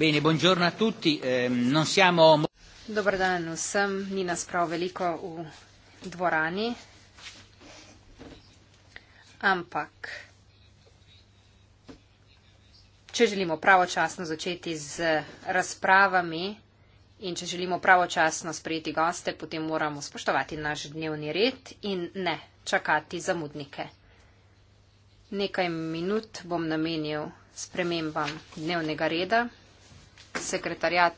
Bene, buongiorno a tutti. Eh, non siamo... Dobar dan vsem, ni nas prav veliko v dvorani. Ampak, če želimo pravočasno začeti z razpravami in če želimo pravočasno sprejeti goste, potem moramo spoštovati naš dnevni red in ne čakati zamudnike. Nekaj minut bom namenil spremembam dnevnega reda sekretarjat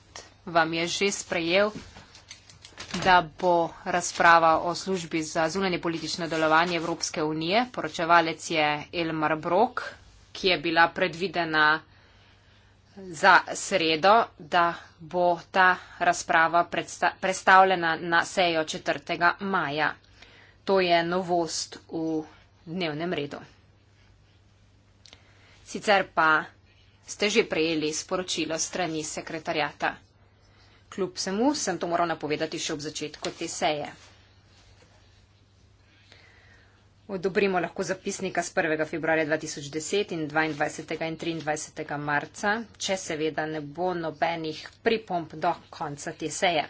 vam je že sprejel, da bo razprava o službi za zunanje politično delovanje Evropske unije. Poročevalec je Elmar Brok, ki je bila predvidena za sredo, da bo ta razprava predsta predstavljena na sejo 4. maja. To je novost v dnevnem redu. Sicer pa ste že prejeli sporočilo strani sekretarjata. Kljub vsemu sem to moral napovedati še ob začetku te seje. Odobrimo lahko zapisnika z 1. februarja 2010 in 22. in 23. marca, če seveda ne bo nobenih pripomp do konca te seje.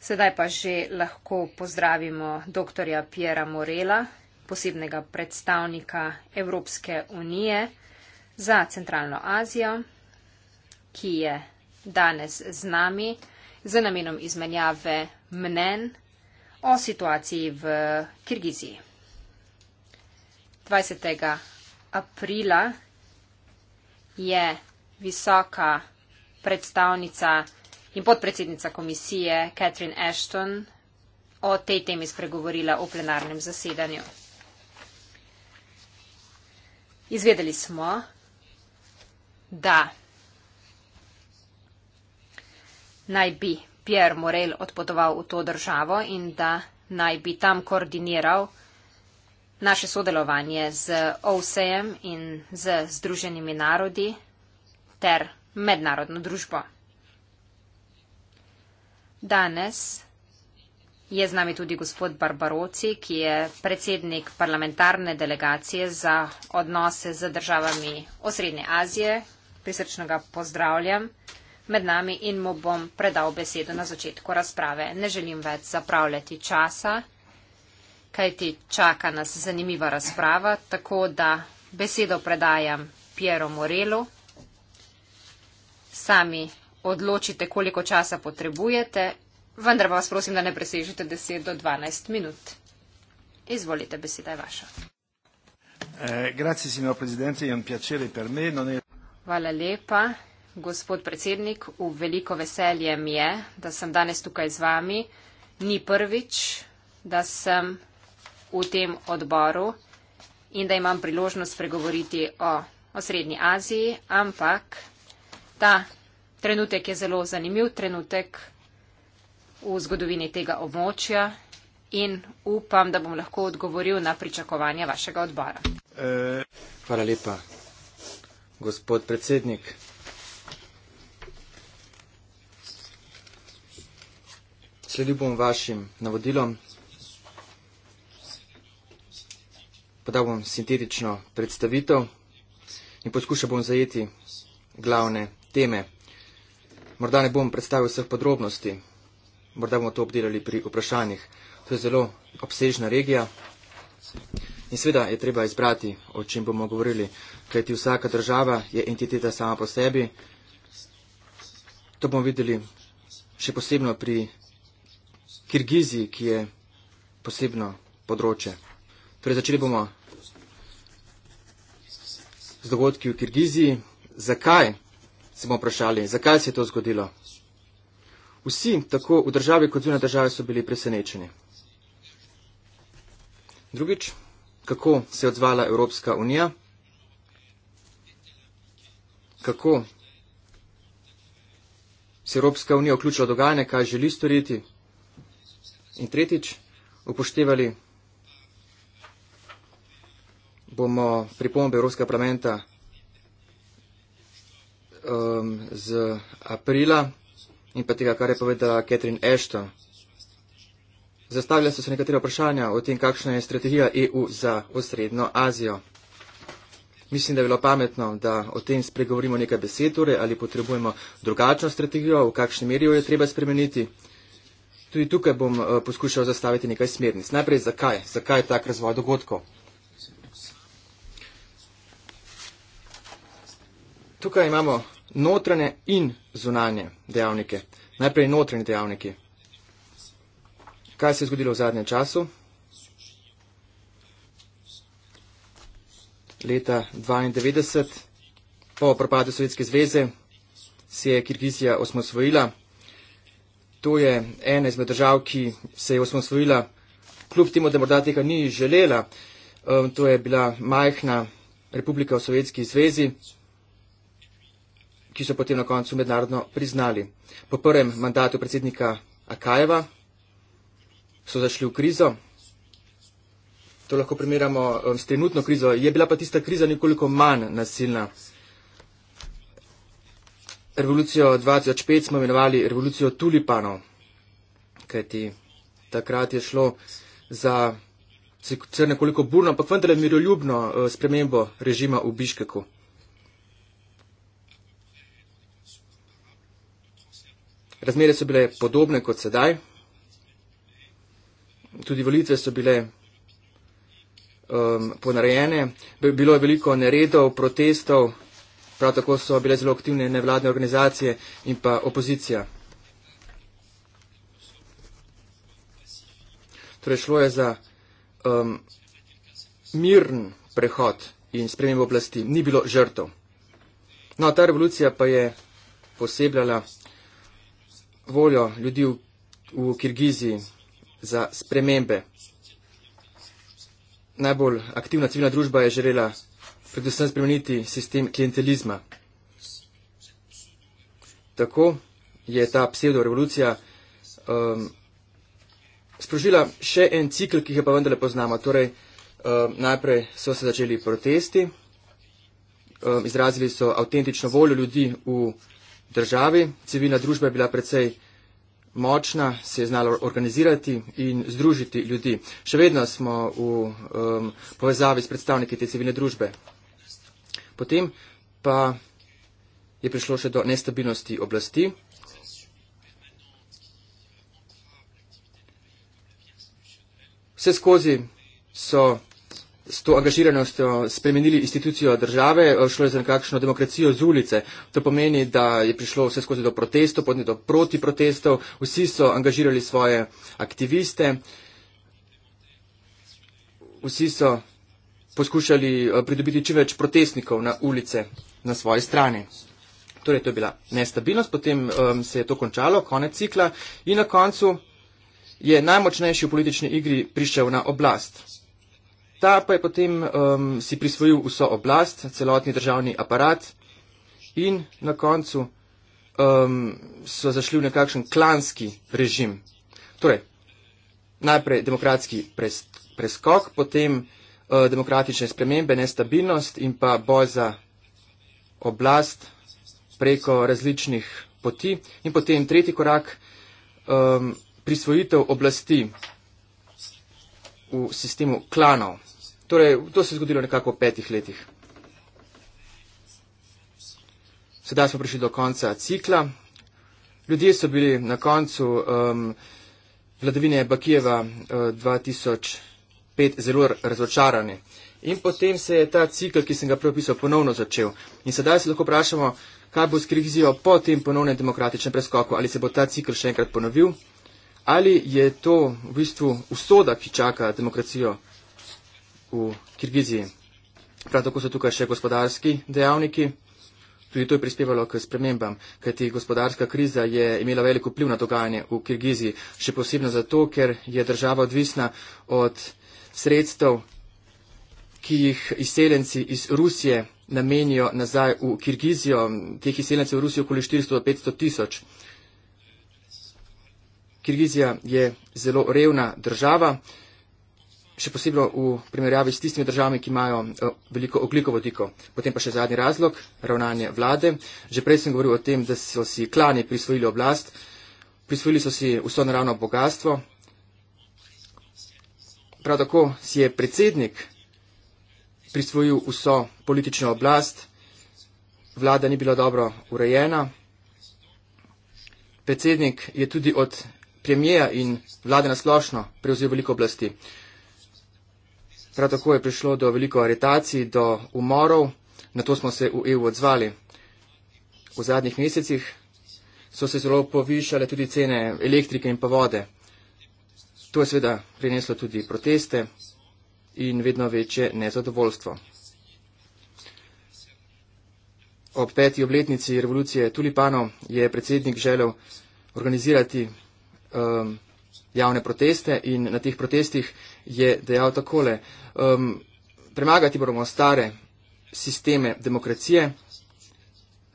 Sedaj pa že lahko pozdravimo dr. Piera Morela, posebnega predstavnika Evropske unije za Centralno Azijo, ki je danes z nami z namenom izmenjave mnen o situaciji v Kirgiziji. 20. aprila je visoka predstavnica in podpredsednica komisije Catherine Ashton o tej temi spregovorila v plenarnem zasedanju. Izvedeli smo, Da. Naj bi Pierre Morel odpotoval v to državo in da naj bi tam koordiniral naše sodelovanje z OSEM in z Združenimi narodi ter mednarodno družbo. Danes je z nami tudi gospod Barbaroci, ki je predsednik parlamentarne delegacije za odnose z državami Osrednje Azije, prisrčnega pozdravljam med nami in mu bom predal besedo na začetku razprave. Ne želim več zapravljati časa, kajti čaka nas zanimiva razprava, tako da besedo predajam Piero Morelu. Sami odločite, koliko časa potrebujete, vendar vas prosim, da ne presežete 10 do 12 minut. Izvolite, beseda je vaša. Eh, grazie, signor Presidente, è un piacere per me. Non è... Hvala lepa, gospod predsednik. V veliko veselje mi je, da sem danes tukaj z vami. Ni prvič, da sem v tem odboru in da imam priložnost pregovoriti o, o Srednji Aziji, ampak ta trenutek je zelo zanimiv trenutek v zgodovini tega območja in upam, da bom lahko odgovoril na pričakovanja vašega odbora. Hvala lepa, gospod predsednik. Sledil bom vašim navodilom. Podal bom sintetično predstavitev in poskušal bom zajeti glavne teme. Morda ne bom predstavil vseh podrobnosti, morda bomo to obdelali pri vprašanjih. To je zelo obsežna regija. In seveda je treba izbrati, o čem bomo govorili, kajti vsaka država je entiteta sama po sebi. To bomo videli še posebno pri Kirgiziji, ki je posebno področje. Torej začeli bomo z dogodki v Kirgiziji. Zakaj se bomo vprašali, zakaj se je to zgodilo? Vsi, tako v državi kot zunaj države, so bili presenečeni. Drugič, kako se je odzvala Evropska unija, kako se je Evropska unija vključila v dogajanje, kaj želi storiti in tretjič upoštevali bomo pripombe Evropskega parlamenta um, z aprila in pa tega, kar je povedala Catherine Ashton. Zastavlja so se nekatera vprašanja o tem, kakšna je strategija EU za osrednjo Azijo. Mislim, da je bilo pametno, da o tem spregovorimo nekaj besed, torej ali potrebujemo drugačno strategijo, v kakšni meri jo je treba spremeniti. Tudi tukaj bom eh, poskušal zastaviti nekaj smernic. Najprej, zakaj? Zakaj je tak razvoj dogodkov? Tukaj imamo notranje in zunanje dejavnike. Najprej notranje dejavniki. Kaj se je zgodilo v zadnjem času? Leta 92, po propadu Sovjetske zveze, se je Kirgizija osmosvojila. To je ena izmed držav, ki se je osmosvojila, kljub temu, da morda tega ni želela. Um, to je bila majhna republika v Sovjetski zvezi, ki so potem na koncu mednarodno priznali. Po prvem mandatu predsednika Akajeva so zašli v krizo. To lahko primerjamo um, s trenutno krizo. Je bila pa tista kriza nekoliko manj nasilna. Revolucijo 2005 smo imenovali revolucijo tulipanov, kajti takrat je šlo za sicer nekoliko burno, ampak vendarle miroljubno uh, spremembo režima v Biškeku. Razmere so bile podobne kot sedaj tudi volitve so bile um, ponarejene, bilo je veliko neredov, protestov, prav tako so bile zelo aktivne nevladne organizacije in pa opozicija. Torej šlo je za um, mirn prehod in spremembo oblasti, ni bilo žrtov. No, ta revolucija pa je posebljala voljo ljudi v, v Kirgiziji, za spremembe. Najbolj aktivna civilna družba je želela predvsem spremeniti sistem klientelizma. Tako je ta pseudo-revolucija um, sprožila še en cikl, ki ga pa vendarle poznamo. Torej, um, najprej so se začeli protesti, um, izrazili so avtentično voljo ljudi v državi, civilna družba je bila predvsej močna, se je znala organizirati in združiti ljudi. Še vedno smo v um, povezavi s predstavniki te civilne družbe. Potem pa je prišlo še do nestabilnosti oblasti. Vse skozi so s to angažiranostjo spremenili institucijo države, eh, šlo je za nekakšno demokracijo z ulice. To pomeni, da je prišlo vse skozi do protestov, potem do protiprotestov, vsi so angažirali svoje aktiviste, vsi so poskušali eh, pridobiti čim več protestnikov na ulice na svoji strani. Torej, to je bila nestabilnost, potem um, se je to končalo, konec cikla in na koncu je najmočnejši v politični igri prišel na oblast. Ta pa je potem um, si prisvojil vso oblast, celotni državni aparat in na koncu um, so zašli v nekakšen klanski režim. Torej, najprej demokratski pres, preskok, potem uh, demokratične spremembe, nestabilnost in pa boj za oblast preko različnih poti in potem tretji korak, um, prisvojitev oblasti v sistemu klanov. Torej, to se je zgodilo nekako v petih letih. Sedaj smo prišli do konca cikla. Ljudje so bili na koncu um, vladavine Bakijeva uh, 2005 zelo razočarani. In potem se je ta cikl, ki sem ga preopisal, ponovno začel. In sedaj se lahko vprašamo, kaj bo s krizijo po tem ponovnem demokratičnem preskoku. Ali se bo ta cikl še enkrat ponovil? Ali je to v bistvu usoda, ki čaka demokracijo v Kirgiziji. Prav tako so tukaj še gospodarski dejavniki. Tudi to je prispevalo k spremembam, kajti gospodarska kriza je imela velik vpliv na dogajanje v Kirgiziji, še posebno zato, ker je država odvisna od sredstev, ki jih izseljenci iz Rusije namenijo nazaj v Kirgizijo. Teh izseljencev v Rusijo okoli 400 do 500 tisoč. Kirgizija je zelo revna država še posebej v primerjavi s tistimi državami, ki imajo eh, veliko oglikovodiko. Potem pa še zadnji razlog, ravnanje vlade. Že prej sem govoril o tem, da so si klani prisvojili oblast, prisvojili so si vso naravno bogatstvo. Prav tako si je predsednik prisvojil vso politično oblast, vlada ni bila dobro urejena. Predsednik je tudi od premijeja in vlade nasplošno prevzel veliko oblasti. Prav tako je prišlo do veliko aretacij, do umorov, na to smo se v EU odzvali. V zadnjih mesecih so se zelo povišale tudi cene elektrike in pa vode. To je seveda prineslo tudi proteste in vedno večje nezadovoljstvo. Ob peti obletnici revolucije tulipanov je predsednik želel organizirati um, javne proteste in na teh protestih je dejal takole. Um, premagati moramo stare sisteme demokracije.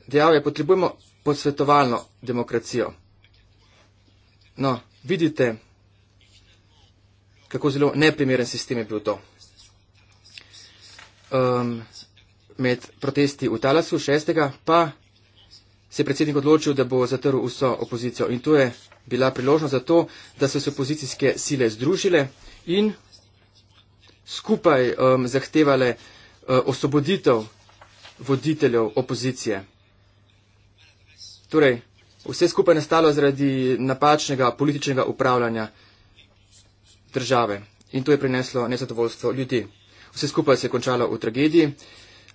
Dejal je, potrebujemo posvetovalno demokracijo. No, vidite, kako zelo neprimeren sistem je bil to. Um, med protesti v Talasu 6. pa se je predsednik odločil, da bo zatrl vso opozicijo. In to je bila priložnost za to, da so se opozicijske sile združile in skupaj um, zahtevale uh, osvoboditev voditeljev opozicije. Torej, vse skupaj nastalo zaradi napačnega političnega upravljanja države in to je prineslo nezadovoljstvo ljudi. Vse skupaj se je končalo v tragediji.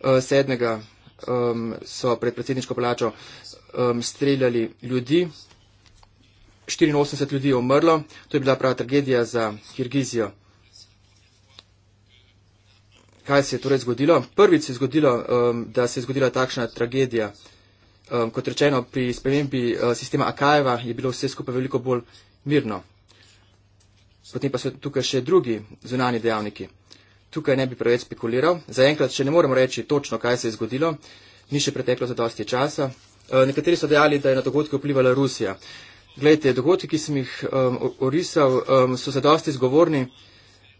Uh, sedmega um, so pred predsedniško plačo um, streljali ljudi. 84 ljudi umrlo, to je bila prava tragedija za Kirgizijo. Kaj se je torej zgodilo? Prvič se je zgodilo, um, da se je zgodila takšna tragedija. Um, kot rečeno, pri spremembi uh, sistema Akajeva je bilo vse skupaj veliko bolj mirno. Potem pa so tukaj še drugi zunani dejavniki. Tukaj ne bi preveč spekuliral. Zaenkrat še ne moremo reči točno, kaj se je zgodilo. Ni še preteklo za dosti časa. Uh, nekateri so dejali, da je na dogodke vplivala Rusija. Glejte, dogodki, ki sem jih um, orisal, um, so se dosti zgovorni,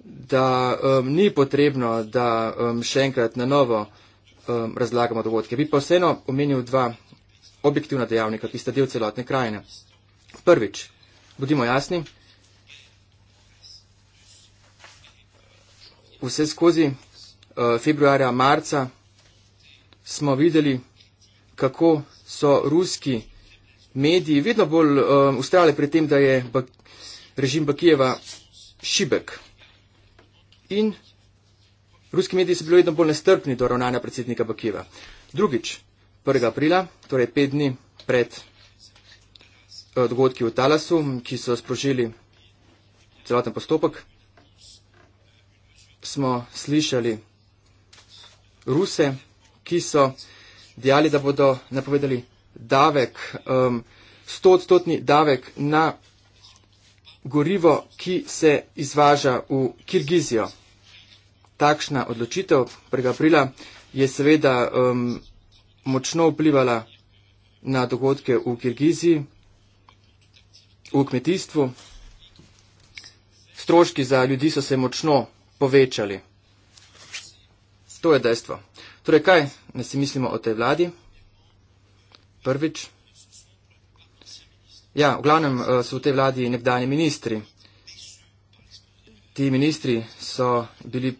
da um, ni potrebno, da um, še enkrat na novo um, razlagamo dogodke. Bi pa vseeno omenil dva objektivna dejavnika, ki sta del celotne krajine. Prvič, budimo jasni, vse skozi uh, februarja, marca smo videli, kako so ruski mediji vedno bolj um, ustrajali pri tem, da je ba režim Bakijeva šibek. In ruski mediji so bili vedno bolj nestrpni do ravnanja predsednika Bakijeva. Drugič, 1. aprila, torej pet dni pred eh, dogodki v Talasu, ki so sprožili celoten postopek, smo slišali ruse, ki so dejali, da bodo napovedali davek, um, 100 odstotni davek na gorivo, ki se izvaža v Kirgizijo. Takšna odločitev 1. aprila je seveda um, močno vplivala na dogodke v Kirgiziji, v kmetijstvu. Stroški za ljudi so se močno povečali. To je dejstvo. Torej, kaj ne si mislimo o tej vladi? prvič. Ja, v glavnem eh, so v tej vladi nekdani ministri. Ti ministri so bili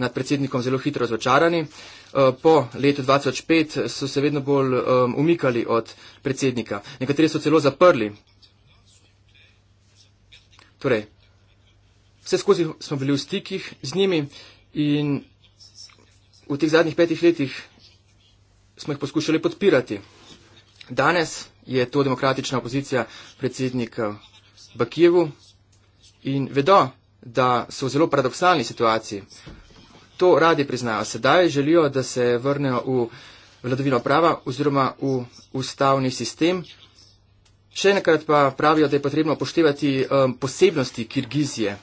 nad predsednikom zelo hitro razočarani. Eh, po letu 2005 so se vedno bolj umikali od predsednika. Nekateri so celo zaprli. Torej, vse skozi smo bili v stikih z njimi in v teh zadnjih petih letih smo jih poskušali podpirati. Danes je to demokratična opozicija predsednika eh, v Kijevu in vedo, da so v zelo paradoksalni situaciji. To radi priznajo. Sedaj želijo, da se vrnejo v vladavino prava oziroma v ustavni sistem. Še enkrat pa pravijo, da je potrebno poštevati um, eh, posebnosti Kirgizije.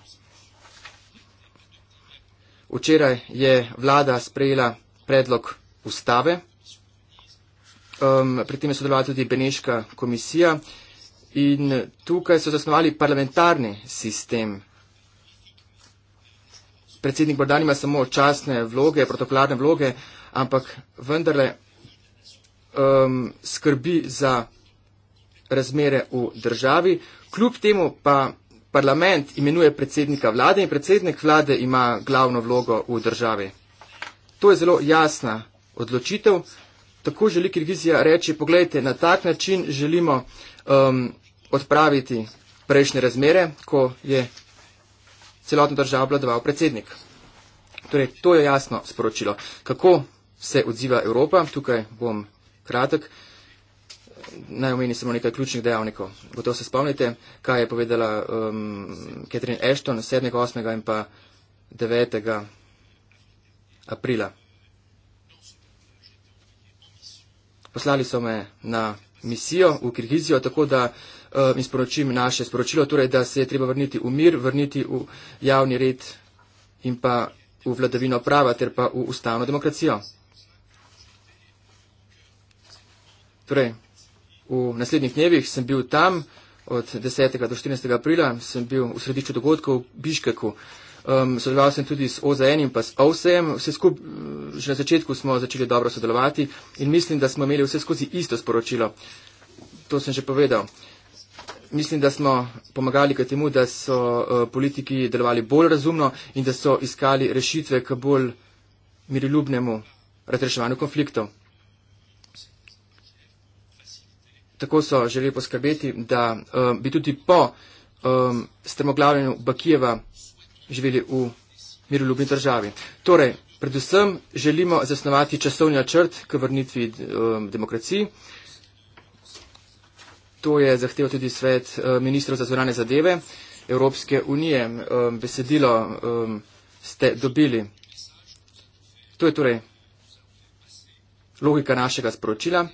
Včeraj je vlada sprejela predlog ustave. Um, pri tem je sodelovala tudi Beneška komisija in tukaj so zasnovali parlamentarni sistem. Predsednik Bordan ima samo častne vloge, protokolarne vloge, ampak vendarle um, skrbi za razmere v državi. Kljub temu pa parlament imenuje predsednika vlade in predsednik vlade ima glavno vlogo v državi. To je zelo jasna odločitev tako želi Kirgizija reči, pogledajte, na tak način želimo um, odpraviti prejšnje razmere, ko je celotno državo obladoval predsednik. Torej, to je jasno sporočilo. Kako se odziva Evropa? Tukaj bom kratek. Naj omeni samo nekaj ključnih dejavnikov. Gotovo se spomnite, kaj je povedala um, Catherine Ashton 7., 8. in pa 9. aprila poslali so me na misijo v Kirgizijo, tako da eh, jim uh, sporočim naše sporočilo, torej, da se je treba vrniti v mir, vrniti v javni red in pa v vladavino prava ter pa v ustavno demokracijo. Torej, v naslednjih dnevih sem bil tam, od 10. do 14. aprila sem bil v središču dogodkov v Biškeku. Uh, Um, sodeloval sem tudi s OZN in pa s OSEM, vse skupaj, uh, že na začetku smo začeli dobro sodelovati in mislim, da smo imeli vse skozi isto sporočilo. To sem že povedal. Mislim, da smo pomagali k temu, da so uh, politiki delovali bolj razumno in da so iskali rešitve k bolj miroljubnemu razreševanju konfliktov. Tako so želeli poskrbeti, da um, bi tudi po um, strmoglavljenju Bakijeva živeli v miroljubni državi. Torej, predvsem želimo zasnovati časovni načrt k vrnitvi um, demokraciji. To je zahteval tudi svet um, ministrov za zvorane zadeve Evropske unije. Um, besedilo um, ste dobili. To je torej logika našega sporočila.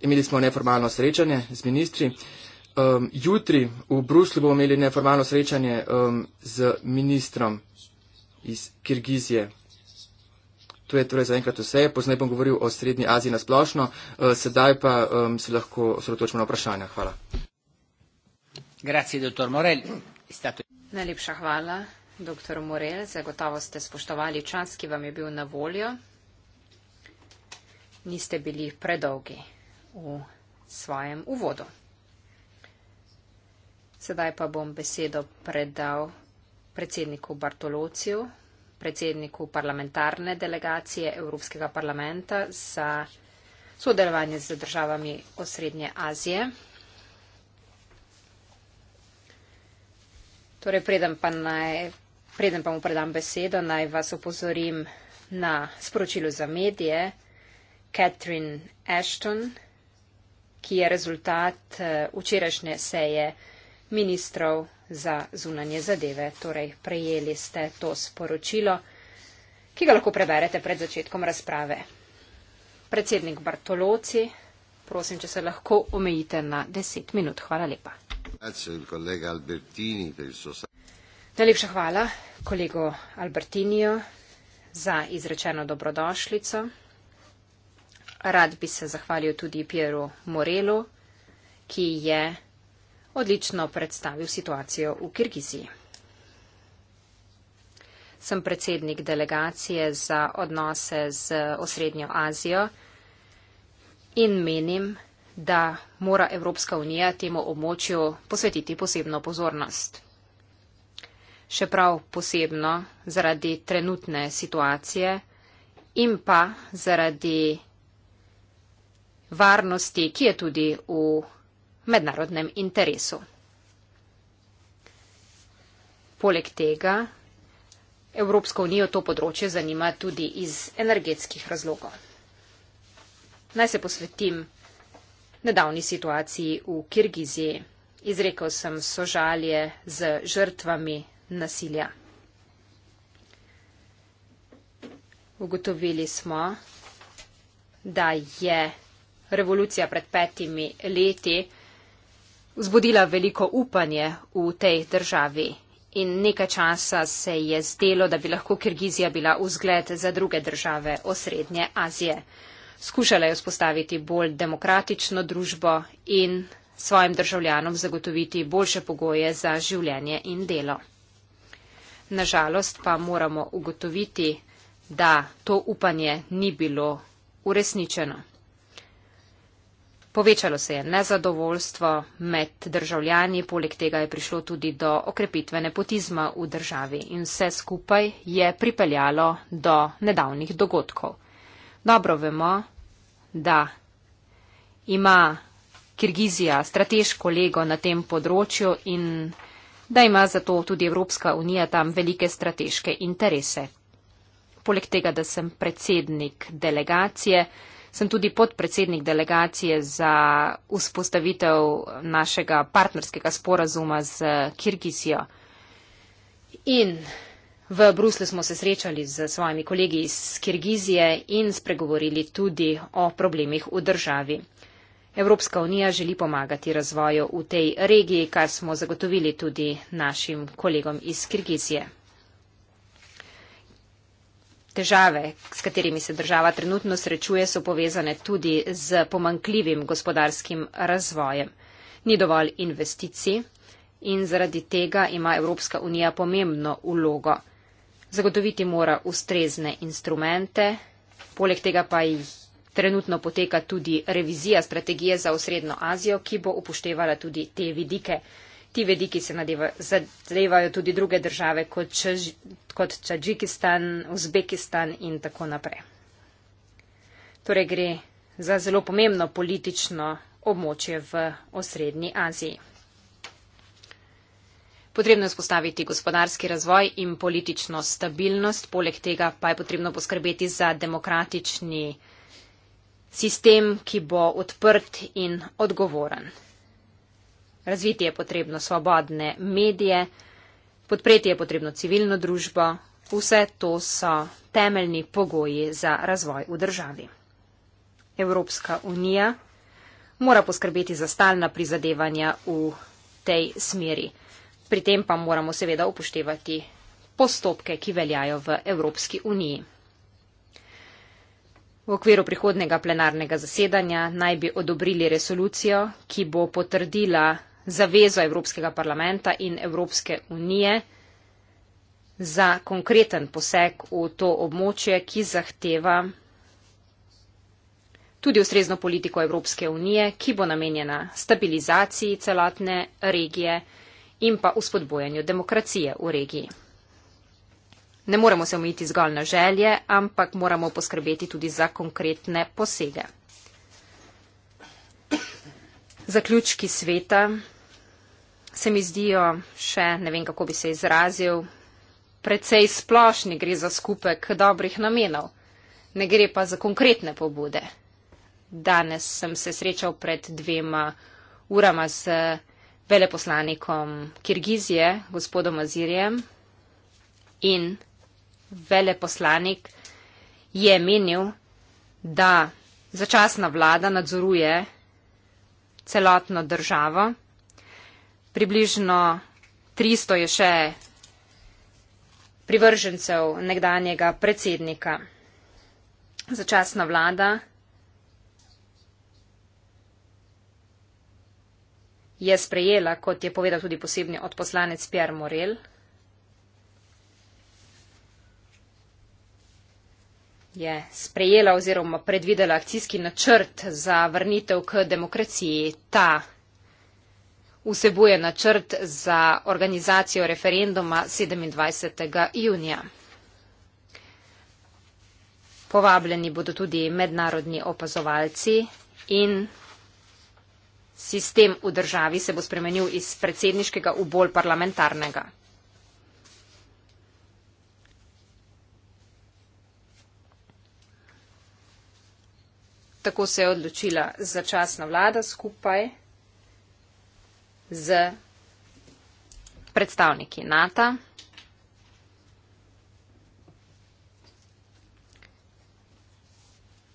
Imeli smo neformalno srečanje z ministri. Um, jutri v Bruslu bomo imeli neformalno srečanje um, z ministrom iz Kirgizije. To je torej zaenkrat vse. Poznaj bom govoril o Srednji Aziji na splošno. Uh, sedaj pa um, se lahko osredotočimo na vprašanja. Hvala. Grazie, dottor Morel. Stato... Najlepša hvala, doktor Morel. Zagotovo ste spoštovali čas, ki vam je bil na voljo. Niste bili predolgi v svojem uvodu. Sedaj pa bom besedo predal predsedniku Bartolociju, predsedniku parlamentarne delegacije Evropskega parlamenta za sodelovanje z državami Osrednje Azije. Torej, preden pa, naj, preden pa mu predam besedo, naj vas opozorim na sporočilo za medije Catherine Ashton, ki je rezultat eh, včerajšnje seje ministrov za zunanje zadeve. Torej, prejeli ste to sporočilo, ki ga lahko preberete pred začetkom razprave. Predsednik Bartoloci, prosim, če se lahko omejite na deset minut. Hvala lepa. Najlepša hvala kolego Albertinijo za izrečeno dobrodošljico. Rad bi se zahvalil tudi Pieru Morelu, ki je odlično predstavil situacijo v Kirgiziji. Sem predsednik delegacije za odnose z Osrednjo Azijo in menim, da mora Evropska unija temu območju posvetiti posebno pozornost. Še prav posebno zaradi trenutne situacije in pa zaradi varnosti, ki je tudi v mednarodnem interesu. Poleg tega Evropsko unijo to področje zanima tudi iz energetskih razlogov. Naj se posvetim nedavni situaciji v Kirgiziji. Izrekel sem sožalje z žrtvami nasilja. Ugotovili smo, da je revolucija pred petimi leti vzbudila veliko upanje v tej državi. In nekaj časa se je zdelo, da bi lahko Kirgizija bila vzgled za druge države osrednje Azije. Skušala je vzpostaviti bolj demokratično družbo in svojim državljanom zagotoviti boljše pogoje za življenje in delo. Nažalost pa moramo ugotoviti, da to upanje ni bilo uresničeno. Povečalo se je nezadovoljstvo med državljani, poleg tega je prišlo tudi do okrepitve nepotizma v državi in vse skupaj je pripeljalo do nedavnih dogodkov. Dobro vemo, da ima Kirgizija strateško lego na tem področju in da ima zato tudi Evropska unija tam velike strateške interese. Poleg tega, da sem predsednik delegacije, sem tudi podpredsednik delegacije za vzpostavitev našega partnerskega sporazuma z Kirgizijo. In v Bruslu smo se srečali z svojimi kolegi iz Kirgizije in spregovorili tudi o problemih v državi. Evropska unija želi pomagati razvoju v tej regiji, kar smo zagotovili tudi našim kolegom iz Kirgizije. Težave, s katerimi se država trenutno srečuje, so povezane tudi z pomankljivim gospodarskim razvojem. Ni dovolj investicij in zaradi tega ima Evropska unija pomembno ulogo. Zagotoviti mora ustrezne instrumente, poleg tega pa jih trenutno poteka tudi revizija strategije za osrednjo Azijo, ki bo upoštevala tudi te vidike. Ti vediki se zadevajo tudi druge države kot, Čaž, kot Čađikistan, Uzbekistan in tako naprej. Torej gre za zelo pomembno politično območje v osrednji Aziji. Potrebno je spostaviti gospodarski razvoj in politično stabilnost, poleg tega pa je potrebno poskrbeti za demokratični sistem, ki bo odprt in odgovoren. Razviti je potrebno svobodne medije, podpreti je potrebno civilno družbo, vse to so temeljni pogoji za razvoj v državi. Evropska unija mora poskrbeti za stalna prizadevanja v tej smeri. Pri tem pa moramo seveda upoštevati postopke, ki veljajo v Evropski uniji. V okviru prihodnega plenarnega zasedanja naj bi odobrili resolucijo, ki bo potrdila zavezo Evropskega parlamenta in Evropske unije za konkreten poseg v to območje, ki zahteva tudi ustrezno politiko Evropske unije, ki bo namenjena stabilizaciji celotne regije in pa uspodbojanju demokracije v regiji. Ne moremo se omejiti zgolj na želje, ampak moramo poskrbeti tudi za konkretne posege. Zaključki sveta se mi zdijo še, ne vem kako bi se izrazil, precej splošni gre za skupek dobrih namenov, ne gre pa za konkretne pobude. Danes sem se srečal pred dvema urama z veleposlanikom Kirgizije, gospodom Azirjem, in veleposlanik je menil, da začasna vlada nadzoruje celotno državo približno 300 je še privržencev nekdanjega predsednika. Začasna vlada je sprejela, kot je povedal tudi posebni odposlanec Pierre Morel, je sprejela oziroma predvidela akcijski načrt za vrnitev k demokraciji. Ta vsebuje načrt za organizacijo referenduma 27. junija. Povabljeni bodo tudi mednarodni opazovalci in sistem v državi se bo spremenil iz predsedniškega v bolj parlamentarnega. Tako se je odločila začasna vlada skupaj z predstavniki NATO,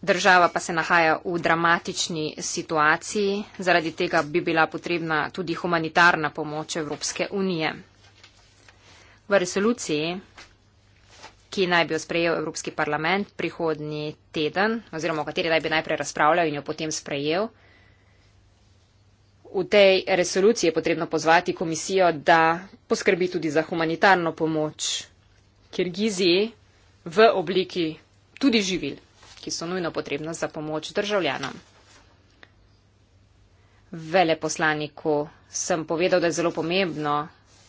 Država pa se nahaja v dramatični situaciji, zaradi tega bi bila potrebna tudi humanitarna pomoč Evropske unije. V resoluciji, ki naj bi jo sprejel Evropski parlament prihodnji teden, oziroma o kateri naj bi najprej razpravljal in jo potem sprejel, v tej resoluciji je potrebno pozvati komisijo, da poskrbi tudi za humanitarno pomoč Kirgiziji v obliki tudi živil, ki so nujno potrebna za pomoč državljanom. Veleposlaniku sem povedal, da je zelo pomembno,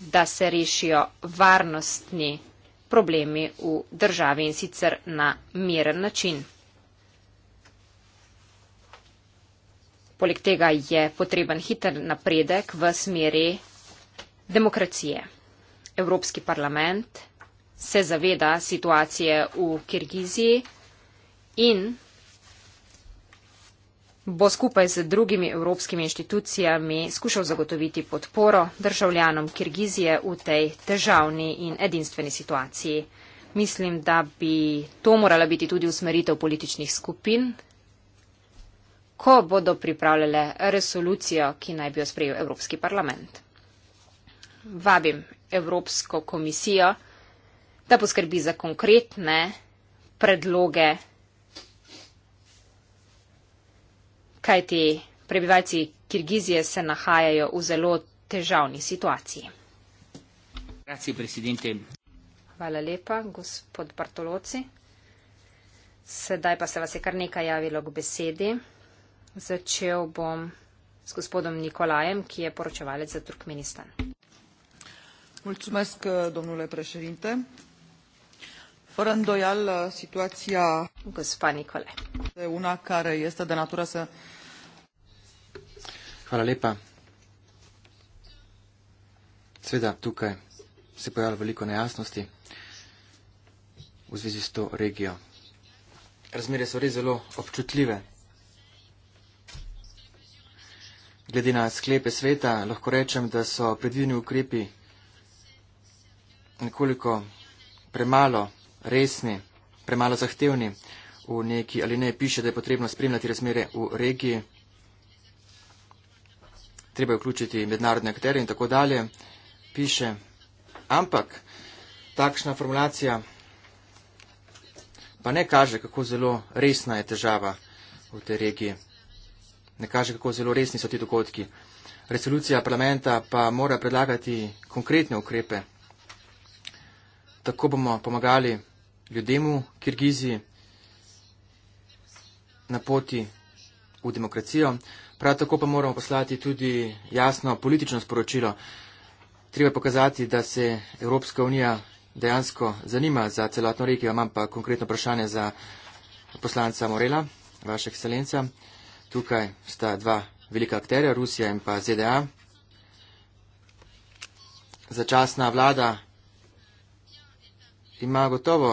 da se rešijo varnostni problemi v državi in sicer na miren način. Poleg tega je potreben hiter napredek v smeri demokracije. Evropski parlament se zaveda situacije v Kirgiziji in bo skupaj z drugimi evropskimi inštitucijami skušal zagotoviti podporo državljanom Kirgizije v tej težavni in edinstveni situaciji. Mislim, da bi to morala biti tudi usmeritev političnih skupin ko bodo pripravljale resolucijo, ki naj bi jo sprejel Evropski parlament. Vabim Evropsko komisijo, da poskrbi za konkretne predloge, kajti prebivalci Kirgizije se nahajajo v zelo težavni situaciji. Hvala lepa, gospod Bartoloci. Sedaj pa se vas je kar nekaj javilo k besedi. Začel bom s gospodom Nikolajem, ki je poročevalec za Turkmenistan. Mulțumesc, domnule președinte. Fără îndoială, situația... Gospa Nicole. ...una care este de natură să... Hvala lepa. Sveda, tukaj se pojavlja veliko nejasnosti v zvezi s to regijo. Razmere so res zelo občutljive glede na sklepe sveta, lahko rečem, da so predvideni ukrepi nekoliko premalo resni, premalo zahtevni. V neki ali ne piše, da je potrebno spremljati razmere v regiji, treba je vključiti mednarodne akterje in tako dalje. Piše, ampak takšna formulacija pa ne kaže, kako zelo resna je težava v tej regiji ne kaže, kako zelo resni so ti dogodki. Resolucija parlamenta pa mora predlagati konkretne ukrepe. Tako bomo pomagali ljudem v Kirgiziji na poti v demokracijo. Prav tako pa moramo poslati tudi jasno politično sporočilo. Treba je pokazati, da se Evropska unija dejansko zanima za celotno regijo. Imam pa konkretno vprašanje za poslanca Morela, vaše ekscelenca. Tukaj sta dva velika akterja, Rusija in pa ZDA. Začasna vlada ima gotovo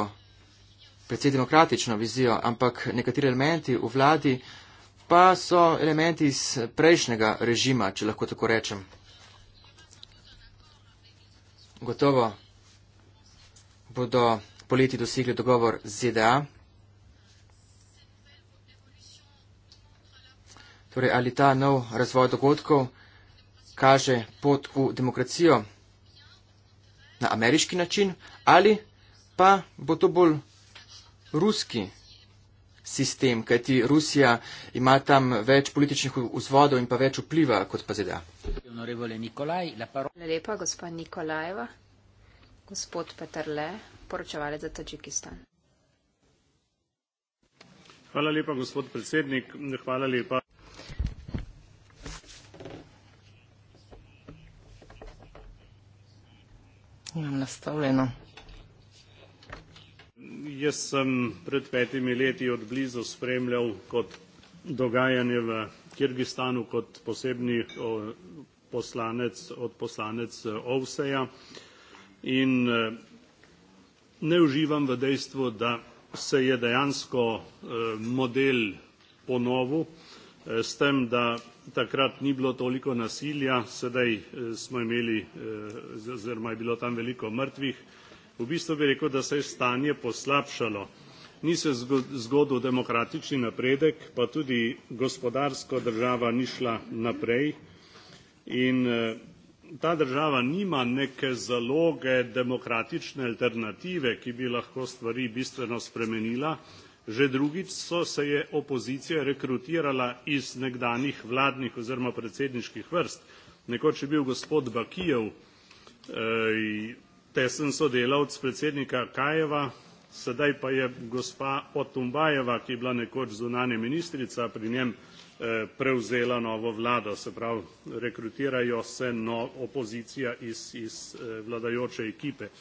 predvsej demokratično vizijo, ampak nekateri elementi v vladi pa so elementi iz prejšnjega režima, če lahko tako rečem. Gotovo bodo poleti dosegli dogovor z ZDA. Torej, ali ta nov razvoj dogodkov kaže pot v demokracijo na ameriški način, ali pa bo to bolj ruski sistem, kajti Rusija ima tam več političnih vzvodov in pa več vpliva kot pa ZDA. Lepa, gospod Nikolajeva, gospod Petrle, poročevalec za Tačikistan. Hvala lepa, gospod predsednik. Hvala lepa. imam nastavljeno. Jaz sem pred petimi leti od blizu spremljal kot dogajanje v Kirgistanu kot posebni poslanec od poslanec e, Ovseja in e, ne uživam v dejstvu, da se je dejansko e, model ponovil s tem, da takrat ni bilo toliko nasilja, sedaj eh, smo imeli, eh, oziroma je bilo tam veliko mrtvih. V bistvu bi rekel, da se je stanje poslabšalo. Ni se zgodil demokratični napredek, pa tudi gospodarsko država ni šla naprej. In eh, ta država nima neke zaloge demokratične alternative, ki bi lahko stvari bistveno spremenila. Že drugič so se je opozicija rekrutirala iz nekdanjih vladnih oziroma predsedniških vrst. Nekoč je bil gospod Bakijev, eh, tesen sodelavc predsednika Kajeva, sedaj pa je gospa Otumbajeva, ki je bila nekoč zunanja ministrica, pri njem eh, prevzela novo vlado, se pravi, rekrutirajo se no, opozicija iz, iz eh, vladajoče ekipe.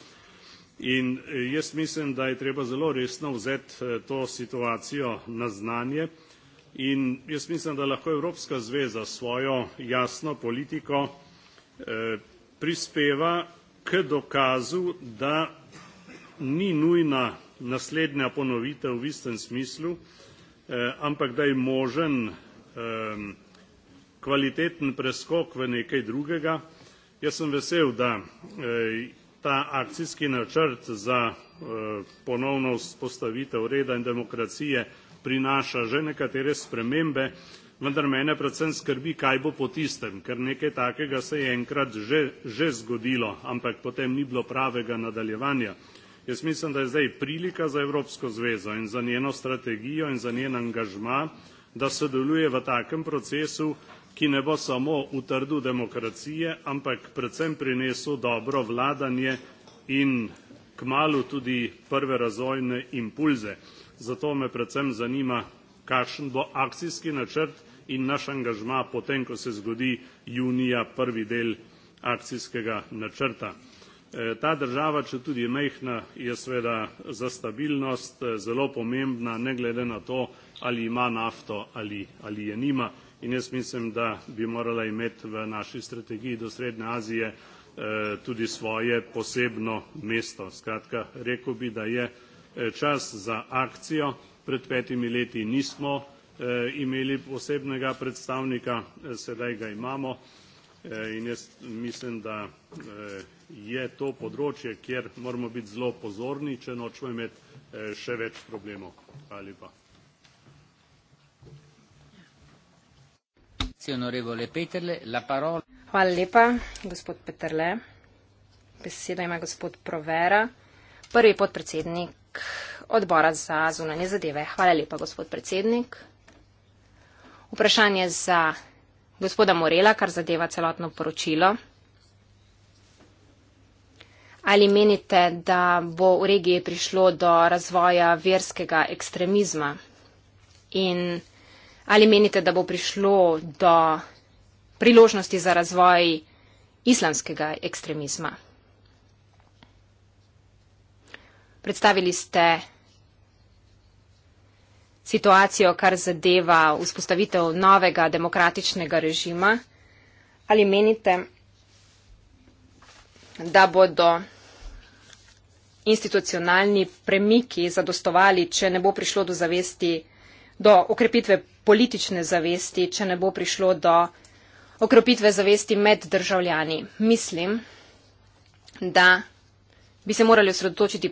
In eh, jaz mislim, da je treba zelo resno vzeti eh, to situacijo na znanje. In jaz mislim, da lahko Evropska zveza svojo jasno politiko eh, prispeva k dokazu, da ni nujna naslednja ponovitev v istem smislu, ampak da je možen ehm, kvaliteten preskok v nekaj drugega. Jaz sem vesel, da ta akcijski načrt za eh, ponovno vzpostavitev reda in demokracije prinaša že nekatere spremembe, vendar mene predvsem skrbi, kaj bo po tistem, ker nekaj takega se je enkrat že, že zgodilo, ampak potem ni bilo pravega nadaljevanja. Jaz mislim, da je zdaj prilika za Evropsko zvezo in za njeno strategijo in za njen angažma, da sodeluje v takem procesu, ki ne bo samo utrdil demokracije, ampak predvsem prinesel dobro vladanje in kmalo tudi prve razvojne impulze. Zato me predvsem zanima, kakšen bo akcijski načrt in naš angažma potem, ko se zgodi junija prvi del akcijskega načrta. E, ta država, če tudi mehna, je seveda za stabilnost e, zelo pomembna, ne glede na to, ali ima nafto ali, ali je nima in jaz mislim, da bi morala imeti v naši strategiji do Srednje Azije eh, tudi svoje posebno mesto. Skratka, rekel bi, da je eh, čas za akcijo. Pred petimi leti nismo eh, imeli posebnega predstavnika, sedaj ga imamo in jaz mislim, da je to področje, kjer moramo biti zelo pozorni, če nočemo imeti še več problemov. Hvala lepa. Hvala lepa, gospod Petrle. Beseda ima gospod Provera, prvi podpredsednik odbora za zunanje zadeve. Hvala lepa, gospod predsednik. Vprašanje za gospoda Morela, kar zadeva celotno poročilo. Ali menite, da bo v regiji prišlo do razvoja verskega ekstremizma? In Ali menite, da bo prišlo do priložnosti za razvoj islamskega ekstremizma? Predstavili ste situacijo, kar zadeva vzpostavitev novega demokratičnega režima. Ali menite, da bodo institucionalni premiki zadostovali, če ne bo prišlo do zavesti, do okrepitve politične zavesti, če ne bo prišlo do okropitve zavesti med državljani. Mislim, da bi se morali osredotočiti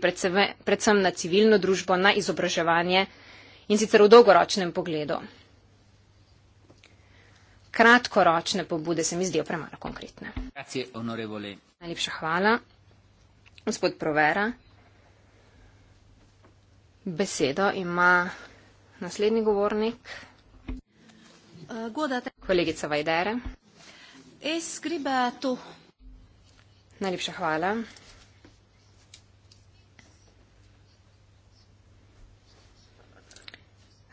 predvsem na civilno družbo, na izobraževanje in sicer v dolgoročnem pogledu. Kratkoročne pobude se mi zdijo premalo konkretne. Najlepša hvala, gospod Provera. Besedo ima naslednji govornik. Kolegica Vajdere. Najlepša hvala.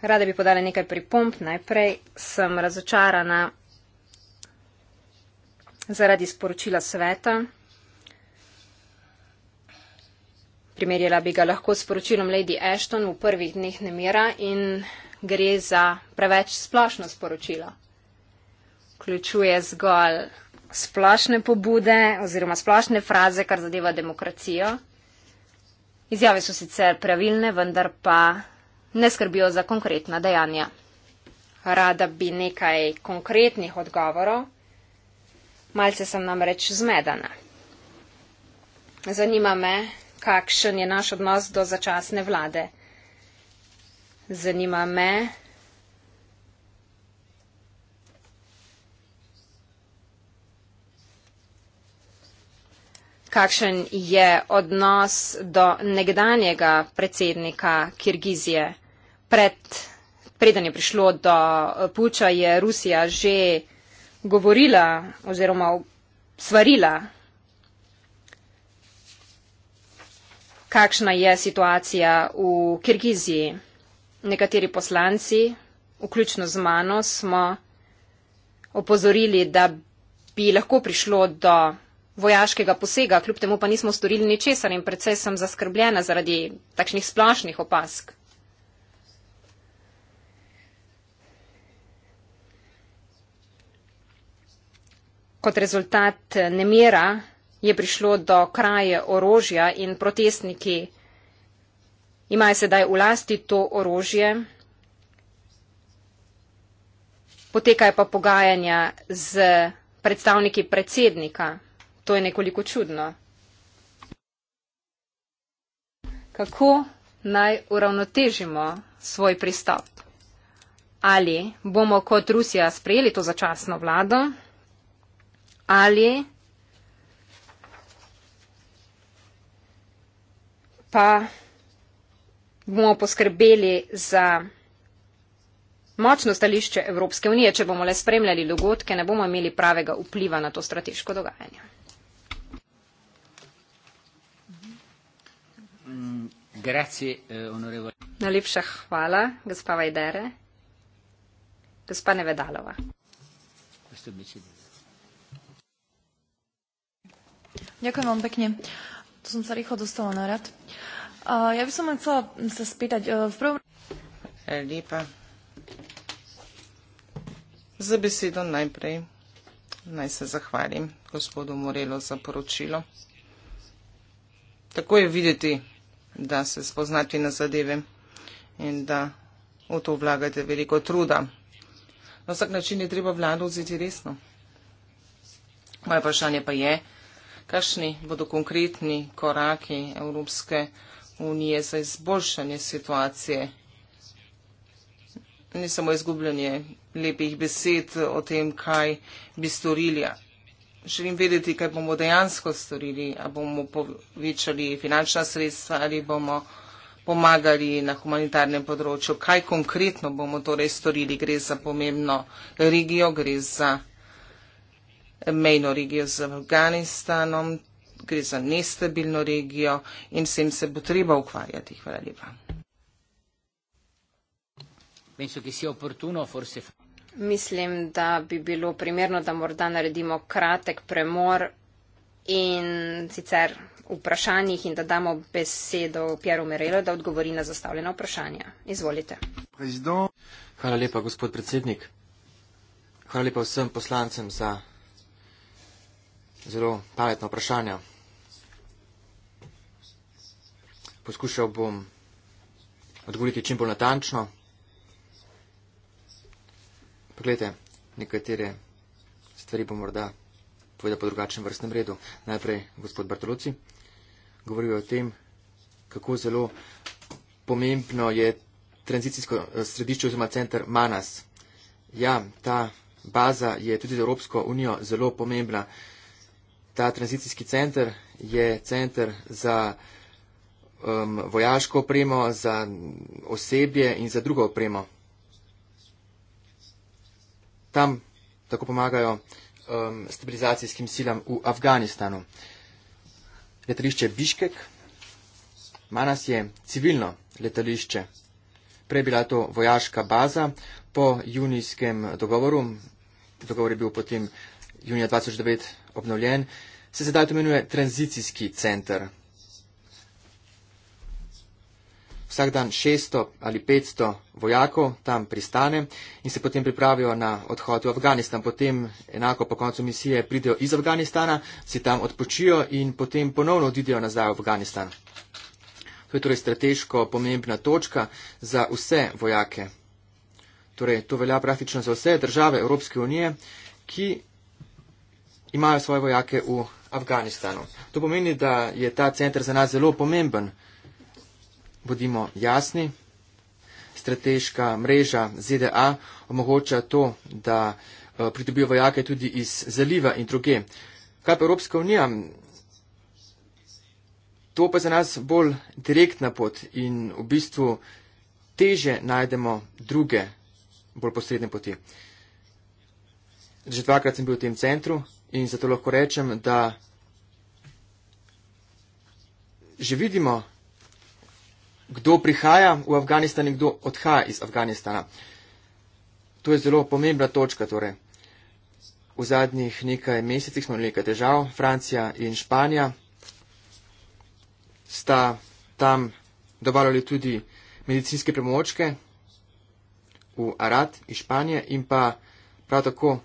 Rada bi podala nekaj pripomp. Najprej sem razočarana zaradi sporočila sveta. Primerjala bi ga lahko s poročilom Lady Ashton v prvih dneh nemira in gre za preveč splošno sporočilo. Vključuje zgolj splošne pobude oziroma splošne fraze, kar zadeva demokracijo. Izjave so sicer pravilne, vendar pa ne skrbijo za konkretna dejanja. Rada bi nekaj konkretnih odgovorov. Malce sem namreč zmedana. Zanima me, kakšen je naš odnos do začasne vlade. Zanima me, kakšen je odnos do nekdanjega predsednika Kirgizije. Pred, preden je prišlo do puča, je Rusija že govorila oziroma svarila, kakšna je situacija v Kirgiziji nekateri poslanci, vključno z mano, smo opozorili, da bi lahko prišlo do vojaškega posega, kljub temu pa nismo storili ničesar in predvsej sem zaskrbljena zaradi takšnih splošnih opask. Kot rezultat nemira je prišlo do kraje orožja in protestniki imajo sedaj v lasti to orožje. Potekajo pa pogajanja z predstavniki predsednika. To je nekoliko čudno. Kako naj uravnotežimo svoj pristop? Ali bomo kot Rusija sprejeli to začasno vlado? Ali pa bomo poskrbeli za močno stališče Evropske unije, če bomo le spremljali dogodke, ne bomo imeli pravega vpliva na to strateško dogajanje. Mm, grazie, eh, Najlepša hvala, gospa Vajdere. Gospa Nevedalova. Ďakujem vám pekne. To som sa rýchlo dostala na rad. Uh, Uh, ja bi samo chcela mm, sa spýtať uh, v prvom... Eh, Lípa. Za besedo najprej naj se zahvalim gospodu Morelo za poročilo. Tako je videti, da se spoznati na zadeve in da v to vlagate veliko truda. Na vsak način je treba vlado vzeti resno. Moje vprašanje pa je, kakšni bodo konkretni koraki Evropske unije za izboljšanje situacije. Ni samo izgubljanje lepih besed o tem, kaj bi storili. Želim vedeti, kaj bomo dejansko storili, ali bomo povečali finančna sredstva ali bomo pomagali na humanitarnem področju. Kaj konkretno bomo torej storili? Gre za pomembno regijo, gre za mejno regijo z Afganistanom gre za nestabilno regijo in s tem se bo treba ukvarjati. Hvala lepa. Mislim, da bi bilo primerno, da morda naredimo kratek premor in sicer vprašanjih in da damo besedo Pjeru Merelo, da odgovori na zastavljena vprašanja. Izvolite. Hvala lepa, gospod predsednik. Hvala lepa vsem poslancem za zelo pametna vprašanja. Poskušal bom odgovoriti čim bolj natančno. Poglejte, nekatere stvari bom morda povedal po drugačnem vrstnem redu. Najprej gospod Bartoloci govoril o tem, kako zelo pomembno je tranzicijsko eh, središče oziroma center Manas. Ja, ta baza je tudi za Evropsko unijo zelo pomembna ta tranzicijski center je center za um, vojaško opremo, za osebje in za drugo opremo. Tam tako pomagajo um, stabilizacijskim silam v Afganistanu. Letališče Biškek, manas je civilno letališče. Prej bila to vojaška baza po junijskem dogovoru. Dogovor je bil potem junija 2009 obnovljen, se sedaj to imenuje tranzicijski center. Vsak dan 600 ali 500 vojakov tam pristane in se potem pripravijo na odhod v Afganistan. Potem enako po koncu misije pridejo iz Afganistana, si tam odpočijo in potem ponovno odidejo nazaj v Afganistan. To je torej strateško pomembna točka za vse vojake. Torej, to velja praktično za vse države Evropske unije, ki imajo svoje vojake v Afganistanu. To pomeni, da je ta center za nas zelo pomemben. Bodimo jasni, strateška mreža ZDA omogoča to, da eh, pridobijo vojake tudi iz zaliva in druge. Kaj pa Evropska unija? To pa je za nas bolj direktna pot in v bistvu teže najdemo druge, bolj posredne poti. Že dvakrat sem bil v tem centru, In zato lahko rečem, da že vidimo, kdo prihaja v Afganistan in kdo odhaja iz Afganistana. To je zelo pomembna točka. Torej. V zadnjih nekaj mesecih smo imeli nekaj težav. Francija in Španija sta tam dobavljali tudi medicinske premočke v Arad iz Španije in pa prav tako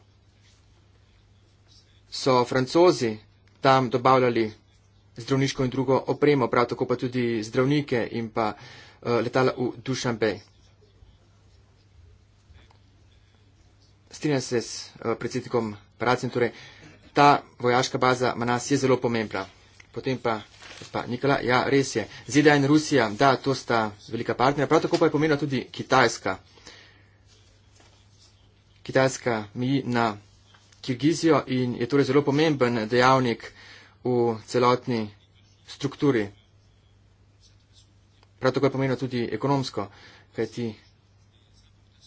so francozi tam dobavljali zdravniško in drugo opremo, prav tako pa tudi zdravnike in pa eh, letala v Dušanbej. Strinjam se s eh, predsednikom Paracin, torej ta vojaška baza Manas je zelo pomembna. Potem pa, pa Nikola, ja, res je, ZDA in Rusija, da, to sta velika partnerja, prav tako pa je pomembna tudi Kitajska. Kitajska mi na Kirgizijo in je torej zelo pomemben dejavnik v celotni strukturi. Prav tako je pomembno tudi ekonomsko, kajti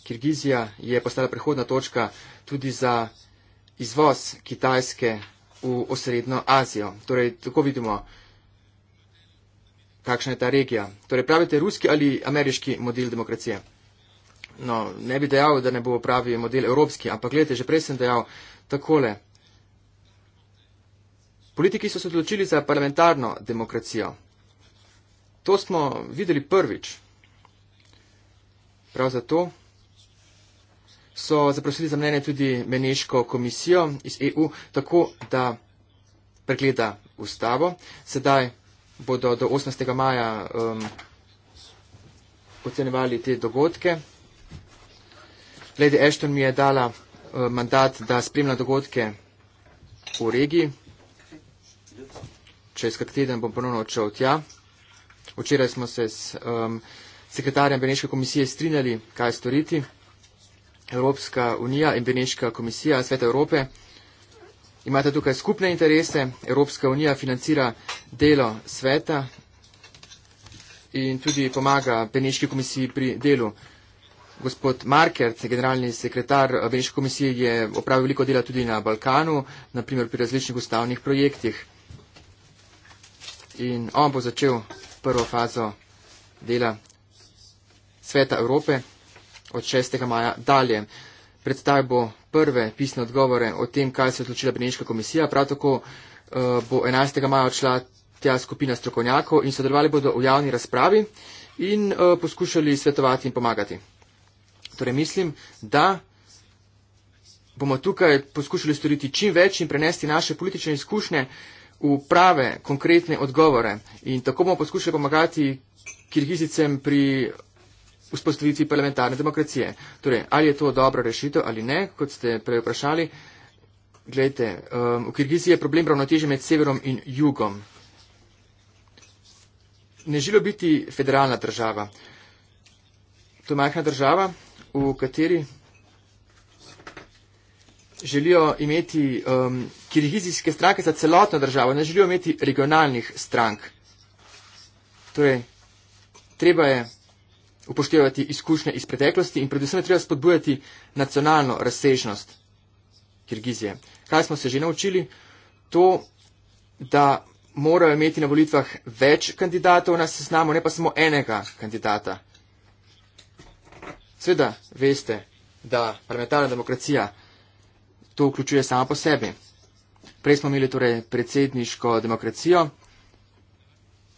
Kirgizija je postala prehodna točka tudi za izvoz Kitajske v osrednjo Azijo. Torej, tako vidimo, kakšna je ta regija. Torej, pravite ruski ali ameriški model demokracije? No, ne bi dejal, da ne bo pravi model evropski, ampak gledajte, že prej sem dejal, takole. Politiki so se odločili za parlamentarno demokracijo. To smo videli prvič. Prav zato so zaprosili za mnenje tudi Meneško komisijo iz EU, tako da pregleda ustavo. Sedaj bodo do 18. maja um, ocenevali te dogodke. Lady Ashton mi je dala Eh, mandat, da spremlja dogodke v regiji. Čez kak teden bom ponovno odšel tja. Včeraj smo se s um, sekretarjem Beneške komisije strinjali, kaj storiti. Evropska unija in Beneška komisija, Svet Evrope, imate tukaj skupne interese. Evropska unija financira delo sveta in tudi pomaga Beneški komisiji pri delu. Gospod Markert, generalni sekretar Beneške komisije, je opravil veliko dela tudi na Balkanu, naprimer pri različnih ustavnih projektih. In on bo začel prvo fazo dela Sveta Evrope od 6. maja dalje. Predstavil bo prve pisne odgovore o tem, kaj se je odločila Beneška komisija. Prav tako eh, bo 11. maja odšla tja skupina strokovnjakov in sodelovali bodo v javni razpravi in eh, poskušali svetovati in pomagati. Torej mislim, da bomo tukaj poskušali storiti čim več in prenesti naše politične izkušnje v prave, konkretne odgovore. In tako bomo poskušali pomagati kirgizicem pri vzpostavitvi parlamentarne demokracije. Torej, ali je to dobra rešitev ali ne, kot ste prej vprašali. Glejte, um, v Kirgiziji je problem ravnoteže med severom in jugom. Ne želijo biti federalna država. To je majhna država, v kateri želijo imeti um, kirgizijske stranke za celotno državo, ne želijo imeti regionalnih strank. Torej, treba je upoštevati izkušnje iz preteklosti in predvsem je treba spodbujati nacionalno razsežnost Kirgizije. Kaj smo se že naučili? To, da morajo imeti na volitvah več kandidatov na seznamu, ne pa samo enega kandidata. Sveda veste, da parlamentarna demokracija to vključuje sama po sebi. Prej smo imeli torej predsedniško demokracijo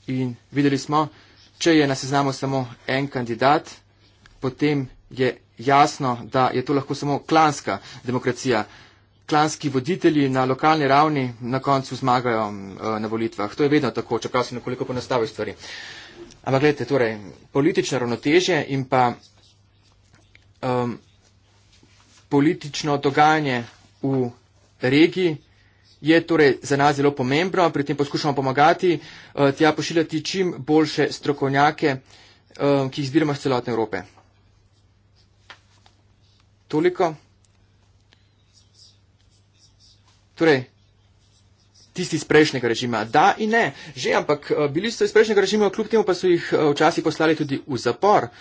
in videli smo, če je na seznamu samo en kandidat, potem je jasno, da je to lahko samo klanska demokracija. Klanski voditelji na lokalni ravni na koncu zmagajo eh, na volitvah. To je vedno tako, čeprav se nekoliko ponastavi stvari. Ampak gledajte, torej, politično ravnotežje in pa um, politično dogajanje v regiji. Je torej za nas zelo pomembno, pri tem poskušamo pomagati, uh, tja pošiljati čim boljše strokovnjake, um, ki jih zbiramo iz celotne Evrope. Toliko. Torej, tisti iz prejšnjega režima, da in ne, že, ampak uh, bili so iz prejšnjega režima, kljub temu pa so jih uh, včasih poslali tudi v zapor. Uh,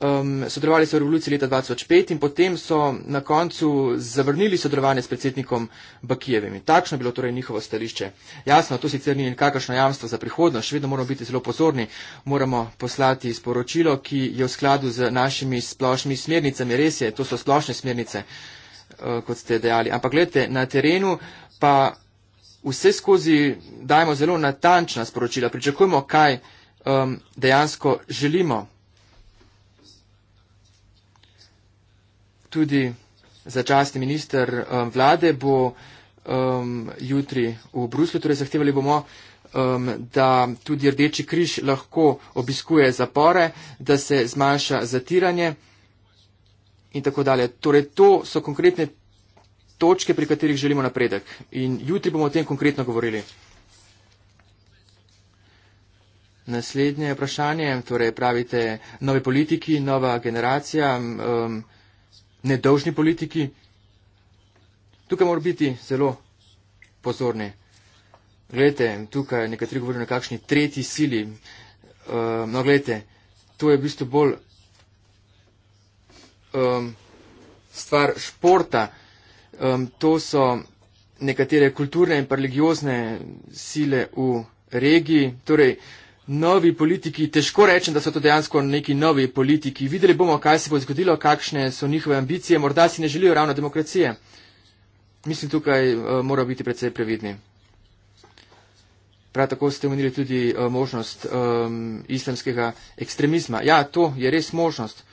um, sodelovali so v revoluciji leta 2005 in potem so na koncu zavrnili sodelovanje s predsednikom Bakijevim. Takšno je bilo torej njihovo stališče. Jasno, to sicer ni nikakršno jamstvo za prihodnost, še vedno moramo biti zelo pozorni, moramo poslati sporočilo, ki je v skladu z našimi splošnimi smernicami. Res je, to so splošne smernice, uh, kot ste dejali. Ampak gledajte, na terenu pa. Vse skozi dajemo zelo natančna sporočila, pričakujemo, kaj um, dejansko želimo tudi začasni minister um, vlade bo um, jutri v Bruslju. Torej zahtevali bomo, um, da tudi Rdeči križ lahko obiskuje zapore, da se zmanjša zatiranje in tako dalje. Torej to so konkretne točke, pri katerih želimo napredek. In jutri bomo o tem konkretno govorili. Naslednje vprašanje, torej pravite, nove politiki, nova generacija. Um, nedolžni politiki. Tukaj moramo biti zelo pozorni. Glejte, tukaj nekateri govorijo o nekakšni tretji sili. Um, no, glejte, to je v bistvu bolj um, stvar športa. Um, to so nekatere kulturne in religiozne sile v regiji. Torej, novi politiki. Težko rečem, da so to dejansko neki novi politiki. Videli bomo, kaj se bo zgodilo, kakšne so njihove ambicije. Morda si ne želijo ravno demokracije. Mislim, tukaj uh, eh, moramo biti predvsej previdni. Prav tako ste omenili tudi uh, možnost um, islamskega ekstremizma. Ja, to je res možnost.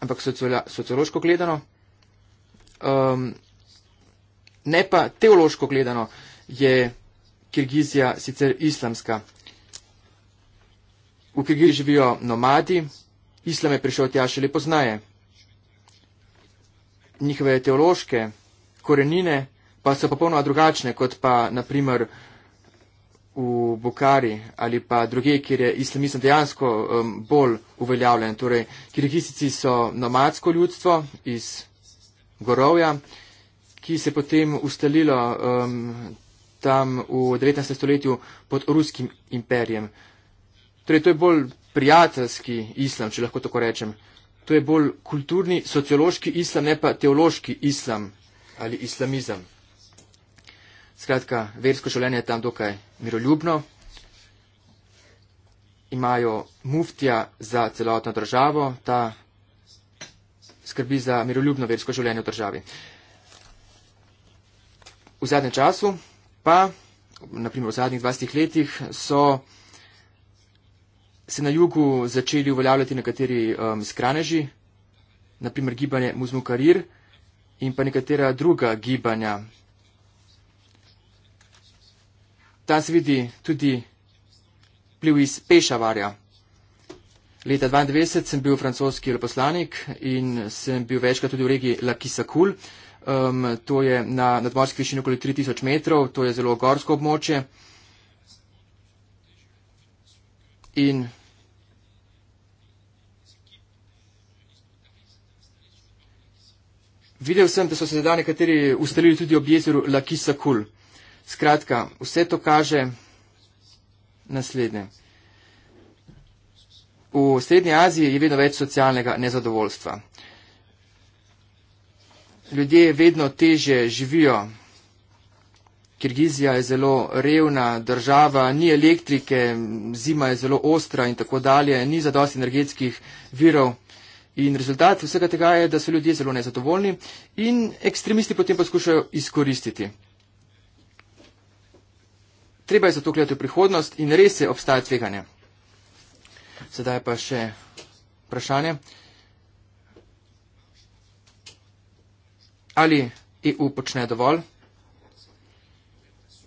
Ampak sociološko gledano, um, ne pa teološko gledano, je Kirgizija sicer islamska. V Kirgiji živijo nomadi, islam je prišel tja šele poznaje. Njihove teološke korenine pa so popolnoma drugačne kot pa naprimer v Bukari ali pa druge, kjer je islamizem dejansko um, bolj uveljavljen. Torej, kirgizici so nomadsko ljudstvo iz gorovja, ki se potem ustalilo um, tam v 19. stoletju pod ruskim imperijem. Torej, to je bolj prijateljski islam, če lahko tako rečem. To je bolj kulturni, sociološki islam, ne pa teološki islam ali islamizem. Skratka, versko življenje je tam dokaj miroljubno. Imajo muftija za celotno državo, ta skrbi za miroljubno versko življenje v državi. V zadnjem času pa, naprimer v zadnjih 20 letih, so se na jugu začeli uveljavljati nekateri um, skraneži, naprimer gibanje Muzmukarir in pa nekatera druga gibanja. Ta se vidi tudi pliv iz Pešavarja. Leta 92 sem bil francoski veleposlanik in sem bil večkrat tudi v regiji Lakisakul. Uh, um, to je na nadmorski višini okoli 3000 metrov, to je zelo gorsko območje. In videl sem, da so se zdaj nekateri ustalili tudi ob jezeru Lakisakul. Skratka, vse to kaže naslednje. V Srednji Aziji je vedno več socialnega nezadovoljstva ljudje vedno teže živijo. Kirgizija je zelo revna država, ni elektrike, zima je zelo ostra in tako dalje, ni zadosti energetskih virov. In rezultat vsega tega je, da so ljudje zelo nezadovoljni in ekstremisti potem poskušajo izkoristiti. Treba je zato gledati v prihodnost in res je obstaja tveganje. Sedaj pa še vprašanje. ali EU počne dovolj.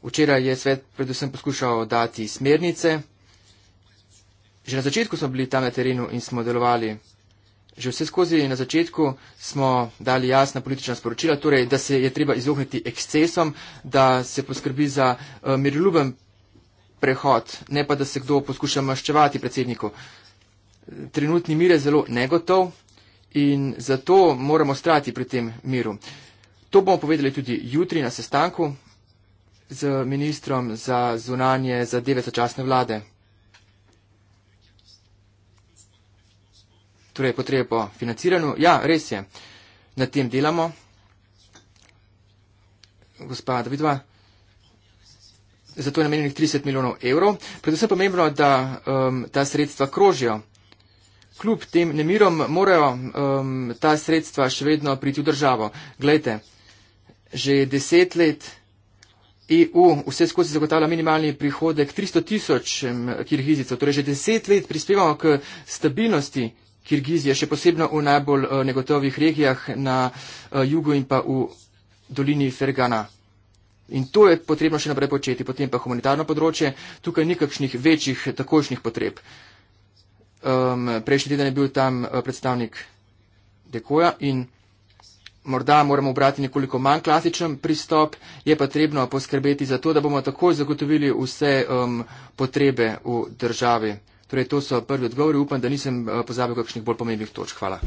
Včeraj je svet predvsem poskušal dati smernice. Že na začetku smo bili tam na terenu in smo delovali. Že vse skozi na začetku smo dali jasna politična sporočila, torej, da se je treba izogniti ekscesom, da se poskrbi za uh, eh, miroljuben prehod, ne pa da se kdo poskuša maščevati predsedniku. Trenutni mir je zelo negotov in zato moramo strati pri tem miru. To bomo povedali tudi jutri na sestanku z ministrom za zunanje zadeve začasne vlade. Torej, potrebe po financiranju. Ja, res je. Na tem delamo. Gospa Davidova. Zato je namenjenih 30 milijonov evrov. Predvsem pomembno, da um, ta sredstva krožijo kljub tem nemirom morajo um, ta sredstva še vedno priti v državo. Glejte, že deset let EU vse skozi zagotavlja minimalni prihodek 300 tisoč um, kirgizicov, torej že deset let prispevamo k stabilnosti. Kirgizija, še posebno v najbolj uh, negotovih regijah na uh, jugu in pa v dolini Fergana. In to je potrebno še naprej početi, potem pa humanitarno področje, tukaj nikakšnih večjih takošnih potreb um, prejšnji teden je bil tam eh, predstavnik Dekoja in morda moramo obrati nekoliko manj klasičen pristop, je pa trebno poskrbeti za to, da bomo takoj zagotovili vse um, potrebe v državi. Torej, to so prvi odgovori. Upam, da nisem eh, pozabil kakšnih bolj pomembnih točk. Hvala.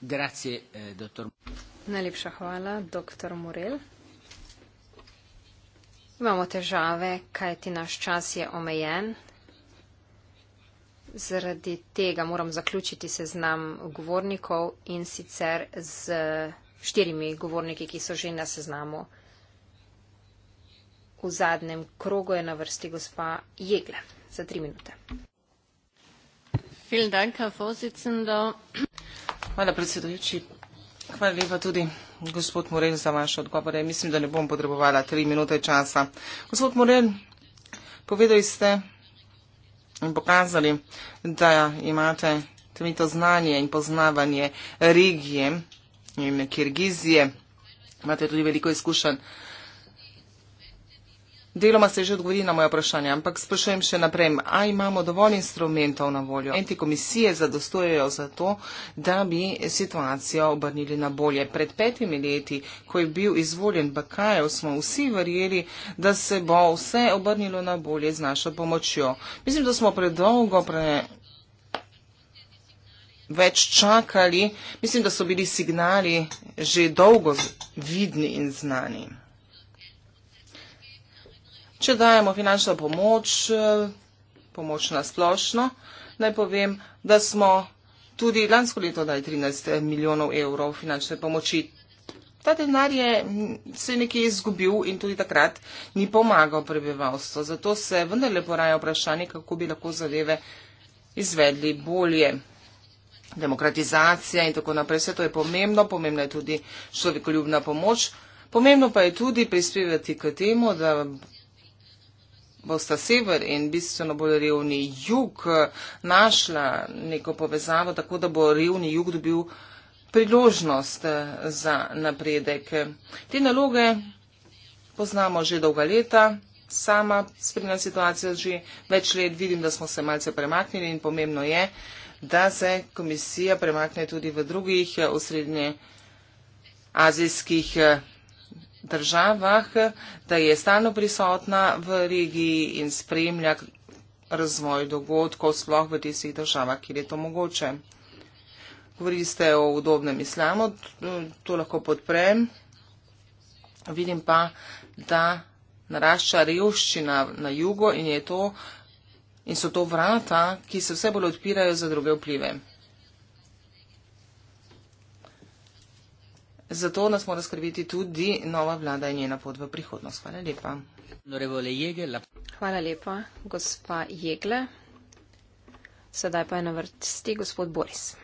Grazie, eh, doktor. Najlepša hvala, doktor Morel. Imamo težave, kajti naš čas je omejen. Zaradi tega moram zaključiti seznam govornikov in sicer z štirimi govorniki, ki so že na seznamu. V zadnjem krogu je na vrsti gospa Jegle za tri minute. Hvala, predsedujoči. Hvala lepa tudi, gospod Morel, za vaše odgovore. Mislim, da ne bom potrebovala tri minute časa. Gospod Morel, povedali ste, in pokazali, da imate tudi to znanje in poznavanje regije in Kirgizije. Imate tudi veliko izkušenj. Deloma se je že odgovorila na moje vprašanje, ampak sprašujem še naprej, a imamo dovolj instrumentov na voljo? Enti komisije zadostujejo za to, da bi situacijo obrnili na bolje. Pred petimi leti, ko je bil izvoljen Bakajev, smo vsi verjeli, da se bo vse obrnilo na bolje z našo pomočjo. Mislim, da smo predolgo pre več čakali, mislim, da so bili signali že dolgo vidni in znani. Če dajemo finančno pomoč, eh, pomoč na splošno, naj povem, da smo tudi lansko leto dali 13 eh, milijonov evrov finančne pomoči. Ta denar je se nekje izgubil in tudi takrat ni pomagal prebivalstvo. Zato se vendarle poraja vprašanje, kako bi lahko zadeve izvedli bolje. Demokratizacija in tako naprej, vse to je pomembno, pomembna je tudi človekoljubna pomoč. Pomembno pa je tudi prispevati k temu, da bosta sever in bistveno bolj revni jug eh, našla neko povezavo, tako da bo revni jug dobil priložnost eh, za napredek. Te naloge poznamo že dolga leta. Sama spremljam situacijo že več let, vidim, da smo se malce premaknili in pomembno je, da se komisija premakne tudi v drugih eh, osrednje azijskih državah, da je stalno prisotna v regiji in spremlja razvoj dogodkov, sploh v tistih državah, kjer je to mogoče. Govorili ste o udobnem islamu, to lahko podprem. Vidim pa, da narašča revščina na jugu in, to, in so to vrata, ki se vse bolj odpirajo za druge vplive. Zato nas mora skrbeti tudi nova vlada in njena pot v prihodnost. Hvala lepa. Hvala lepa, gospa Jegle. Sedaj pa je na vrsti gospod Boris.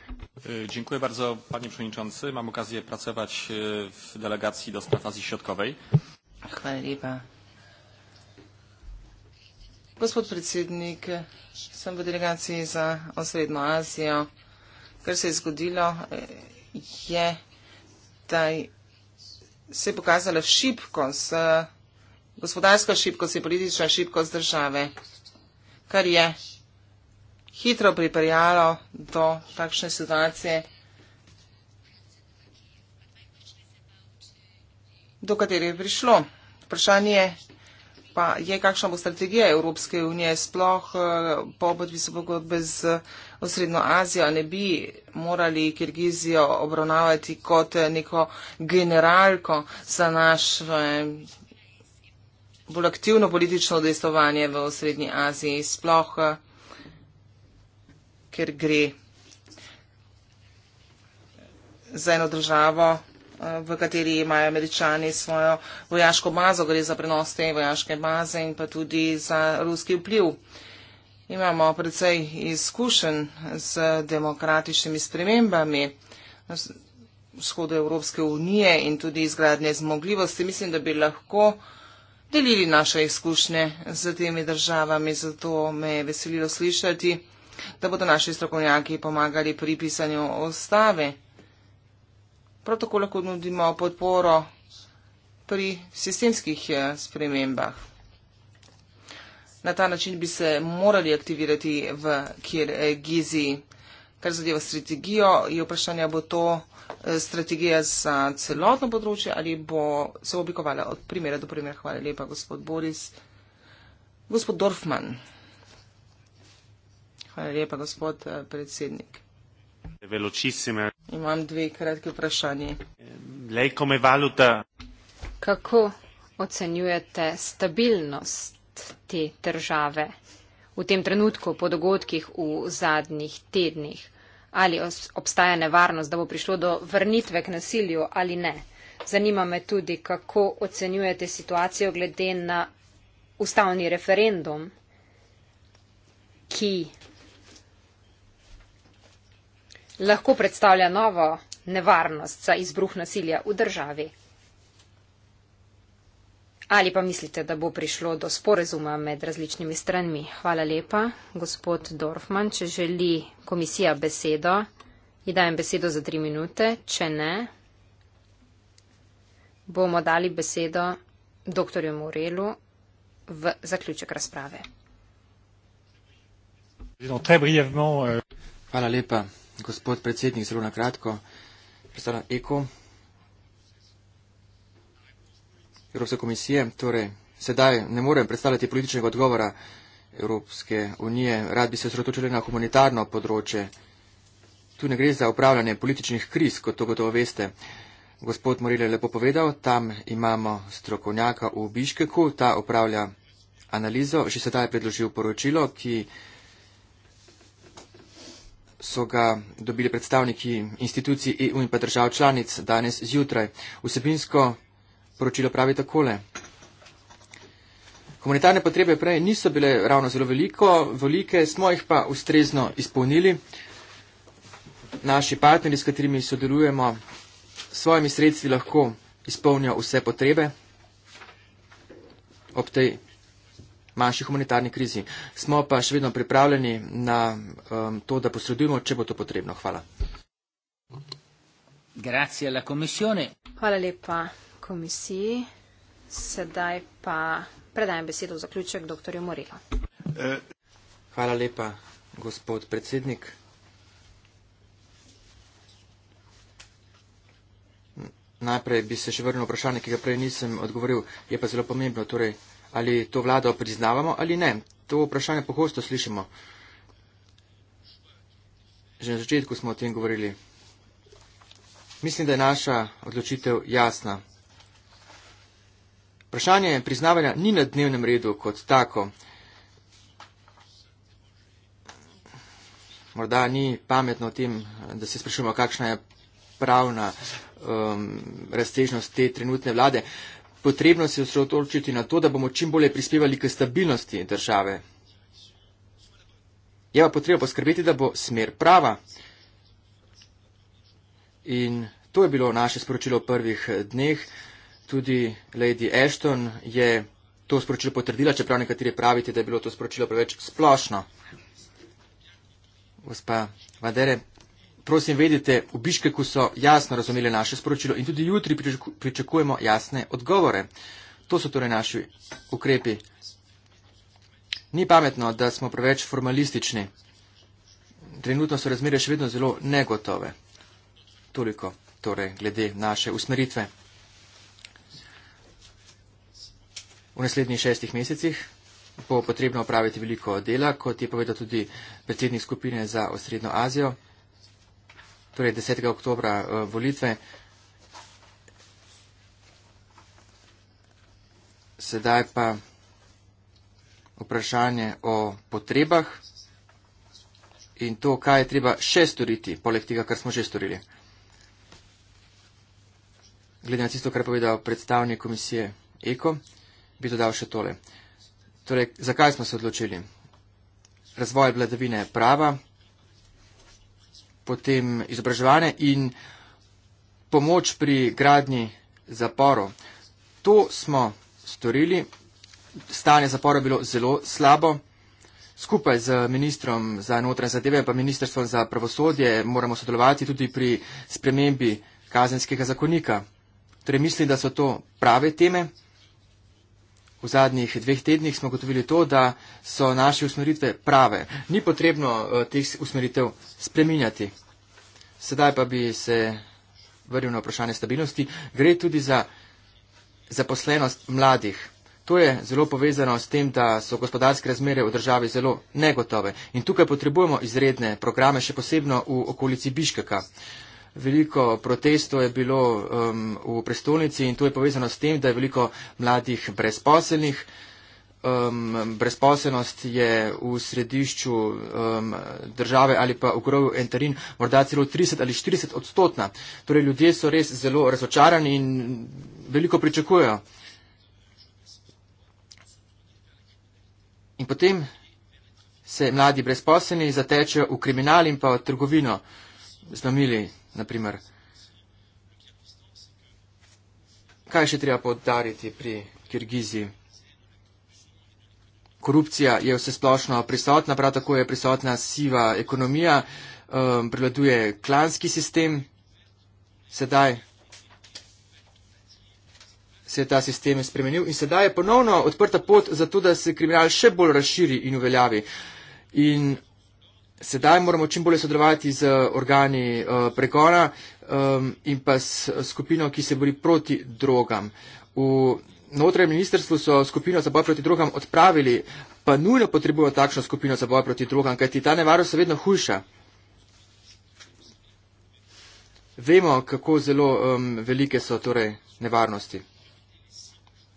E, dziękuję bardzo, panie przewodniczący. Mam okazję pracować e, w delegacji do spraw Azji Środkowej. Hvala lepa. Gospod predsednik, sem v delegaciji za osrednjo Azijo. Kar se je zgodilo, e, je taj, se je pokazala šibkost, eh, gospodarska šibkost in politična šibkost države, kar je hitro pripeljalo do takšne situacije, do katere je prišlo. Vprašanje je, Pa je kakšna bo strategija Evropske unije sploh eh, po podpisu pogodbe z eh, osrednjo Azijo? Ne bi morali Kirgizijo obravnavati kot eh, neko generalko za naš bolj aktivno politično dejstovanje v osrednji Aziji, sploh ker gre za eno državo, v kateri imajo američani svojo vojaško bazo, gre za prenos te vojaške baze in pa tudi za ruski vpliv. Imamo precej izkušen z demokratičnimi spremembami vzhodu Evropske unije in tudi izgradnje zmogljivosti. Mislim, da bi lahko delili naše izkušnje z temi državami, zato me je veselilo slišati, da bodo naši strokovnjaki pomagali pri pisanju ostave prav tako lahko nudimo podporo pri sistemskih eh, spremembah. Na ta način bi se morali aktivirati v Kirgiziji. Kar zadeva strategijo, je vprašanje, bo to eh, strategija za celotno področje ali bo se oblikovala od primera do primera. Hvala lepa, gospod Boris. Gospod Dorfman. Hvala lepa, gospod eh, predsednik. Velocissime. Imam dve kratki vprašanji. Lei come valuta? Kako ocenjujete stabilnost te države v tem trenutku po dogodkih v zadnjih tednih? Ali obstaja nevarnost, da bo prišlo do vrnitve k nasilju ali ne? Zanima me tudi, kako ocenjujete situacijo glede na ustavni referendum, ki lahko predstavlja novo nevarnost za izbruh nasilja v državi. Ali pa mislite, da bo prišlo do sporezuma med različnimi stranmi? Hvala lepa, gospod Dorfman. Če želi komisija besedo, ji dajem besedo za tri minute. Če ne, bomo dali besedo dr. Morelu v zaključek razprave. Hvala lepa gospod predsednik, zelo na kratko, predstavljam Eko, Evropske komisije, torej sedaj ne morem predstavljati političnega odgovora Evropske unije, rad bi se osredotočil na humanitarno področje. Tu ne gre za upravljanje političnih kriz, kot to gotovo veste. Gospod Moril je lepo povedal, tam imamo strokovnjaka v Biškeku, ta upravlja analizo, že sedaj je predložil poročilo, ki so ga dobili predstavniki institucij EU in pa držav članic danes zjutraj. Vsebinsko poročilo pravi takole. Humanitarne potrebe prej niso bile ravno zelo veliko, velike smo jih pa ustrezno izpolnili. Naši partneri, s katerimi sodelujemo, s svojimi sredstvi lahko izpolnijo vse potrebe. Ob tej manjši humanitarni krizi. Smo pa še vedno pripravljeni na um, to, da posredujemo, če bo to potrebno. Hvala. Hvala lepa komisiji. Sedaj pa predajem besedo v zaključek dr. Morila. Eh. Hvala lepa, gospod predsednik. Najprej bi se še vrnil vprašanje, ki ga prej nisem odgovoril, je pa zelo pomembno. Torej, ali to vlado priznavamo ali ne. To vprašanje pohosto slišimo. Že na začetku smo o tem govorili. Mislim, da je naša odločitev jasna. Vprašanje priznavanja ni na dnevnem redu kot tako. Morda ni pametno o tem, da se sprašujemo, kakšna je pravna um, raztežnost te trenutne vlade potrebno se osredotočiti na to, da bomo čim bolje prispevali k stabilnosti države. Je pa potrebno poskrbeti, da bo smer prava. In to je bilo naše sporočilo v prvih dneh. Tudi Lady Ashton je to sporočilo potrdila, čeprav nekateri pravite, da je bilo to sporočilo preveč splošno. Gospa Vadere, prosim, vedite, v Biškeku so jasno razumeli naše sporočilo in tudi jutri pričakujemo jasne odgovore. To so torej naši ukrepi. Ni pametno, da smo preveč formalistični. Trenutno so razmere še vedno zelo negotove. Toliko torej glede naše usmeritve. V naslednjih šestih mesecih bo potrebno opraviti veliko dela, kot je povedal tudi predsednik skupine za Osrednjo Azijo torej 10. oktober eh, volitve. Sedaj pa vprašanje o potrebah in to, kaj je treba še storiti, poleg tega, kar smo že storili. Glede na tisto, kar je povedal predstavnik komisije ECO, bi dodal še tole. Torej, zakaj smo se odločili? Razvoj vladavine prava, potem izobraževanje in pomoč pri gradnji zaporov. To smo storili. Stanje zaporov je bilo zelo slabo. Skupaj z ministrom za notranje zadeve in pa ministrstvom za pravosodje moramo sodelovati tudi pri spremembi kazenskega zakonika. Torej mislim, da so to prave teme. V zadnjih dveh tednih smo gotovili to, da so naše usmeritve prave. Ni potrebno eh, teh usmeritev spreminjati. Sedaj pa bi se vrnil na vprašanje stabilnosti. Gre tudi za zaposlenost mladih. To je zelo povezano s tem, da so gospodarske razmere v državi zelo negotove. In tukaj potrebujemo izredne programe, še posebno v okolici Biškeka. Veliko protestov je bilo um, v prestolnici in to je povezano s tem, da je veliko mladih brezposelnih. Um, brezposelnost je v središču um, države ali pa v grobu Enterin morda celo 30 ali 40 odstotna. Torej ljudje so res zelo razočarani in veliko pričakujejo. In potem se mladi brezposelni zatečejo v kriminal in pa v trgovino z namili naprimer. Kaj še treba poudariti pri Kirgiziji? Korupcija je vse splošno prisotna, prav tako je prisotna siva ekonomija, um, preladuje klanski sistem. Sedaj se je ta sistem spremenil in sedaj je ponovno odprta pot za to, da se kriminal še bolj razširi in uveljavi. In sedaj moramo čim bolje sodelovati z organi eh, pregona in pa s skupino, ki se bori proti drogam. V notranjem ministrstvu so skupino za boj proti drogam odpravili, pa nujno potrebujemo takšno skupino za boj proti drogam, kajti ta nevarnost je vedno hujša. Vemo, kako zelo um, velike so torej nevarnosti.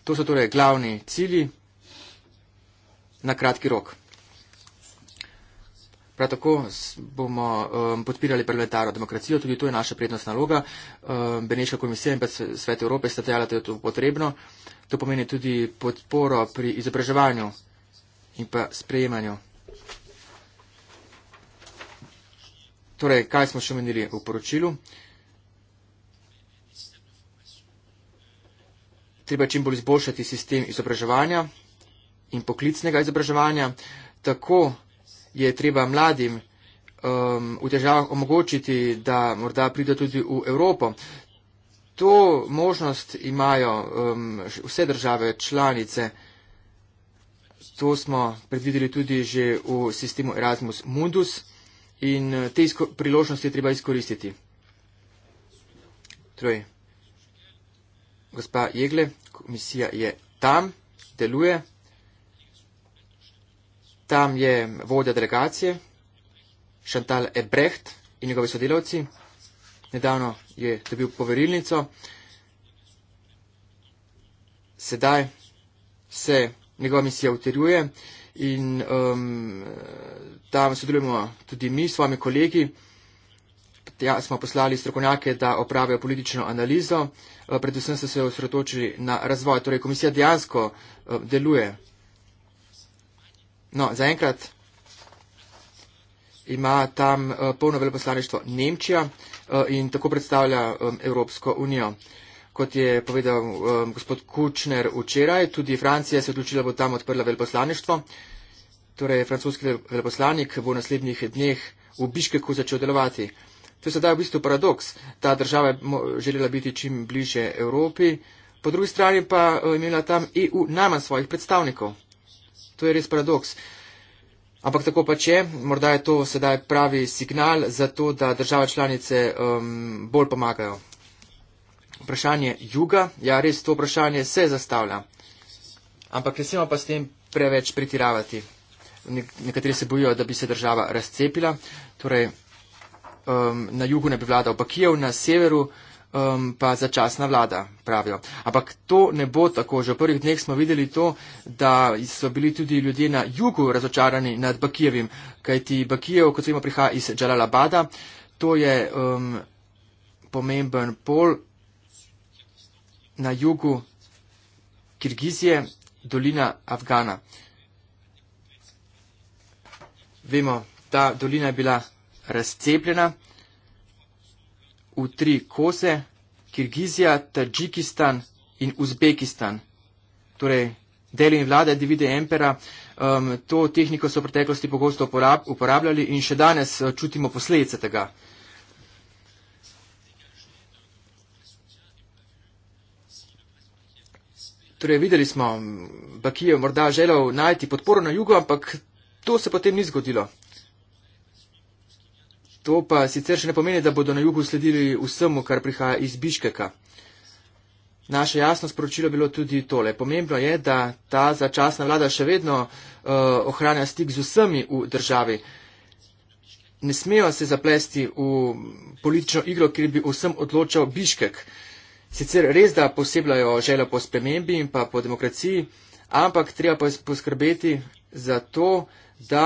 To so torej glavni cilji na kratki rok. Prav tako bomo um, podpirali parlamentarno demokracijo, tudi to je naša prednost naloga. Um, Beneška komisija in pa Svet Evrope sta dejala, da je to potrebno. To pomeni tudi podporo pri izobraževanju in pa sprejemanju. Torej, kaj smo še omenili v poročilu? Treba čim bolj izboljšati sistem izobraževanja in poklicnega izobraževanja, tako je treba mladim um, v težavah omogočiti, da morda pride tudi v Evropo. To možnost imajo um, vse države članice. To smo predvideli tudi že v sistemu Erasmus Mundus in uh, te priložnosti je treba izkoristiti. Troj. Gospa Jegle, komisija je tam, deluje. Tam je vodja delegacije, Šantal Ebrecht in njegovi sodelavci. Nedavno je dobil poverilnico. Sedaj se njegova misija utrjuje in um, tam sodelujemo tudi mi s svojimi kolegi. Ja, smo poslali strokovnjake, da opravijo politično analizo. Uh, predvsem so se osredotočili na razvoj. Torej, komisija dejansko uh, deluje No, zaenkrat ima tam uh, polno veleposlaništvo Nemčija uh, in tako predstavlja um, Evropsko unijo. Kot je povedal um, gospod Kučner včeraj, tudi Francija se je odločila, da bo tam odprla veleposlaništvo. Torej, francoski veleposlanik bo v naslednjih dneh v Biškeku začel delovati. To je sedaj v bistvu paradoks. Ta država je želela biti čim bliže Evropi, po drugi strani pa je eh, imela tam EU najmanj svojih predstavnikov to je res paradoks. Ampak tako pa če, morda je to sedaj pravi signal za to, da države članice um, bolj pomagajo. Vprašanje juga, ja, res to vprašanje se zastavlja. Ampak ne smemo pa s tem preveč pritiravati. Nekateri se bojijo, da bi se država razcepila. Torej, um, na jugu ne bi vladal pa Kijev, na severu um, pa začasna vlada, pravijo. Ampak to ne bo tako. Že v prvih dneh smo videli to, da so bili tudi ljudje na jugu razočarani nad Bakijevim, kajti Bakijev, kot vemo, prihaja iz Džalalabada, to je um, pomemben pol na jugu Kirgizije, dolina Afgana. Vemo, ta dolina je bila razcepljena v tri kose, Kirgizija, Tadžikistan in Uzbekistan. Torej, deli in vlade Divide Empera um, to tehniko so v preteklosti pogosto uporab, uporabljali in še danes uh, čutimo posledice tega. Torej, videli smo, Bakijev morda želel najti podporo na jugu, ampak to se potem ni zgodilo. To pa sicer še ne pomeni, da bodo na jugu sledili vsemu, kar prihaja iz Biškeka. Naše jasno sporočilo bilo tudi tole. Pomembno je, da ta začasna vlada še vedno uh, ohranja stik z vsemi v državi. Ne smejo se zaplesti v politično igro, kjer bi vsem odločal Biškek. Sicer res, da posebljajo željo po spremembi in pa po demokraciji, ampak treba poskrbeti za to, da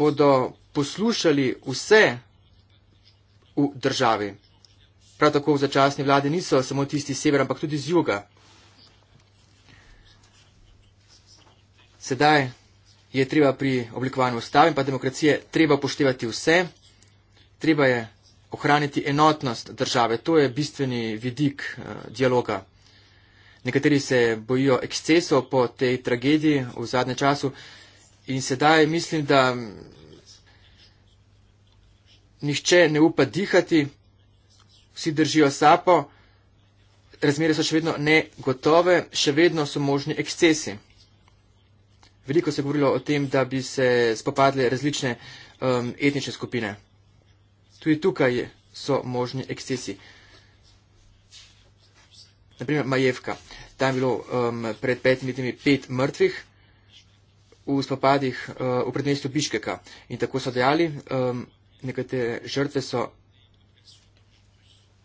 bodo poslušali vse v državi. Prav tako v začasni vladi niso samo tisti iz severa, ampak tudi iz juga. Sedaj je treba pri oblikovanju ustave in pa demokracije treba poštevati vse, treba je ohraniti enotnost države. To je bistveni vidik eh, dialoga. Nekateri se bojijo ekscesov po tej tragediji v zadnjem času in sedaj mislim, da nihče ne upa dihati, vsi držijo sapo, razmere so še vedno negotove, še vedno so možni ekscesi. Veliko se je govorilo o tem, da bi se spopadle različne um, etnične skupine. Tudi tukaj so možni ekscesi. Naprimer, Majevka. Tam je bilo um, pred petimi dnevi pet mrtvih v spopadih uh, v predmestu Biškeka. In tako so dejali, um, nekatere žrtve so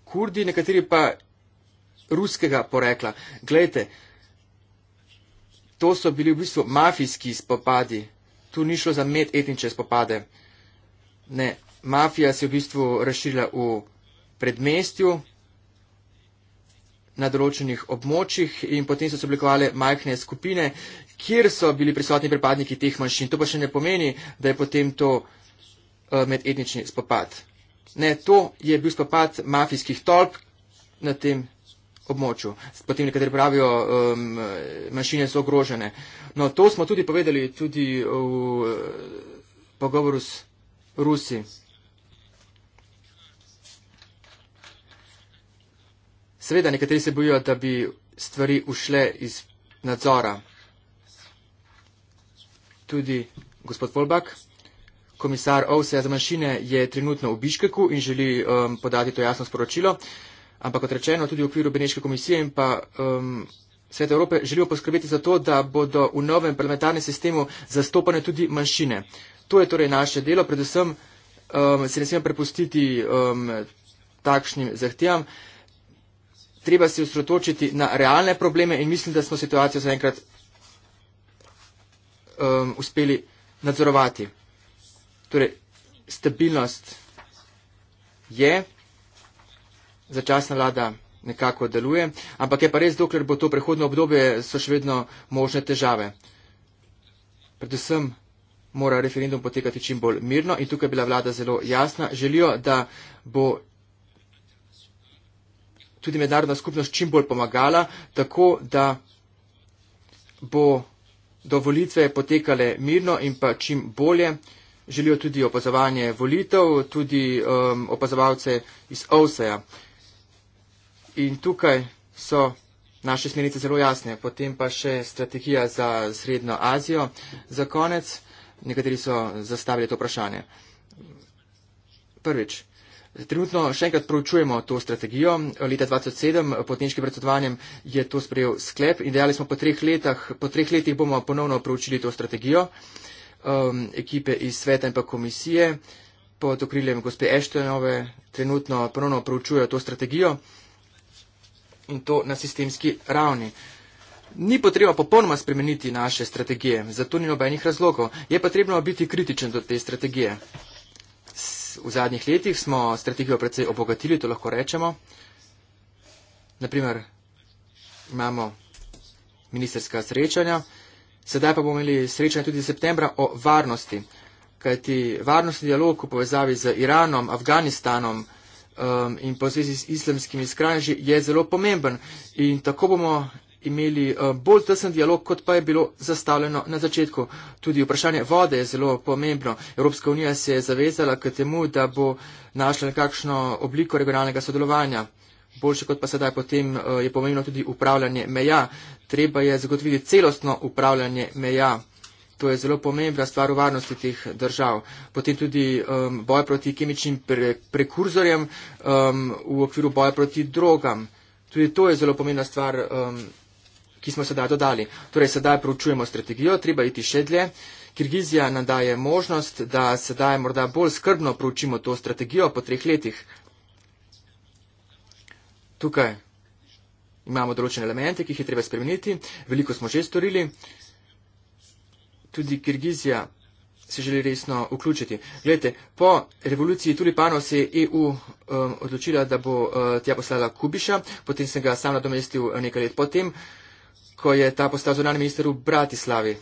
kurdi, nekateri pa ruskega porekla. Glejte, to so bili v bistvu mafijski spopadi. Tu ni šlo za med etnične spopade. Ne, mafija se je v bistvu razširila v predmestju, na določenih območjih in potem so se oblikovale majhne skupine, kjer so bili prisotni pripadniki teh manjšin. To pa še ne pomeni, da je potem to Eh, medetnični spopad. Ne, to je bil spopad mafijskih tolp na tem območju. Potem nekateri pravijo, um, manjšine so ogrožene. No, to smo tudi povedali tudi v uh, pogovoru s Rusi. Seveda, nekateri se bojijo, da bi stvari ušle iz nadzora. Tudi gospod Polbak komisar Ovse za manjšine je trenutno v Biškeku in želi um, podati to jasno sporočilo, ampak kot rečeno, tudi v okviru Beneške komisije in pa um, Svet Evrope želijo poskrbeti za to, da bodo v novem parlamentarnem sistemu zastopane tudi manjšine. To je torej naše delo, predvsem um, se ne smemo prepustiti um, takšnim zahtevam. Treba se osredotočiti na realne probleme in mislim, da smo situacijo zaenkrat um, uspeli nadzorovati. Torej, stabilnost je, začasna vlada nekako deluje, ampak je pa res, dokler bo to prehodno obdobje, so še vedno možne težave. Predvsem mora referendum potekati čim bolj mirno in tukaj je bila vlada zelo jasna. Želijo, da bo tudi mednarodna skupnost čim bolj pomagala, tako da bo do volitve potekale mirno in pa čim bolje želijo tudi opazovanje volitev, tudi um, opazovalce iz OSEA. In tukaj so naše smernice zelo jasne. Potem pa še strategija za Srednjo Azijo. Za konec, nekateri so zastavili to vprašanje. Prvič. Trenutno še enkrat proučujemo to strategijo. Leta 2007 pod nemškim predsedovanjem je to sprejel sklep in dejali smo, po treh, letah, po treh letih bomo ponovno proučili to strategijo. Uh, um, ekipe iz sveta in pa komisije pod okriljem gospe Eštenove trenutno ponovno proučujejo to strategijo in to na sistemski ravni. Ni potreba popolnoma spremeniti naše strategije, zato ni nobenih razlogov. Je potrebno biti kritičen do te strategije. V zadnjih letih smo strategijo predvsej obogatili, to lahko rečemo. Naprimer, imamo ministerska srečanja, Sedaj pa bomo imeli srečanje tudi septembra o varnosti, kajti varnostni dialog v povezavi z Iranom, Afganistanom um, in pa v zvezi s islamskimi skrajneži je zelo pomemben in tako bomo imeli um, bolj tesen dialog, kot pa je bilo zastavljeno na začetku. Tudi vprašanje vode je zelo pomembno. Evropska unija se je zavezala k temu, da bo našla nekakšno obliko regionalnega sodelovanja boljše kot pa sedaj, potem eh, je pomembno tudi upravljanje meja. Treba je zagotoviti celostno upravljanje meja. To je zelo pomembna stvar v varnosti teh držav. Potem tudi um, boj proti kemičnim pre prekurzorjem um, v okviru boja proti drogam. Tudi to je zelo pomembna stvar, um, ki smo sedaj dodali. Torej, sedaj preučujemo strategijo, treba iti še dlje. Kirgizija nam daje možnost, da sedaj morda bolj skrbno preučimo to strategijo po treh letih tukaj imamo določene elemente, ki jih je treba spremeniti. Veliko smo že storili. Tudi Kirgizija se želi resno vključiti. Glede, po revoluciji tulipanov se je EU um, odločila, da bo uh, tja poslala Kubiša, potem sem ga sam nadomestil uh, nekaj let potem, ko je ta postal zunani minister v Bratislavi.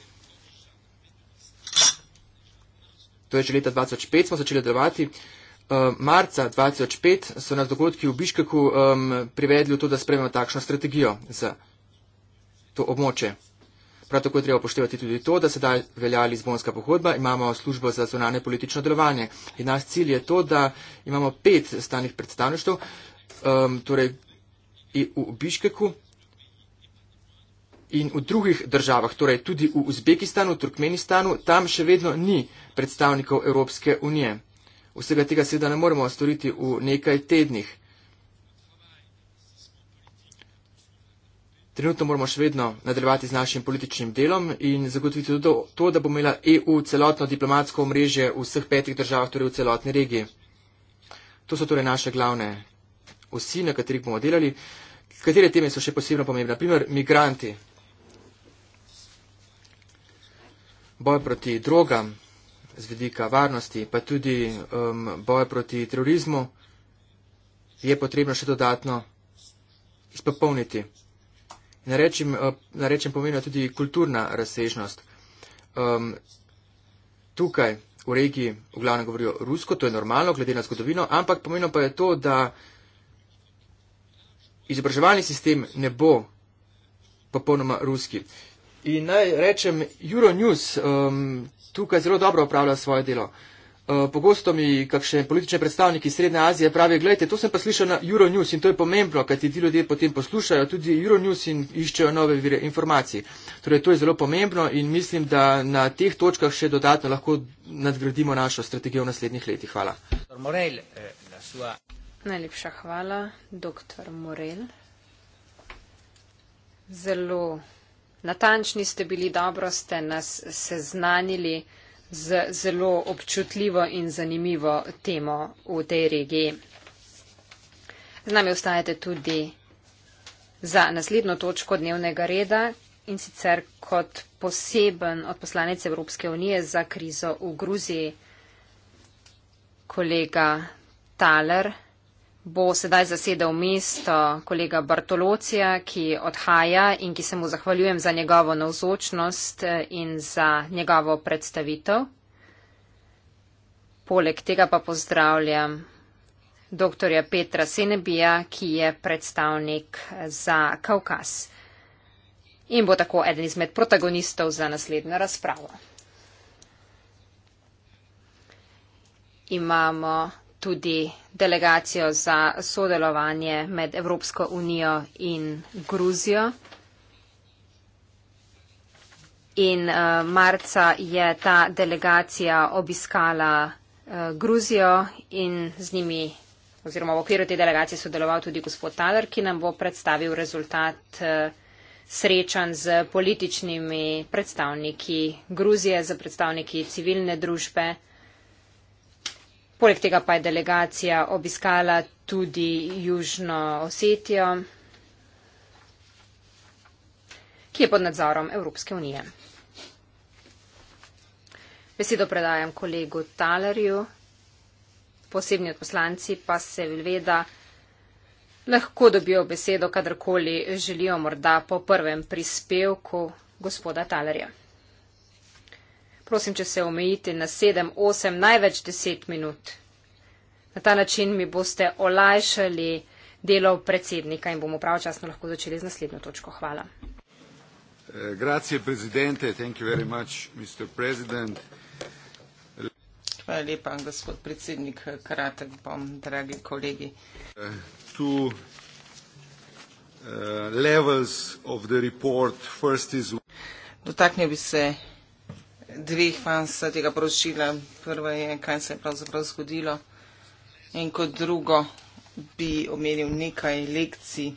To je že leta 2005 smo začeli delovati. Uh, Ehm, marca 2005 so nas dogodki v Biškeku um, privedli v to, da sprememo takšno strategijo za to območje. Prav tako je treba upoštevati tudi to, da se da velja Lizbonska pohodba, imamo službo za zonalne politično delovanje in naš cilj je to, da imamo pet stanih predstavništv, um, ehm, torej e v Biškeku in v drugih državah, torej tudi v Uzbekistanu, Turkmenistanu, tam še vedno ni predstavnikov Evropske unije vsega tega seveda ne moremo storiti v nekaj tednih. Trenutno moramo še vedno nadaljevati z našim političnim delom in zagotoviti to, da bo imela EU celotno diplomatsko omrežje v vseh petih državah, torej v celotni regiji. To so torej naše glavne osi, na katerih bomo delali. Katere teme so še posebno pomembne? Naprimer, migranti. Boj proti drogam z vidika varnosti, pa tudi um, boja proti terorizmu, je potrebno še dodatno izpopolniti. Narečem uh, pomeni tudi kulturna razsežnost. Um, tukaj v regiji v glavnem govorijo rusko, to je normalno, glede na zgodovino, ampak pomeni pa je to, da izobraževalni sistem ne bo popolnoma ruski. In naj rečem, Euronews, um, tukaj zelo dobro opravlja svoje delo. Eh, pogosto mi kakšne politične predstavniki Srednje Azije pravijo, gledajte, to sem pa slišal na Euronews in to je pomembno, kajti ti ljudje potem poslušajo tudi Euronews in iščejo nove vire informacij. Torej, to je zelo pomembno in mislim, da na teh točkah še dodatno lahko nadgradimo našo strategijo v naslednjih letih. Hvala. Eh, Najlepša hvala, doktor Morel. Zelo Natančni ste bili, dobro ste nas seznanili z zelo občutljivo in zanimivo temo v tej regiji. Z nami ostajate tudi za naslednjo točko dnevnega reda in sicer kot poseben odposlanec Evropske unije za krizo v Gruziji, kolega Taler bo sedaj zasedel mesto kolega Bartolocija, ki odhaja in ki se mu zahvaljujem za njegovo navzočnost eh, in za njegovo predstavitev. Poleg tega pa pozdravljam dr. Petra Senebija, ki je predstavnik eh, za Kaukas in bo tako eden izmed protagonistov za naslednjo razpravo. Imamo tudi delegacijo za sodelovanje med Evropsko unijo in Gruzijo. In uh, marca je ta delegacija obiskala uh, Gruzijo in z njimi oziroma v okviru te delegacije sodeloval tudi gospod Taler, ki nam bo predstavil rezultat uh, eh, srečan z političnimi predstavniki Gruzije, z predstavniki civilne družbe. Poleg tega pa je delegacija obiskala tudi Južno Osetijo, ki je pod nadzorom Evropske unije. Besedo predajam kolegu Talerju. Posebni odposlanci pa se veda lahko dobijo besedo, kadarkoli želijo, morda po prvem prispevku gospoda Talerja. Prosim, če se omejite na 7, 8, največ 10 minut. Na ta način mi boste olajšali delo predsednika in bomo pravčasno lahko začeli z naslednjo točko. Hvala. Eh, grazie, presidente. Thank you very much, Mr. President. Hvala lepa, gospod predsednik. Kratek bom, dragi kolegi. Uh, uh, Dotaknil bi se dveh faz tega poročila. Prvo je, kaj se je pravzaprav zgodilo. In kot drugo bi omenil nekaj lekcij,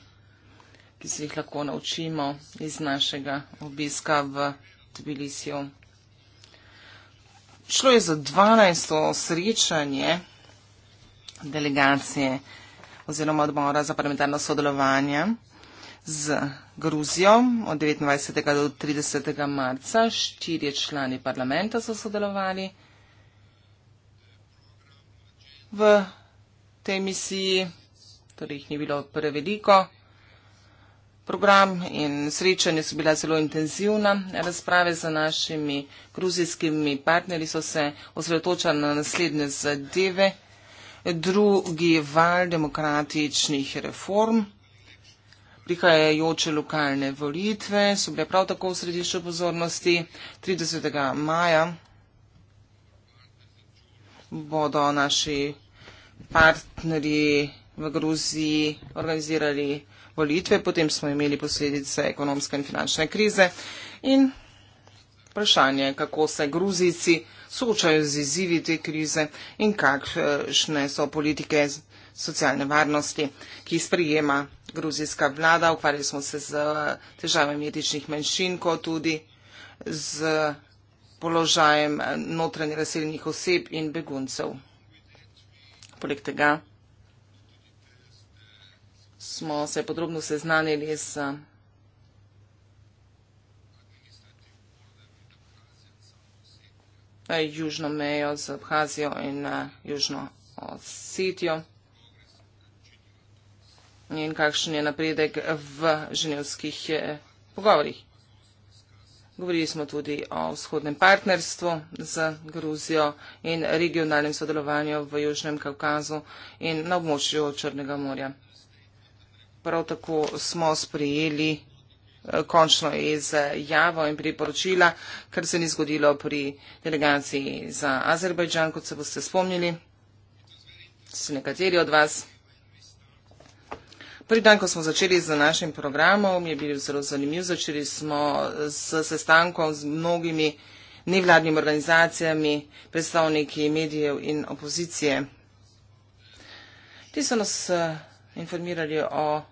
ki se jih lahko naučimo iz našega obiska v Tbilisiju. Šlo je za 12. srečanje delegacije oziroma odbora za parlamentarno sodelovanje z Gruzijo od 29. do 30. marca. Štirje člani parlamenta so sodelovali v tej misiji, torej jih ni bilo preveliko. Program in srečanje so bila zelo intenzivna. Razprave z našimi gruzijskimi partnerji so se osredotočali na naslednje zadeve. Drugi val demokratičnih reform prihajajoče lokalne volitve so bile prav tako v središču pozornosti 30. maja bodo naši partnerji v Gruziji organizirali volitve, potem smo imeli posledice ekonomske in finančne krize in vprašanje, kako se Gruzici soočajo z izzivi te krize in kakšne so politike socialne varnosti, ki sprijema gruzijska vlada. Ukvarjali smo se z težavami etičnih manjšin, kot tudi z položajem notranje razseljenih oseb in beguncev. Poleg tega smo se podrobno seznanili s južno mejo z Abhazijo in eh, južno Osetijo in kakšen je napredek v ženevskih eh, pogovorjih. Govorili smo tudi o vzhodnem partnerstvu z Gruzijo in regionalnem sodelovanju v Južnem Kaukazu in na območju Črnega morja. Prav tako smo sprejeli eh, končno izjavo in priporočila, kar se ni zgodilo pri delegaciji za Azerbajdžan, kot se boste spomnili, se nekateri od vas. Prvi dan, ko smo začeli z našim programom, je bil zelo zanimiv. Začeli smo s sestankom z mnogimi nevladnimi organizacijami, predstavniki medijev in opozicije. Ti so nas eh, informirali o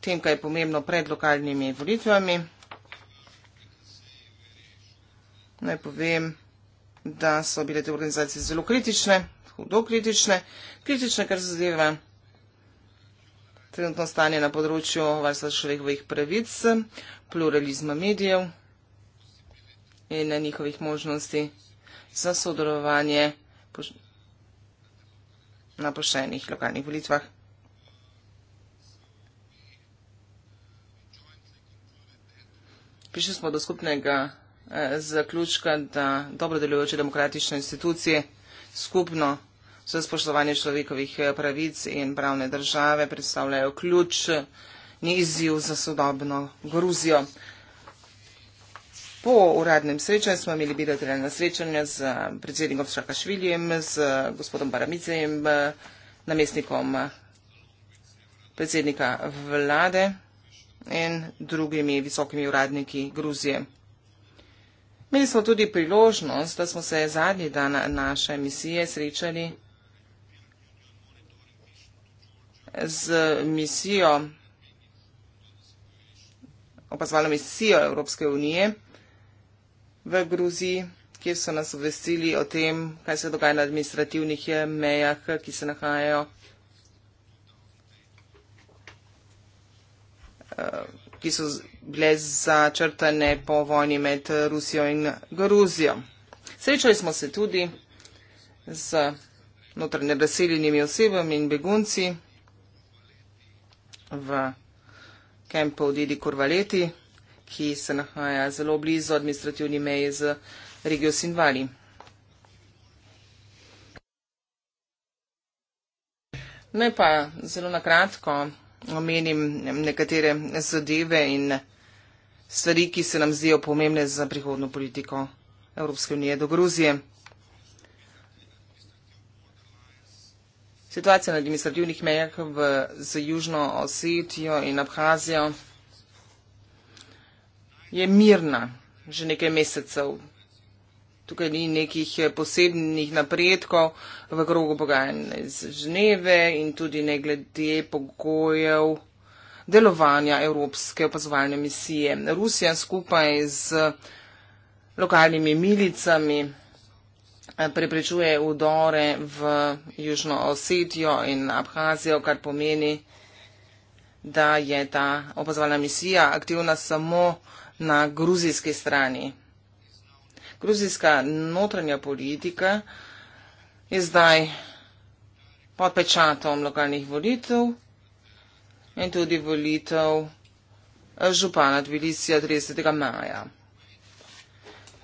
tem, kaj je pomembno pred lokalnimi volitvami. Naj povem, da so bile te organizacije zelo kritične, hudo kritične, kritične, kar se zadeva trenutno stanje na področju varstva človekovih pravic, pluralizma medijev in na njihovih možnosti za sodelovanje poš na pošenih lokalnih volitvah. Prišli smo do skupnega eh, zaključka, da dobro delujoče demokratične institucije skupno za spoštovanje človekovih eh, pravic in pravne države predstavljajo ključ, ni izziv za sodobno Gruzijo. Po uradnem srečanju smo imeli bilateralna srečanja z predsednikom Šakašviljem, z gospodom Baramicem, eh, namestnikom eh, predsednika vlade in drugimi visokimi uradniki Gruzije. Imeli smo tudi priložnost, da smo se zadnji dan naše misije srečali z misijo, opazovalno misijo Evropske unije v Gruziji, kjer so nas obvestili o tem, kaj se dogaja na administrativnih mejah, ki se nahajajo eh, ki so bile začrtane po vojni med Rusijo in Gruzijo. Srečali smo se tudi z notranje razseljenimi osebami in begunci, v kampu v Didi Kurvaleti, ki se nahaja zelo blizu administrativni meji z regijo Sinvali. No pa zelo na kratko omenim nekatere zadeve in stvari, ki se nam zdijo pomembne za prihodno politiko Evropske unije do Gruzije. Situacija na administrativnih mejah v, z Južno Osetijo in Abhazijo je mirna že nekaj mesecev. Tukaj ni nekih posebnih napredkov v krogu pogajanja iz Ženeve in tudi ne glede pogojev delovanja Evropske opazovalne misije. Rusija skupaj z lokalnimi milicami preprečuje udore v Južno Osetijo in Abhazijo, kar pomeni, da je ta opazovalna misija aktivna samo na gruzijski strani. Gruzijska notranja politika je zdaj pod pečatom lokalnih volitev in tudi volitev župana Tbilisija 30. maja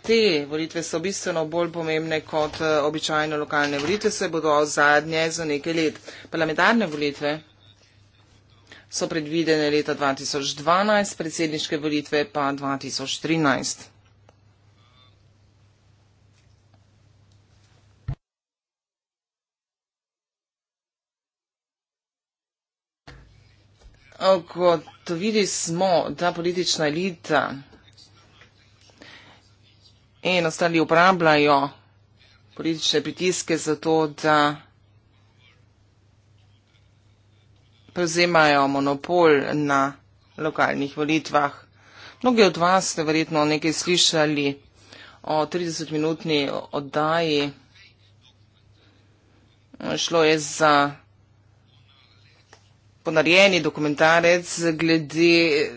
te volitve so bistveno bolj pomembne kot eh, običajno lokalne volitve, se bodo zadnje za nekaj let. Parlamentarne volitve so predvidene leta 2012, predsedniške volitve pa 2013. Kot vidi smo, da politična elita in ostali uporabljajo politične pritiske za to, da prevzemajo monopol na lokalnih volitvah. Mnogi od vas ste verjetno nekaj slišali o 30-minutni oddaji. Šlo je za ponarjeni dokumentarec glede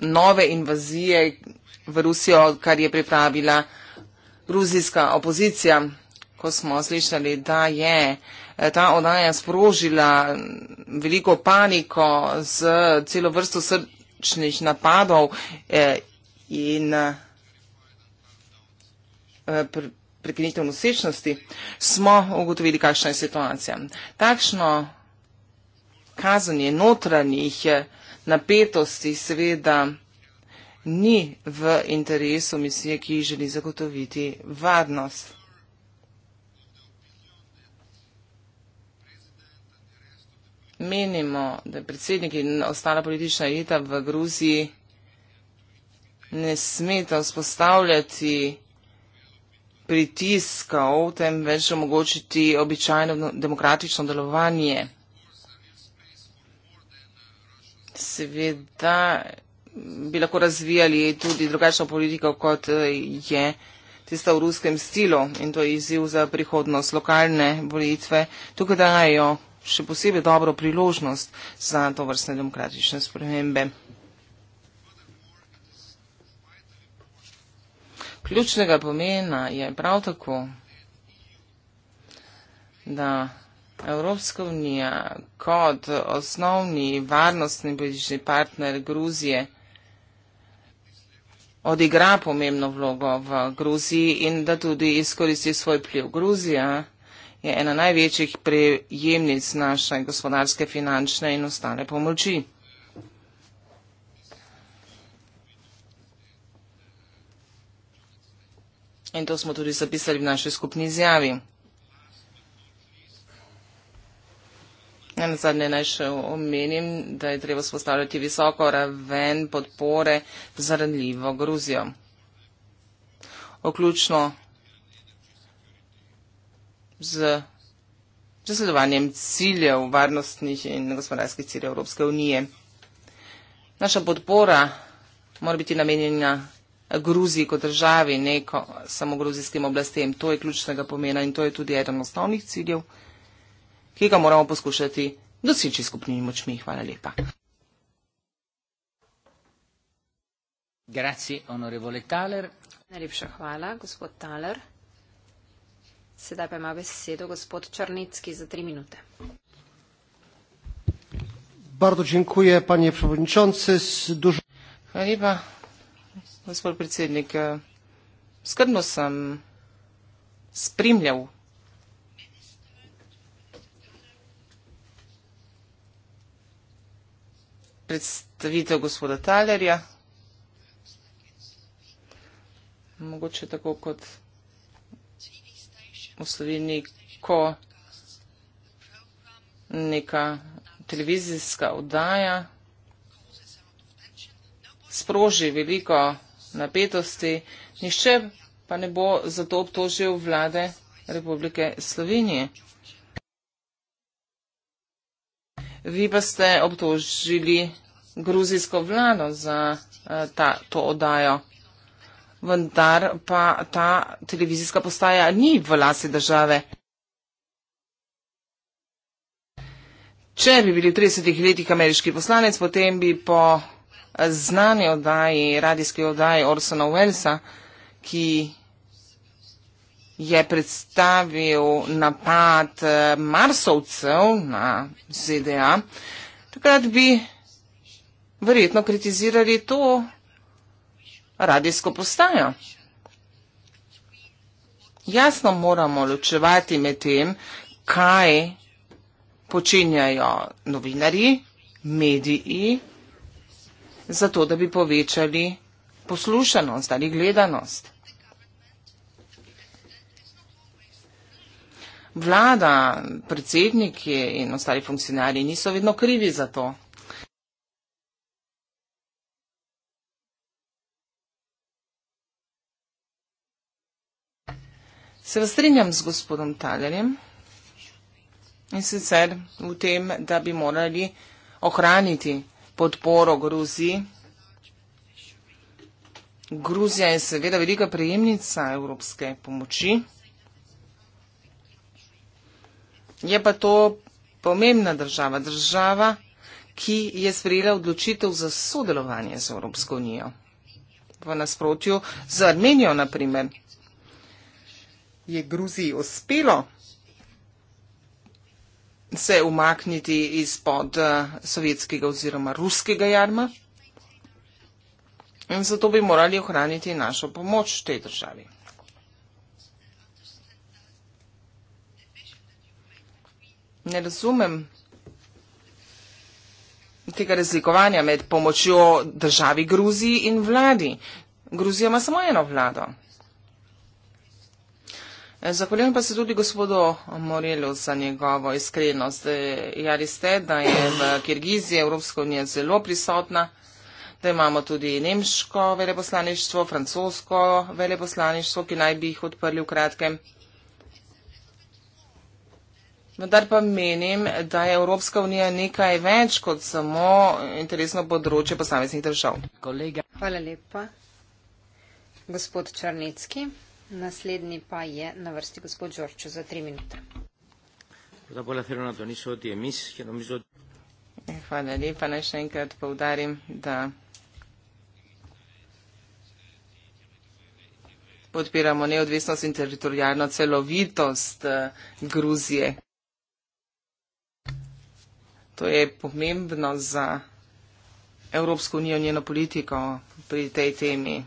nove invazije v Rusijo, kar je pripravila gruzijska opozicija, ko smo slišali, da je eh, ta odaja sprožila veliko paniko z celo vrsto srčnih napadov eh, in eh, prekinitev nosečnosti, smo ugotovili, kakšna je situacija. Takšno kazanje notranjih napetosti seveda ni v interesu misije, ki želi zagotoviti varnost. Menimo, da je predsednik in ostala politična elita v Gruziji ne smeta vzpostavljati pritiskov, temveč omogočiti običajno demokratično delovanje. Seveda bi lahko razvijali tudi drugačno politiko, kot eh, je tista v ruskem stilu in to je izziv za prihodnost lokalne volitve. Tukaj dajo še posebej dobro priložnost za to vrstne demokratične spremembe. Ključnega pomena je prav tako, da Evropska unija kot osnovni varnostni politični partner Gruzije odigra pomembno vlogo v Gruziji in da tudi izkoristi svoj pliv. Gruzija je ena največjih prejemnic naše gospodarske, finančne in ostale pomoči. In to smo tudi zapisali v naši skupni izjavi. Na zadnje naj še omenim, da je treba spostavljati visoko raven podpore zranljivo Gruzijo. Oključno z zasledovanjem ciljev, varnostnih in gospodarskih ciljev Evropske unije. Naša podpora mora biti namenjena Gruziji kot državi, ne samo gruzijskim oblastem. To je ključnega pomena in to je tudi eden osnovnih ciljev ki ga moramo poskušati doseči skupnimi močmi. Hvala lepa. Grazie, onorevole Taler. Najlepša hvala, gospod Taler. Sedaj pa ima besedo gospod Črnecki za tri minute. Bardzo dziękuję, panie przewodniczący. Z dużo... Hvala lepa, gospod predsednik. Skrbno sem spremljal predstavitev gospoda Talerja. Mogoče tako kot v Sloveniji, ko neka televizijska oddaja sproži veliko napetosti, nišče pa ne bo zato obtožil vlade Republike Slovenije. Vi pa ste obtožili gruzijsko vlado za eh, ta, to odajo. Vendar pa ta televizijska postaja ni v lasi države. Če bi bili v 30-ih letih ameriški poslanec, potem bi po eh, znani oddaji, radijski oddaji Orsona Wellsa, ki je predstavil napad eh, marsovcev na ZDA, takrat bi verjetno kritizirali to radijsko postajo. Jasno moramo ločevati med tem, kaj počenjajo novinari, mediji, zato da bi povečali poslušanost ali gledanost. vlada, predsedniki in ostali funkcionarji niso vedno krivi za to. Se strinjam z gospodom Talerjem in sicer v tem, da bi morali ohraniti podporo Gruziji. Gruzija je seveda velika prejemnica evropske pomoči. Je pa to pomembna država, država, ki je sprejela odločitev za sodelovanje z Evropsko unijo. V nasprotju z Armenijo, naprimer, je Gruziji uspelo se umakniti izpod eh, sovjetskega oziroma ruskega jarma in zato bi morali ohraniti našo pomoč tej državi. ne razumem tega razlikovanja med pomočjo državi Gruziji in vladi. Gruzija ima samo eno vlado. E, zahvaljujem pa se tudi gospodu Morelu za njegovo iskrenost. E, Jari ste, da je v Kirgiziji Evropska unija zelo prisotna, da imamo tudi nemško veleposlaništvo, francosko veleposlaništvo, ki naj bi jih odprli v kratkem. Vendar pa menim, da je Evropska unija nekaj več kot samo interesno področje posameznih držav. Kolega. Hvala lepa, gospod Črnecki. Naslednji pa je na vrsti gospod Đorčo za tri minute. Ja, hvala lepa, naj še enkrat povdarim, da podpiramo neodvisnost in teritorijalno celovitost eh, Gruzije. To je pomembno za Evropsko unijo in njeno politiko pri tej temi.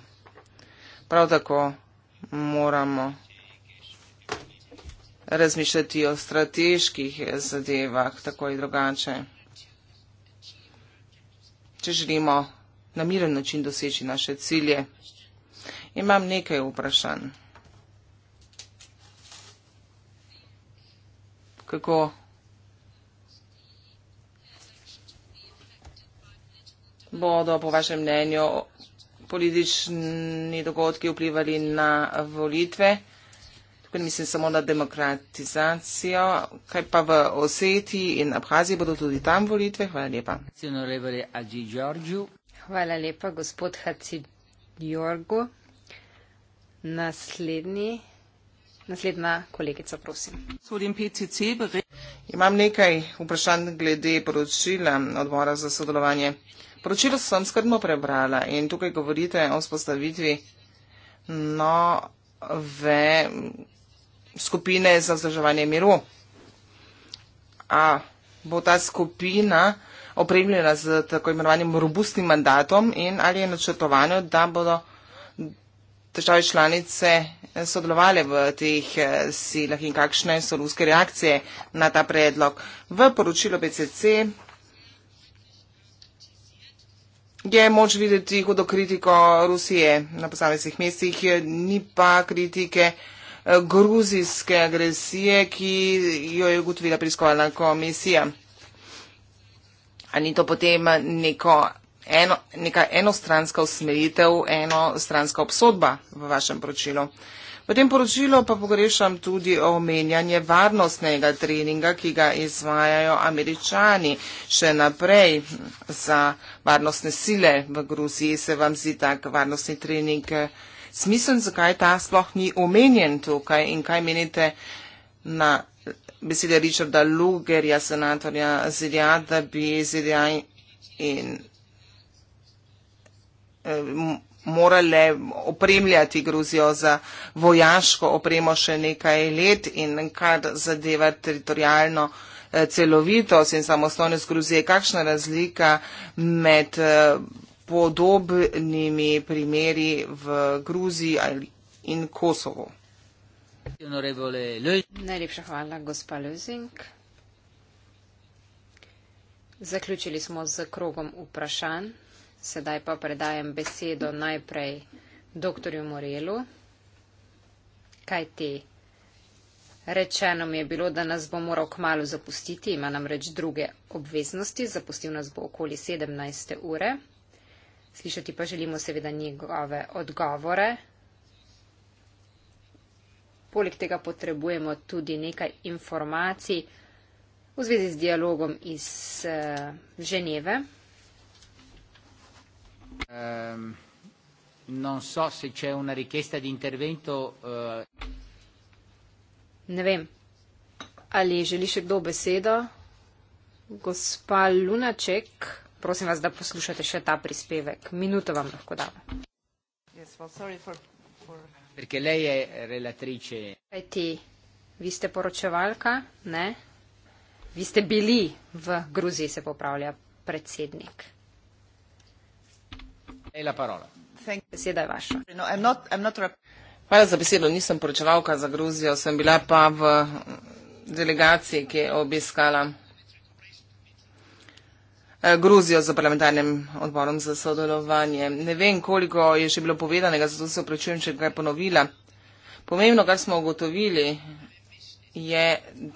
Prav tako moramo razmišljati o strateških zadevah, tako in drugače. Če želimo na miren način doseči naše cilje, imam nekaj vprašanj. Kako bodo po vašem mnenju politični dogodki vplivali na volitve. Tukaj mislim samo na demokratizacijo. Kaj pa v Oseti in Abhaziji bodo tudi tam volitve? Hvala lepa. Hvala lepa, gospod Hadzi Djorgu. Naslednji. Naslednja kolegica, prosim. Imam nekaj vprašanj glede poročila odbora za sodelovanje Pročilo sem skrbno prebrala in tukaj govorite o spostavitvi nove skupine za vzdrževanje miru. A bo ta skupina opremljena z tako imenovanim robustnim mandatom in ali je načrtovano, da bodo države članice sodelovali v teh eh, silah in kakšne so ruske reakcije na ta predlog. V poročilu BCC je moč videti hudo kritiko Rusije na posameznih mestih, ni pa kritike eh, gruzijske agresije, ki jo je ugotovila preiskovalna komisija. Ali ni to potem neko, eno, neka enostranska usmeritev, enostranska obsodba v vašem pročilu? V tem poročilu pa pogrešam tudi omenjanje varnostnega treninga, ki ga izvajajo američani še naprej za varnostne sile v Gruziji. Se vam zdi tak varnostni trening eh, smisen, zakaj ta sploh ni omenjen tukaj in kaj menite na besede Richarda Lugerja, senatorja ZDA, da bi ZDA in eh, morale opremljati Gruzijo za vojaško opremo še nekaj let in kar zadeva teritorijalno eh, celovitost in samostojnost Gruzije, kakšna razlika med eh, podobnimi primeri v Gruziji in Kosovo. Najlepša hvala, gospa Lozing. Zaključili smo z krogom vprašanj. Sedaj pa predajam besedo najprej dr. Morelu, kaj ti. Rečeno mi je bilo, da nas bo moral kmalo zapustiti, ima namreč druge obveznosti, zapustil nas bo okoli 17. ure. Slišati pa želimo seveda njegove odgovore. Poleg tega potrebujemo tudi nekaj informacij v zvezi z dialogom iz eh, Ženeve. Uh, Um, non so se c'è una richiesta di intervento. Uh... Ne vem. Ali želi še kdo besedo? Gospa Lunaček, prosim vas, da poslušate še ta prispevek. Minuto vam lahko dam. Yes, well, for, for... Perché lei è relatrice. Ti, vi ste poročevalka? Ne. Vi ste bili v Gruziji, se popravlja predsednik. Lej la parola. Beseda je vaša. No, I'm not, I'm not... Hvala za besedo. Nisem poročevalka za Gruzijo, sem bila pa v delegaciji, ki je obiskala eh, Gruzijo z parlamentarnim odborom za sodelovanje. Ne vem, koliko je še bilo povedanega, zato se oprečujem, če ga je ponovila. Pomembno, kar smo ugotovili, je,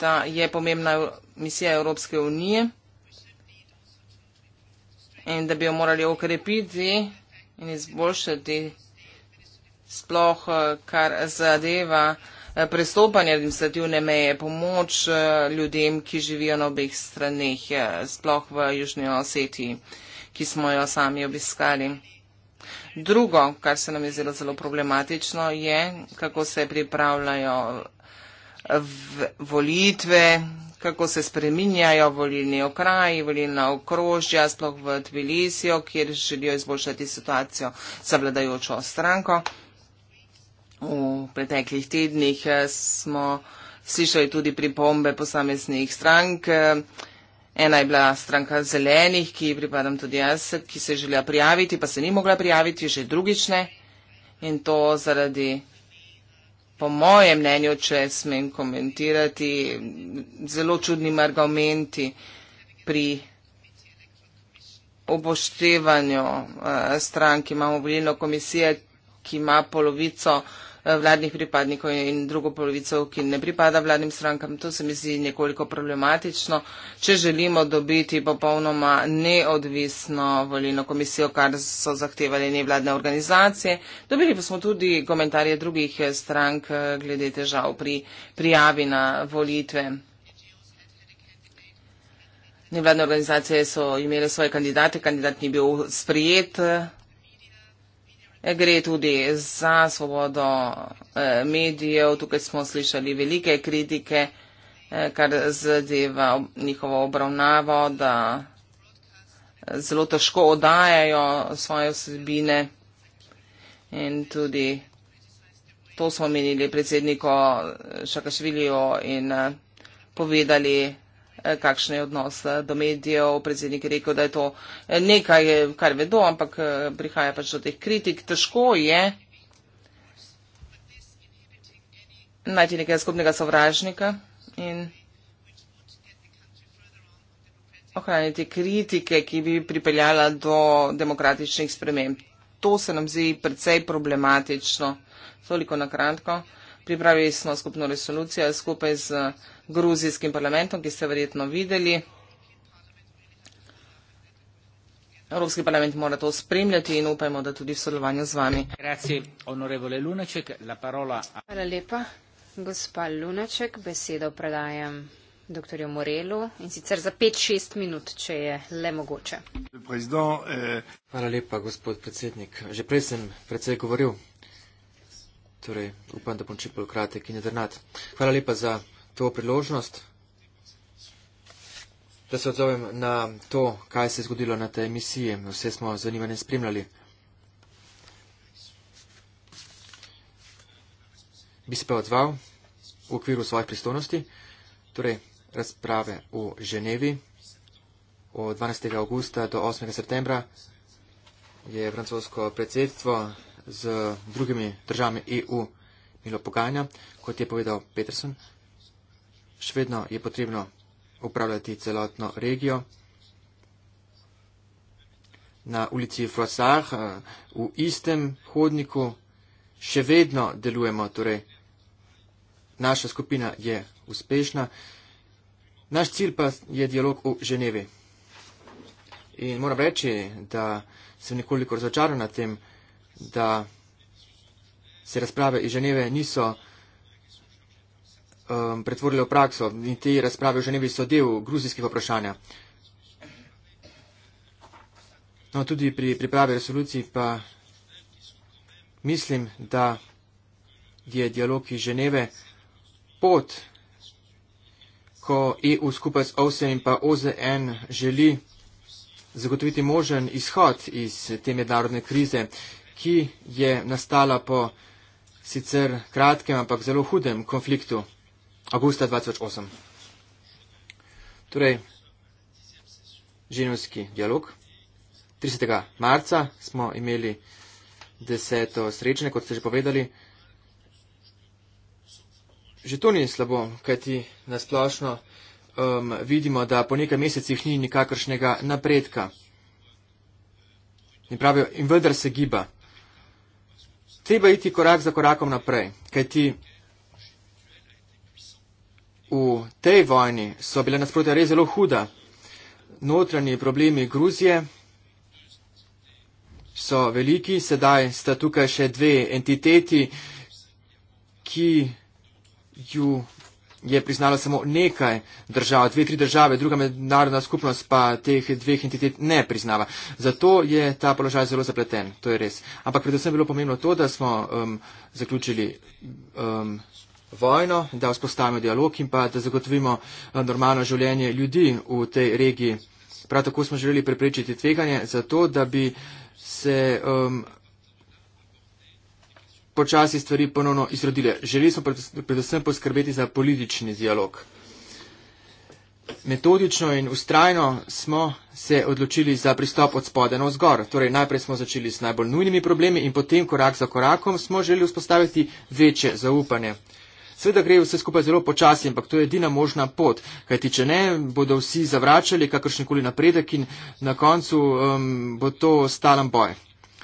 da je pomembna misija Evropske unije in da bi jo morali okrepiti in izboljšati sploh, kar zadeva eh, prestopanje administrativne meje, pomoč eh, ljudem, ki živijo na obeh straneh, eh, sploh v Južni Osetiji, ki smo jo sami obiskali. Drugo, kar se nam je zelo, zelo problematično, je, kako se pripravljajo volitve, kako se spreminjajo volilni okraji, volilna okrožja, sploh v Tbilisijo, kjer želijo izboljšati situacijo za vladajočo stranko. V preteklih tednih eh, smo slišali tudi pripombe posameznih strank. Ena je bila stranka zelenih, ki pripadam tudi jaz, ki se je želela prijaviti, pa se ni mogla prijaviti, že drugične. In to zaradi po mojem mnenju, če smem komentirati, zelo čudnim argumenti pri oboštevanju eh, strank, ki imamo volilno komisijo, ki ima polovico Eh, vladnih pripadnikov in drugo polovico, ki ne pripada vladnim strankam. To se mi zdi nekoliko problematično, če želimo dobiti popolnoma neodvisno volilno komisijo, kar so zahtevali nevladne organizacije. Dobili pa smo tudi komentarje drugih strank eh, glede težav pri prijavi na volitve. Nevladne organizacije so imele svoje kandidate, kandidat ni bil sprijet gre tudi za svobodo eh, medijev. Tukaj smo slišali velike kritike, eh, kar zadeva njihovo obravnavo, da eh, zelo težko odajajo svoje vsebine. In tudi to smo menili predsedniku Šakašviliju in povedali, Eh, kakšen je odnos eh, do medijev. Predsednik je rekel, da je to eh, nekaj, kar vedo, ampak prihaja pač do teh kritik. Težko je najti nekaj skupnega sovražnika in ohraniti kritike, ki bi pripeljala do demokratičnih sprememb. To se nam zdi precej problematično. Toliko na kratko. Pripravili smo skupno resolucijo skupaj z gruzijskim parlamentom, ki ste verjetno videli. Evropski parlament mora to spremljati in upajmo, da tudi v sodelovanju z vami. Hvala lepa, gospa Lunaček. Besedo predajam dr. Morelu in sicer za 5-6 minut, če je le mogoče. Eh, Hvala lepa, gospod predsednik. Že prej sem predvsej govoril, torej upam, da bom čepel kratek in jedrnat. Hvala lepa za to priložnost, da se odzovem na to, kaj se je zgodilo na tej emisiji. Vse smo zanimanje spremljali. Bi se pa odzval v okviru svojih pristojnosti, torej razprave v Ženevi od 12. augusta do 8. septembra je francosko predsedstvo z drugimi državami EU imelo pogajanja, kot je povedal Peterson še vedno je potrebno upravljati celotno regijo. Na ulici Frasah eh, v istem hodniku še vedno delujemo, torej naša skupina je uspešna. Naš cilj pa je dialog v Ženevi. In moram reči, da sem nekoliko razočaran na tem, da se razprave iz Ženeve niso um, pretvorile v prakso in te razprave že ne bi so del gruzijskih vprašanja. No, tudi pri pripravi resoluciji pa mislim, da je dialog iz Ženeve pot, ko EU skupaj s OSE in pa OZN želi zagotoviti možen izhod iz te mednarodne krize, ki je nastala po sicer kratkem, ampak zelo hudem konfliktu. Augusta 28. Torej, ženevski dialog. 30. marca smo imeli deseto srečanje, kot ste že povedali. Že to ni slabo, kajti nasplošno um, vidimo, da po nekaj mesecih ni nikakršnega napredka. In pravijo, in vendar se giba. Treba iti korak za korakom naprej, kajti v tej vojni so bile nasprotja res zelo huda. Notranji problemi Gruzije so veliki, sedaj sta tukaj še dve entiteti, ki ju je priznala samo nekaj držav, dve, tri države, druga mednarodna skupnost pa teh dveh entitet ne priznava. Zato je ta položaj zelo zapleten, to je res. Ampak predvsem je bilo pomembno to, da smo um, zaključili um, vojno, da vzpostavimo dialog in pa da zagotovimo eh, normalno življenje ljudi v tej regiji. Prav tako smo želeli preprečiti tveganje za to, da bi se um, počasi stvari ponovno izrodile. Želeli smo predvsem poskrbeti za politični dialog. Metodično in ustrajno smo se odločili za pristop od spode na vzgor. Torej, najprej smo začeli s najbolj nujnimi problemi in potem korak za korakom smo želeli vzpostaviti večje zaupanje. Sveda gre vse skupaj zelo počasi, ampak to je edina možna pot, kajti če ne, bodo vsi zavračali kakršnikoli napredek in na koncu um, bo to stalen boj.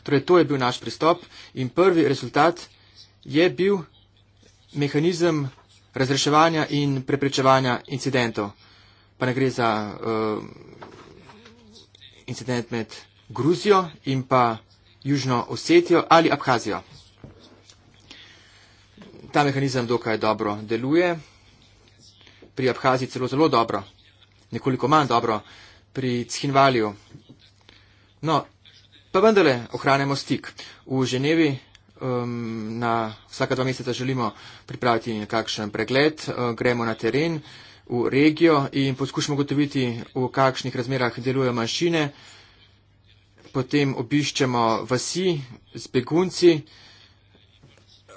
Torej, to je bil naš pristop in prvi rezultat je bil mehanizem razreševanja in preprečevanja incidentov. Pa ne gre za uh, incident med Gruzijo in pa Južno Osetijo ali Abhazijo ta mehanizem dokaj dobro deluje. Pri Abhaziji celo zelo dobro, nekoliko manj dobro pri Cinvaliju. No, pa vendarle ohranjamo stik. V Ženevi um, na vsaka dva meseca želimo pripraviti nekakšen pregled, uh, gremo na teren, v regijo in poskušamo gotoviti, v kakšnih razmerah delujejo manjšine. Potem obiščemo vasi z begunci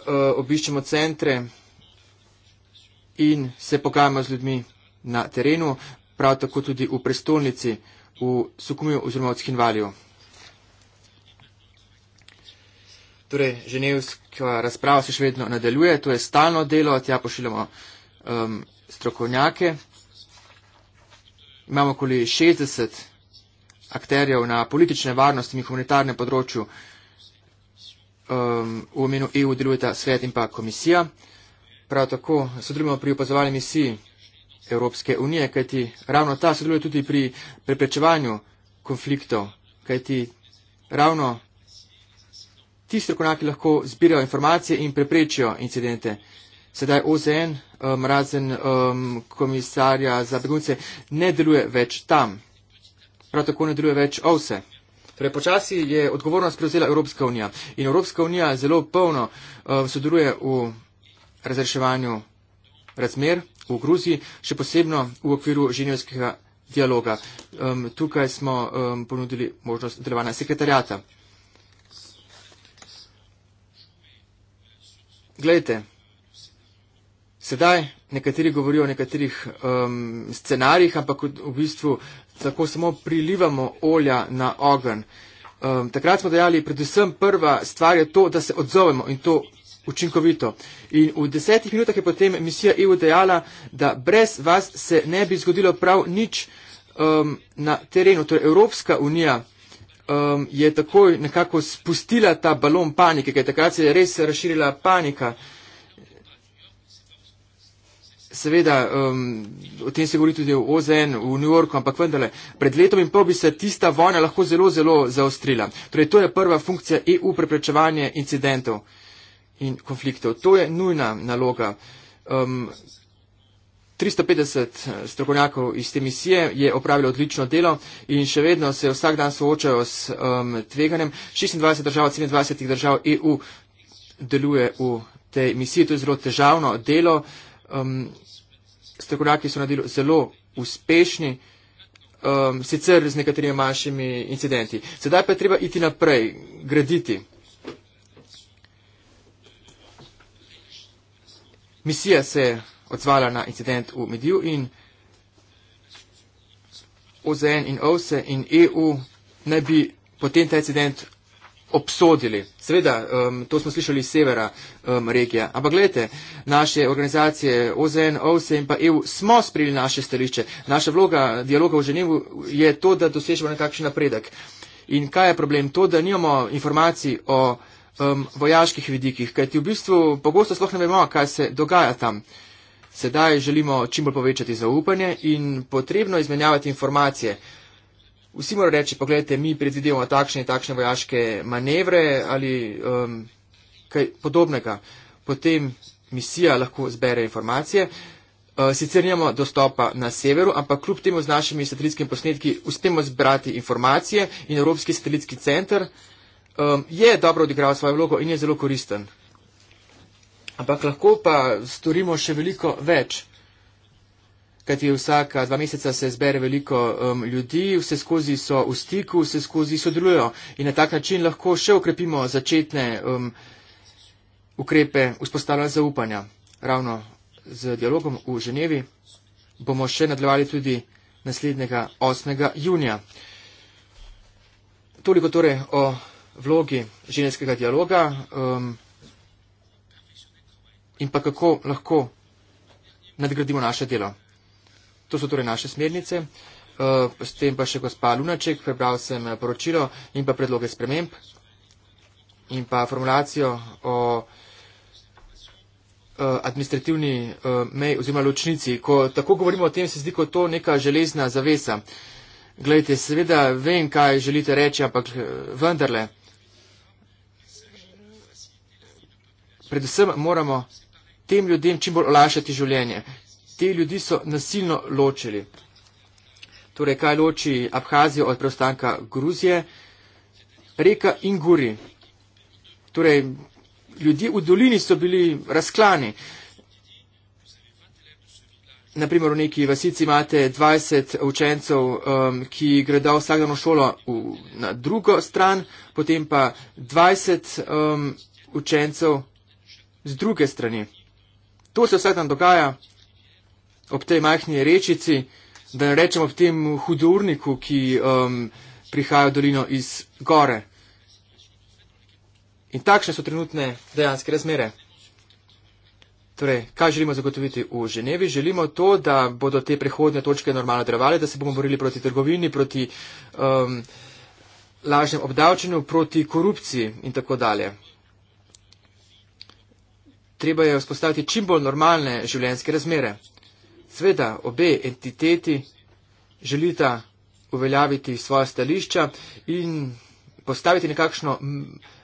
uh, obiščemo centre in se pogajamo z ljudmi na terenu, prav tako tudi v prestolnici, v Sukumiju oziroma v Skinvalju. Torej, ženevska razprava se še vedno nadaljuje, to je stalno delo, tja pošiljamo um, strokovnjake. Imamo okoli 60 akterjev na politične varnosti in humanitarnem področju. Uh, um, v imenu EU delujeta svet in pa komisija. Prav tako sodelujemo pri opazovalni misiji Evropske unije, kajti ravno ta sodeluje tudi pri preprečevanju konfliktov, kajti ravno ti strokovnjaki lahko zbirajo informacije in preprečijo incidente. Sedaj OZN, um, razen um, komisarja za begunce, ne deluje več tam. Prav tako ne deluje več OVSE. Torej, počasi je odgovornost prevzela Evropska unija in Evropska unija zelo polno uh, sodeluje v razreševanju razmer v Gruziji, še posebno v okviru ženevskega dialoga. Um, tukaj smo um, ponudili možnost delovanja sekretarjata. Glejte, Sedaj nekateri govorijo o nekaterih um, scenarijih, ampak v bistvu tako samo prilivamo olja na ogen. Um, takrat smo dejali, predvsem prva stvar je to, da se odzovemo in to učinkovito. In v desetih minutah je potem misija EU dejala, da brez vas se ne bi zgodilo prav nič um, na terenu. Torej Evropska unija um, je takoj nekako spustila ta balon panike, ker takrat se je res razširila panika seveda, um, o tem se govori tudi v OZN, v New Yorku, ampak vendarle, pred letom in pol bi se tista vojna lahko zelo, zelo zaostrila. Torej, to je prva funkcija EU preprečevanje incidentov in konfliktov. To je nujna naloga. Um, 350 eh, strokovnjakov iz te misije je opravilo odlično delo in še vedno se vsak dan soočajo s um, tveganjem. 26 držav, 27 držav EU deluje v tej misiji. To je zelo težavno delo um, strokovnjaki so naredili zelo uspešni, um, sicer z nekaterimi manjšimi incidenti. Sedaj pa je treba iti naprej, graditi. Misija se je odzvala na incident v Mediju in OZN in OVSE in EU naj bi potem ta incident obsodili. Seveda, um, to smo slišali iz severa um, regije. Ampak gledajte, naše organizacije OZN, OVSE in pa EU smo sprili naše stališče. Naša vloga dialoga v Ženevu je to, da dosežemo nekakšen napredek. In kaj je problem? To, da nimamo informacij o um, vojaških vidikih, kajti v bistvu pogosto sploh ne vemo, kaj se dogaja tam. Sedaj želimo čim bolj povečati zaupanje in potrebno izmenjavati informacije vsi morajo reči, pogledajte, mi predvidevamo takšne in takšne vojaške manevre ali um, kaj podobnega. Potem misija lahko zbere informacije. Uh, sicer nimamo dostopa na severu, ampak kljub temu z našimi satelitskimi posnetki uspemo zbrati informacije in Evropski satelitski center um, je dobro odigral svojo vlogo in je zelo koristen. Ampak lahko pa storimo še veliko več kajti vsaka dva meseca se zbere veliko um, ljudi, vse skozi so v stiku, vse skozi sodelujo in na tak način lahko še ukrepimo začetne um, ukrepe vzpostavljanja zaupanja. Ravno z dialogom v Ženevi bomo še nadaljevali tudi naslednjega 8. junija. Toliko torej o vlogi ženskega dialoga um, in pa kako lahko nadgradimo naše delo. To so torej naše smernice. Eh, s tem pa še gospa Lunaček, prebral sem eh, poročilo in pa predloge sprememb in pa formulacijo o eh, administrativni mej oziroma ločnici. Ko tako govorimo o tem, se zdi kot to neka železna zavesa. Glejte, seveda vem, kaj želite reči, ampak vendarle. Predvsem moramo tem ljudem čim bolj olajšati življenje te ljudi so nasilno ločili. Torej, kaj loči Abhazijo od preostanka Gruzije? Reka Inguri. Torej, ljudje v dolini so bili razklani. Naprimer, v neki vasici imate 20 učencev, um, ki gredo vsak dan v šolo na drugo stran, potem pa 20 um, učencev z druge strani. To se vsak dan dogaja ob tej majhni rečici, da ne rečem ob tem hudurniku, ki um, prihaja v dolino iz gore. In takšne so trenutne dejanske razmere. Torej, kaj želimo zagotoviti v Ženevi? Želimo to, da bodo te prehodne točke normalno drevale, da se bomo borili proti trgovini, proti um, lažnem obdavčenju, proti korupciji in tako dalje. Treba je vzpostaviti čim bolj normalne življenjske razmere. Sveda, obe entiteti želita uveljaviti svoje stališča in postaviti nekakšno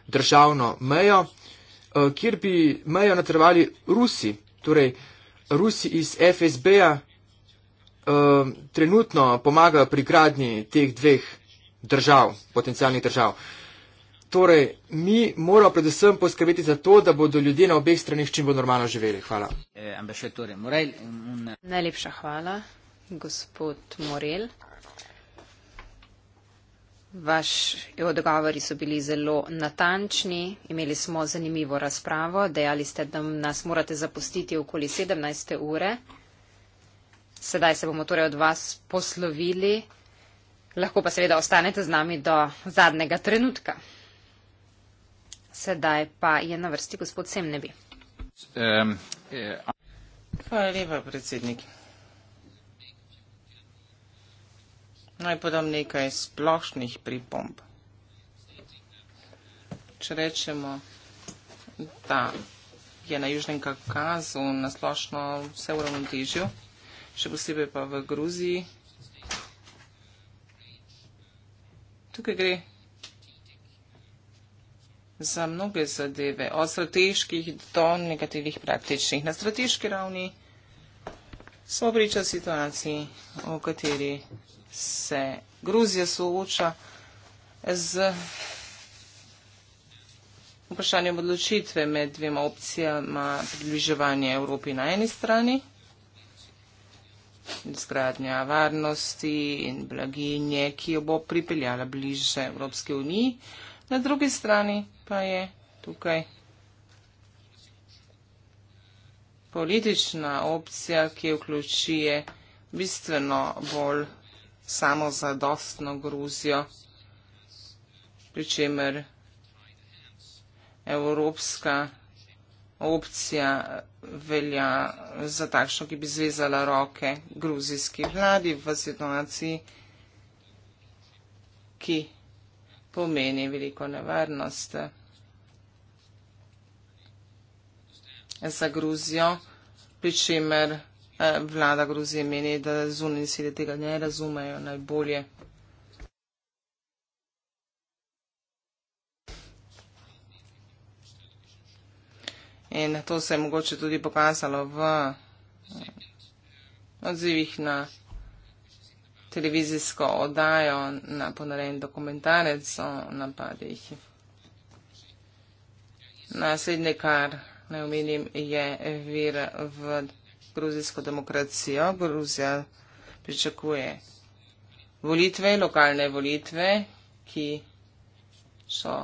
državno mejo, eh, kjer bi mejo natrvali Rusi, torej Rusi iz FSB-ja eh, trenutno pomagajo pri gradnji teh dveh držav, potencijalnih držav. Torej, mi moramo predvsem poskrbeti za to, da bodo ljudje na obeh stranih čim bolj normalno živeli. Hvala. Eh, Najlepša hvala, gospod Morel. Vaši odgovori so bili zelo natančni, imeli smo zanimivo razpravo, dejali ste, da nas morate zapustiti okoli 17. ure. Sedaj se bomo torej od vas poslovili, lahko pa seveda ostanete z nami do zadnjega trenutka. Sedaj pa je na vrsti gospod Semnebi. E, Hvala lepa, predsednik. Naj podam nekaj splošnih pripomb. Če rečemo, da je na Južnem Kakazu na splošno vse uravnotežil, še posebej pa v Gruziji, tukaj gre za mnoge zadeve, od strateških do negativnih praktičnih. Na strateški ravni smo priča situaciji, v kateri se Gruzija sooča z vprašanjem odločitve med dvema opcijama približevanje Evropi na eni strani, zgradnja varnosti in blaginje, ki jo bo pripeljala bliže Evropske unije na drugi strani pa je tukaj politična opcija, ki vključuje bistveno bolj samozadostno Gruzijo, pri čemer evropska opcija velja za takšno, ki bi zvezala roke gruzijski vladi v situaciji, ki pomeni veliko nevarnost za Gruzijo, pri čemer eh, vlada Gruzije meni, da zunanji sile tega ne razumejo najbolje. In to se je mogoče tudi pokazalo v eh, odzivih na televizijsko oddajo na ponarejen dokumentarec o napadih. Naslednje, kar naj omenim, je vir v gruzijsko demokracijo. Gruzija pričakuje volitve, lokalne volitve, ki so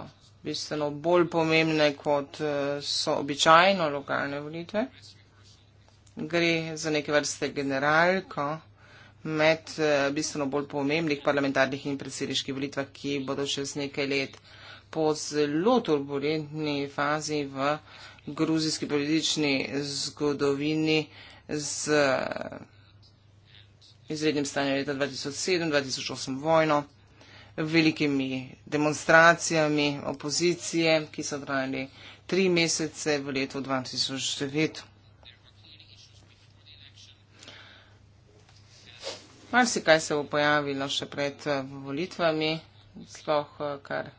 bistveno bolj pomembne, kot eh, so običajno lokalne volitve. Gre za neke vrste generalko med eh, bistveno bolj pomembnih parlamentarnih in predsedniških volitvah, ki bodo čez nekaj let po zelo turbulentni fazi v gruzijski politični zgodovini z eh, izrednim stanjem leta 2007-2008 vojno, velikimi demonstracijami opozicije, ki so trajali tri mesece v letu 2009. Marsikaj se bo pojavilo še pred eh, volitvami, sploh eh, kar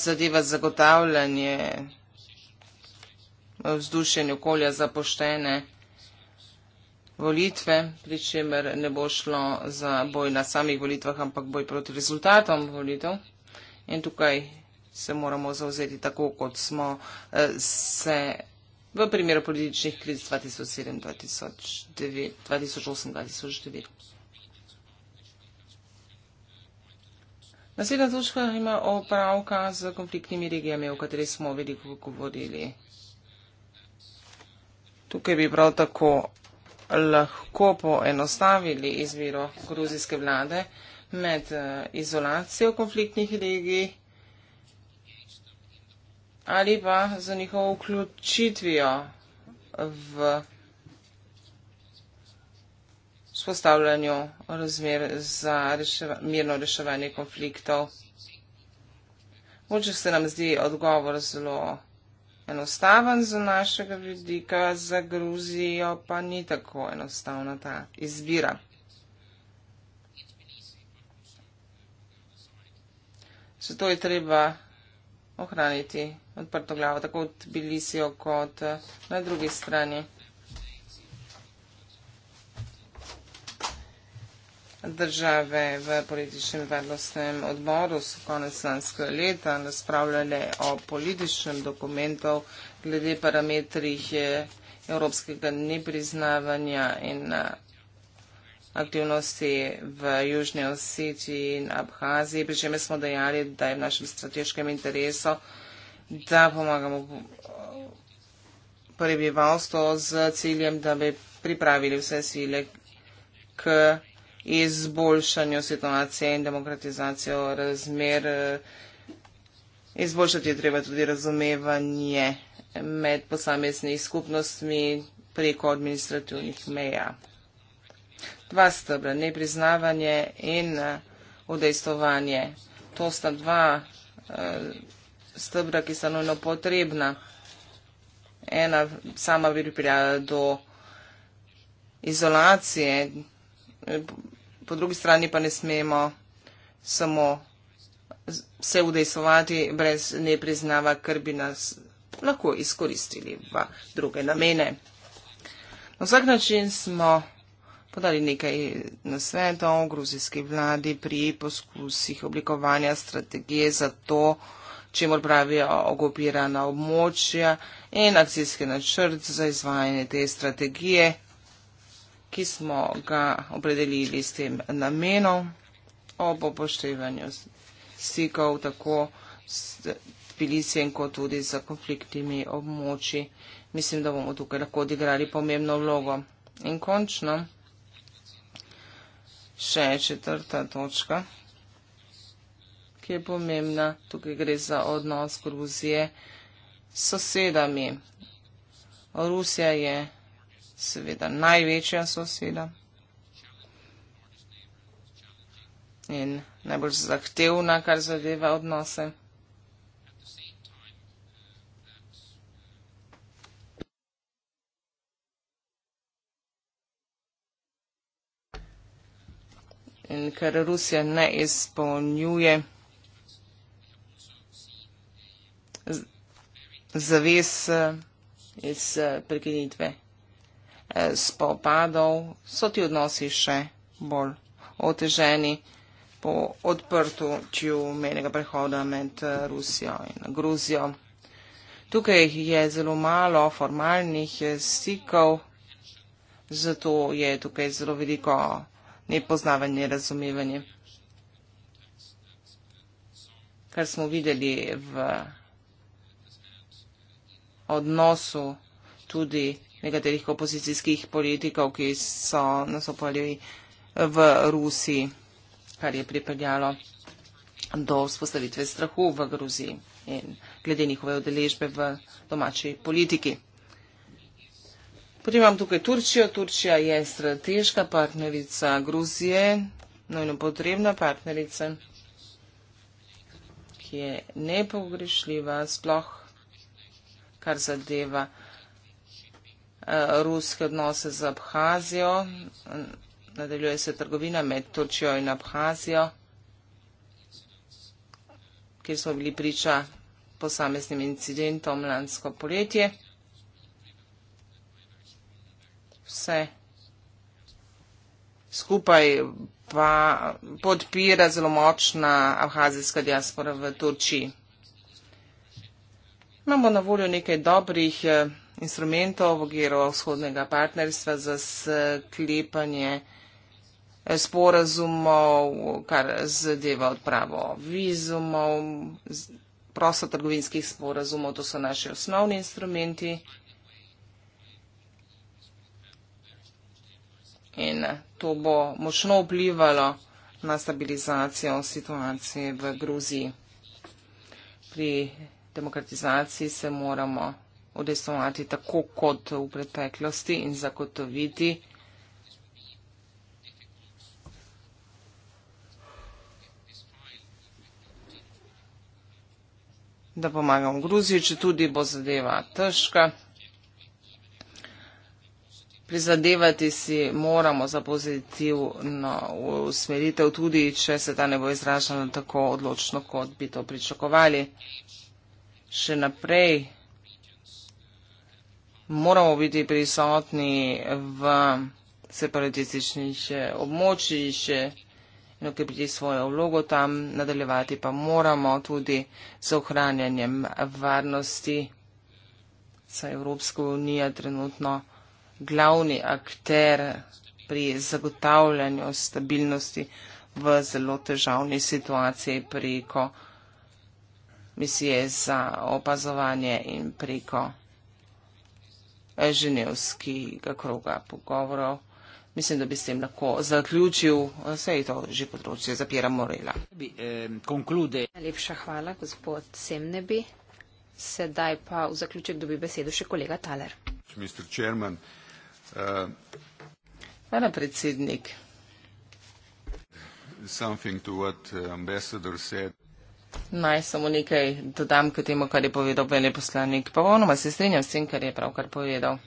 zadeva zagotavljanje eh, vzdušenja okolja za poštene volitve, pri čemer ne bo šlo za boj na samih volitvah, ampak boj proti rezultatom volitev. In tukaj se moramo zauzeti tako, kot smo se. Eh, v primeru političnih kriz 2007-2009. Naslednja točka ima opravka z konfliktnimi regijami, o kateri smo veliko govorili. Tukaj bi prav tako lahko poenostavili izbiro gruzijske vlade med eh, izolacijo konfliktnih regij ali pa za njihovo vključitvijo v spostavljanju razmer za reševa, mirno reševanje konfliktov. Mogoče se nam zdi odgovor zelo enostaven z našega vidika, za Gruzijo pa ni tako enostavna ta izbira. Zato je treba ohraniti odprto glavo, tako v Tbilisiju kot eh, na drugi strani. Države v političnem varnostnem odboru so konec lanskega leta razpravljale o političnem dokumentu glede parametrih evropskega nepriznavanja in eh, aktivnosti v Južni Osetiji in Abhaziji, pri čemer smo dejali, da je v našem strateškem interesu da pomagamo uh, prebivalstvo z ciljem, da bi pripravili vse sile k izboljšanju situacije in demokratizacijo razmer. Uh, izboljšati je treba tudi razumevanje med posameznimi skupnostmi preko administrativnih meja. Dva stebra, nepriznavanje in uh, udejstovanje. To sta dva. Uh, stebra, ki so nujno potrebna. Ena sama bi pripeljala do izolacije, po drugi strani pa ne smemo samo se vdejsovati brez nepriznava, ker bi nas lahko izkoristili v druge namene. Na vsak način smo podali nekaj nasvetov gruzijski vladi pri poskusih oblikovanja strategije za to, čemu pravijo okupirana območja in akcijski načrt za izvajanje te strategije, ki smo ga opredelili s tem namenom ob upoštevanju stikov tako s Tbilisijem kot tudi z konfliktnimi območji. Mislim, da bomo tukaj lahko odigrali pomembno vlogo. In končno, še četrta točka ki je pomembna. Tukaj gre za odnos Gruzije s sosedami. Rusija je seveda največja soseda in najbolj zahtevna, kar zadeva odnose. In ker Rusija ne izpolnjuje zaves eh, iz eh, prekinitve eh, spopadov so ti odnosi še bolj oteženi po odprtu menjega prehoda med Rusijo in Gruzijo. Tukaj je zelo malo formalnih stikov, zato je tukaj zelo veliko nepoznavanje, razumevanje. Kar smo videli v odnosu tudi nekaterih opozicijskih politikov, ki so nasopali v Rusiji, kar je pripeljalo do vzpostavitve strahu v Gruziji in glede njihove odeležbe v domači politiki. Potem imam tukaj Turčijo. Turčija je strateška partnerica Gruzije, nojno potrebna partnerica, ki je nepogrešljiva sploh kar zadeva eh, ruske odnose z Abhazijo. Nadaljuje se trgovina med Turčijo in Abhazijo, kjer smo bili priča posameznim incidentom lansko poletje. Vse skupaj pa podpira zelo močna abhazijska diaspora v Turčiji. Imamo na voljo nekaj dobrih eh, instrumentov v okviru vzhodnega partnerstva za sklepanje eh, sporazumov, kar zadeva odpravo vizumov, prostotrgovinskih sporazumov, to so naši osnovni instrumenti. In eh, to bo močno vplivalo na stabilizacijo situacije v Gruziji. Pri demokratizaciji se moramo odestovati tako kot v preteklosti in zakotoviti da pomagam v Gruziji, če tudi bo zadeva težka. Prizadevati si moramo za pozitivno usmeritev, tudi če se ta ne bo izražala tako odločno, kot bi to pričakovali še naprej moramo biti prisotni v separatističnih eh, območjih in okrepiti svojo vlogo tam, nadaljevati pa moramo tudi z ohranjanjem varnosti, saj Evropska unija trenutno glavni akter pri zagotavljanju stabilnosti v zelo težavni situaciji preko misije za opazovanje in preko eh, ženevskega kroga pogovorov. Mislim, da bi s tem lahko zaključil, vse eh, je to že področje zapira Morela. Eh, Najlepša hvala, gospod Semnebi. Sedaj pa v zaključek dobi besedo še kolega Taler. Hvala, predsednik. Something to what ambassador said. Naj samo nekaj dodam k temu, kar je povedal veleposlanik. Pa onoma se strinjam s tem, kar je pravkar povedal.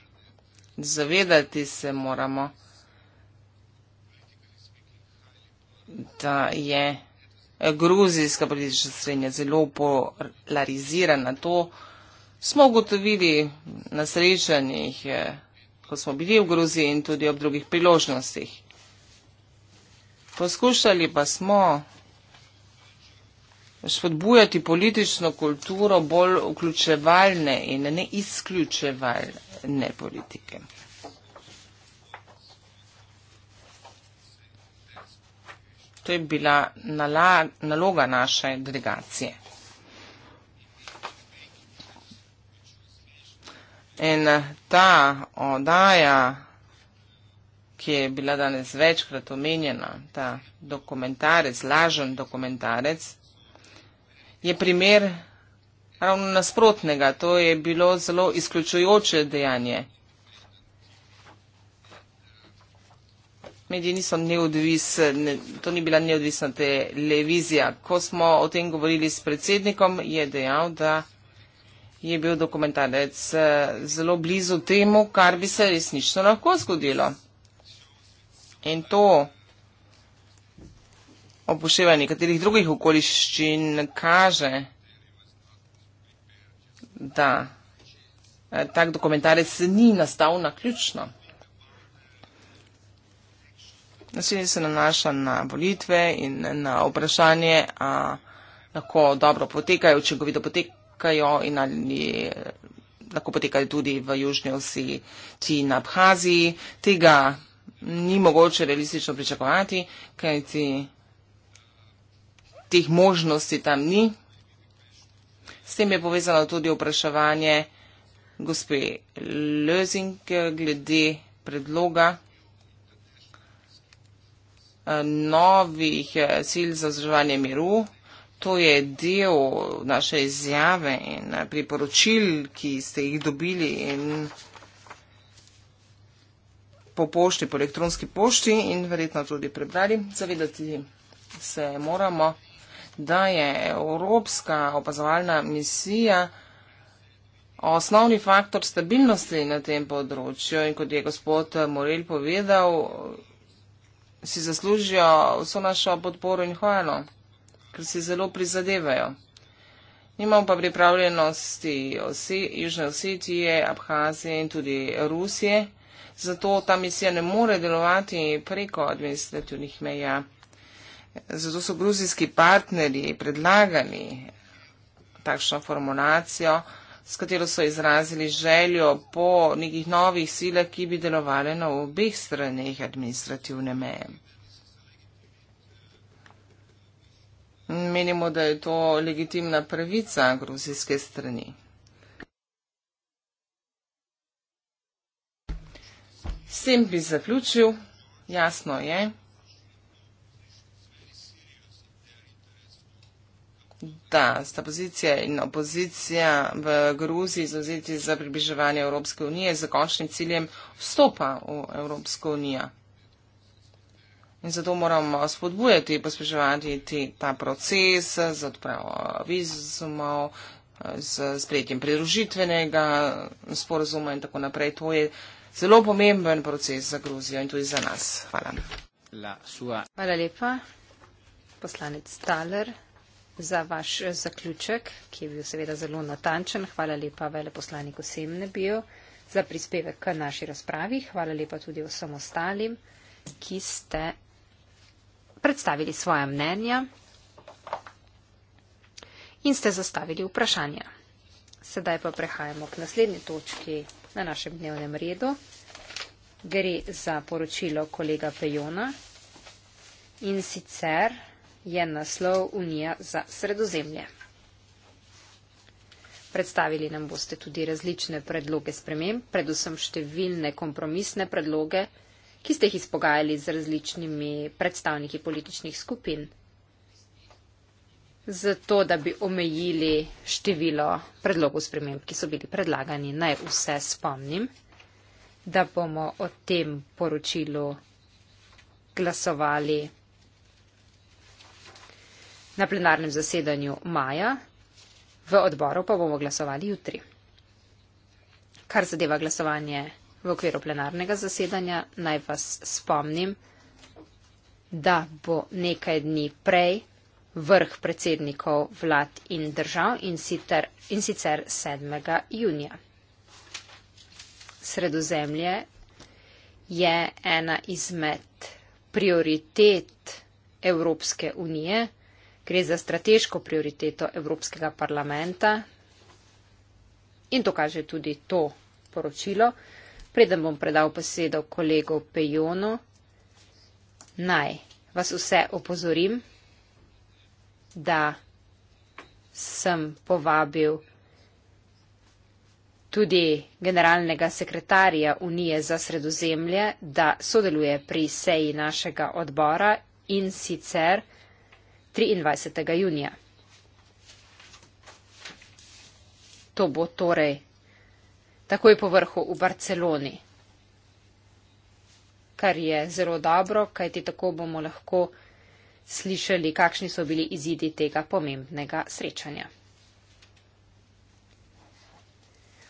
Zavedati se moramo, da je gruzijska politična srednja zelo polarizirana. To smo ugotovili na srečanjih, eh, ko smo bili v Gruziji in tudi ob drugih priložnostih. Poskušali pa smo spodbujati politično kulturo bolj vključevalne in ne izključevalne politike. To je bila naloga naše delegacije. In eh, ta odaja, ki je bila danes večkrat omenjena, ta dokumentarec, lažen dokumentarec, je primer ravno nasprotnega. To je bilo zelo izključujoče dejanje. Mediji niso neodvisni, to ni bila neodvisna televizija. Ko smo o tem govorili s predsednikom, je dejal, da je bil dokumentarec eh, zelo blizu temu, kar bi se resnično lahko zgodilo. In to ob upoštevanju nekaterih drugih okoliščin kaže, da eh, tak dokumentarec ni nastal na ključno. Naslednji se nanaša na volitve in na vprašanje, a lahko dobro potekajo, učinkovito potekajo in ali eh, lahko potekajo tudi v južni osi Tina Abhaziji. Tega ni mogoče realistično pričakovati, kajti. Ti teh možnosti tam ni. S tem je povezano tudi vprašanje gospe Lözing glede predloga eh, novih eh, sil za vzdrževanje miru. To je del naše izjave in eh, priporočil, ki ste jih dobili in po pošti, po elektronski pošti in verjetno tudi prebrali. Zavedati se moramo da je Evropska opazovalna misija osnovni faktor stabilnosti na tem področju in kot je gospod Morel povedal, si zaslužijo vso našo podporo in hvalo, ker si zelo prizadevajo. Nimam pa pripravljenosti Ose, Južne Osetije, Abhazije in tudi Rusije, zato ta misija ne more delovati preko administrativnih meja. Zato so gruzijski partnerji predlagali takšno formulacijo, s katero so izrazili željo po nekih novih silah, ki bi delovali na obeh straneh administrativne meje. Menimo, da je to legitimna pravica gruzijske strani. S tem bi zaključil. Jasno je. da sta pozicija in opozicija v Gruziji zauzeti za približevanje Evropske unije z končnim ciljem vstopa v Evropsko unijo. In zato moramo spodbujati, pospeševati ta proces z odpravo vizumov, z sprejetjem pridružitvenega sporozuma in tako naprej. To je zelo pomemben proces za Gruzijo in tudi za nas. Hvala. Hvala lepa. Poslanec Staler za vaš eh, zaključek, ki je bil seveda zelo natančen. Hvala lepa veleposlaniku Semnebiju za prispevek k naši razpravi. Hvala lepa tudi vsem ostalim, ki ste predstavili svoje mnenja in ste zastavili vprašanja. Sedaj pa prehajamo k naslednji točki na našem dnevnem redu. Gre za poročilo kolega Pejona in sicer je naslov Unija za sredozemlje. Predstavili nam boste tudi različne predloge sprememb, predvsem številne kompromisne predloge, ki ste jih izpogajali z različnimi predstavniki političnih skupin. Zato, da bi omejili število predlogov sprememb, ki so bili predlagani, naj vse spomnim, da bomo o tem poročilu glasovali na plenarnem zasedanju maja, v odboru pa bomo glasovali jutri. Kar zadeva glasovanje v okviru plenarnega zasedanja, naj vas spomnim, da bo nekaj dni prej vrh predsednikov vlad in držav in, siter, in sicer 7. junija. Sredozemlje je ena izmed prioritet Evropske unije. Gre za strateško prioriteto Evropskega parlamenta in to kaže tudi to poročilo. Preden bom predal besedo kolego Pejonu, naj vas vse opozorim, da sem povabil tudi generalnega sekretarja Unije za sredozemlje, da sodeluje pri seji našega odbora in sicer 23. junija. To bo torej takoj po vrhu v Barceloni, kar je zelo dobro, kajti tako bomo lahko slišali, kakšni so bili izidi tega pomembnega srečanja.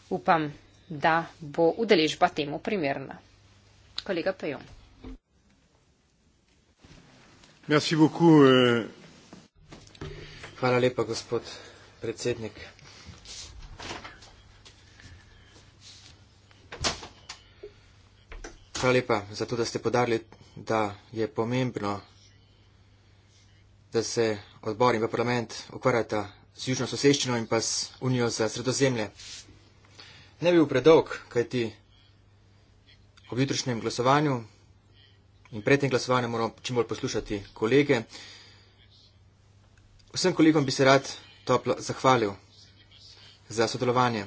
Upam, da bo udeležba temu primerna. Kolega Pejom. Merci beaucoup, euh, Hvala lepa, gospod predsednik. Hvala lepa za to, da ste podarili, da je pomembno, da se odbor in pa parlament ukvarjata z južno soseščino in pa z unijo za sredozemlje. Ne bi bil predolg, kajti ob jutrišnjem glasovanju in pred tem glasovanjem moramo čim bolj poslušati kolege. Vsem kolegom bi se rad toplo zahvalil za sodelovanje.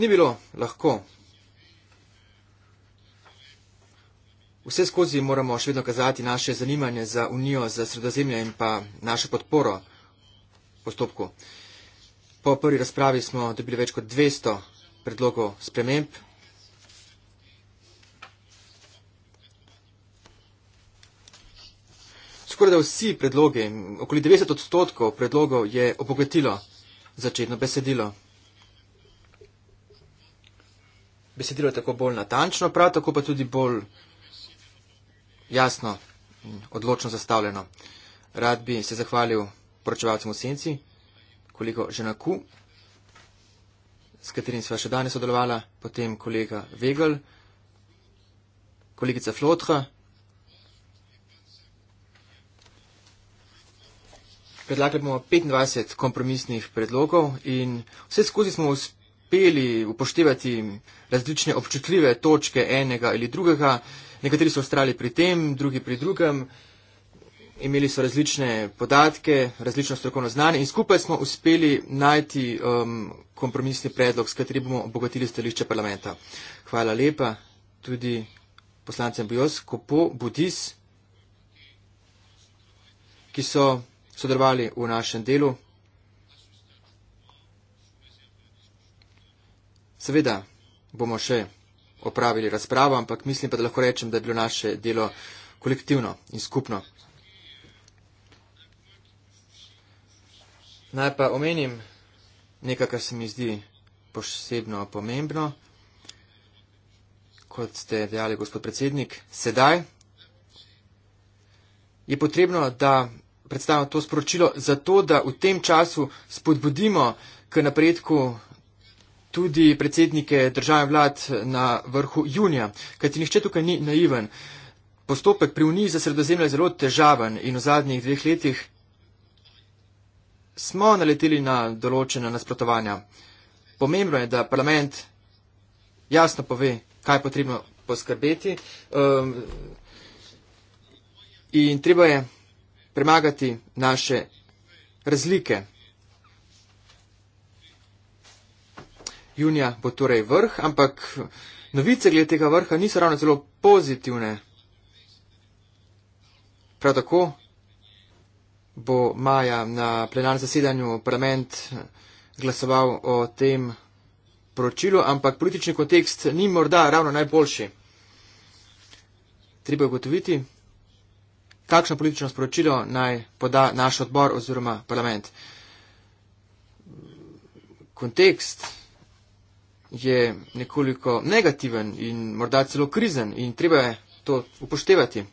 Ni bilo lahko. Vse skozi moramo še vedno kazati naše zanimanje za Unijo, za sredozemlje in pa našo podporo postopku. Po prvi razpravi smo dobili več kot 200 predlogov sprememb skoraj da vsi predloge, okoli 90 odstotkov predlogov je obogatilo začetno besedilo. Besedilo je tako bolj natančno, prav tako pa tudi bolj jasno in odločno zastavljeno. Rad bi se zahvalil poročevalcem v senci, koliko ženaku, s katerim sva še danes sodelovala, potem kolega Vegel, kolegica Flotha, predlagali bomo 25 kompromisnih predlogov in vse skozi smo uspeli upoštevati različne občutljive točke enega ali drugega. Nekateri so ostali pri tem, drugi pri drugem. Imeli so različne podatke, različno strokovno znanje in skupaj smo uspeli najti um, kompromisni predlog, s katerim bomo obogatili stališče parlamenta. Hvala lepa tudi poslancem Bios, Kopo, Budis, ki so sodelovali v našem delu. Seveda bomo še opravili razpravo, ampak mislim pa, da lahko rečem, da je bilo naše delo kolektivno in skupno. Naj pa omenim nekaj, kar se mi zdi posebno pomembno. Kot ste dejali, gospod predsednik, sedaj je potrebno, da predstavljamo to sporočilo, zato da v tem času spodbudimo k napredku tudi predsednike države vlad na vrhu junija. Kajti nihče tukaj ni naiven. Postopek pri Uniji za sredozemlje je zelo težaven in v zadnjih dveh letih smo naleteli na določena nasprotovanja. Pomembno je, da parlament jasno pove, kaj je potrebno poskrbeti. Um, in treba je premagati naše razlike. Junija bo torej vrh, ampak novice glede tega vrha niso ravno zelo pozitivne. Prav tako bo maja na plenarnem zasedanju parlament glasoval o tem poročilu, ampak politični kontekst ni morda ravno najboljši. Treba je gotoviti, kakšno politično sporočilo naj poda naš odbor oziroma parlament. Kontekst je nekoliko negativen in morda celo krizen in treba je to upoštevati.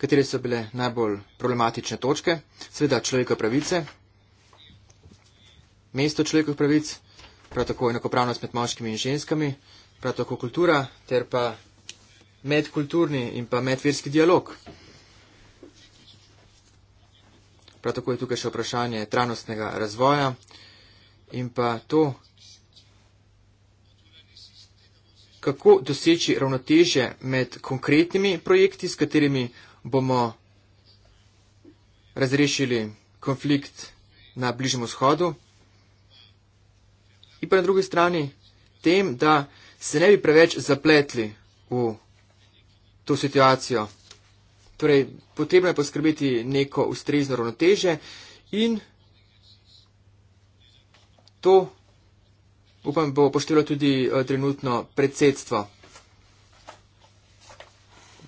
Katere so bile najbolj problematične točke? Sveda človekove pravice, mesto človekovih pravic, prav tako enakopravnost med moškimi in ženskami, prav tako kultura ter pa medkulturni in pa medverski dialog. Prav tako je tukaj še vprašanje trajnostnega razvoja in pa to, kako doseči ravnoteže med konkretnimi projekti, s katerimi bomo razrešili konflikt na Bližnjem vzhodu. In pa na drugi strani tem, da se ne bi preveč zapletli v to situacijo. Torej, potrebno je poskrbeti neko ustrezno ravnoteže in to, upam, bo poštevalo tudi eh, trenutno predsedstvo.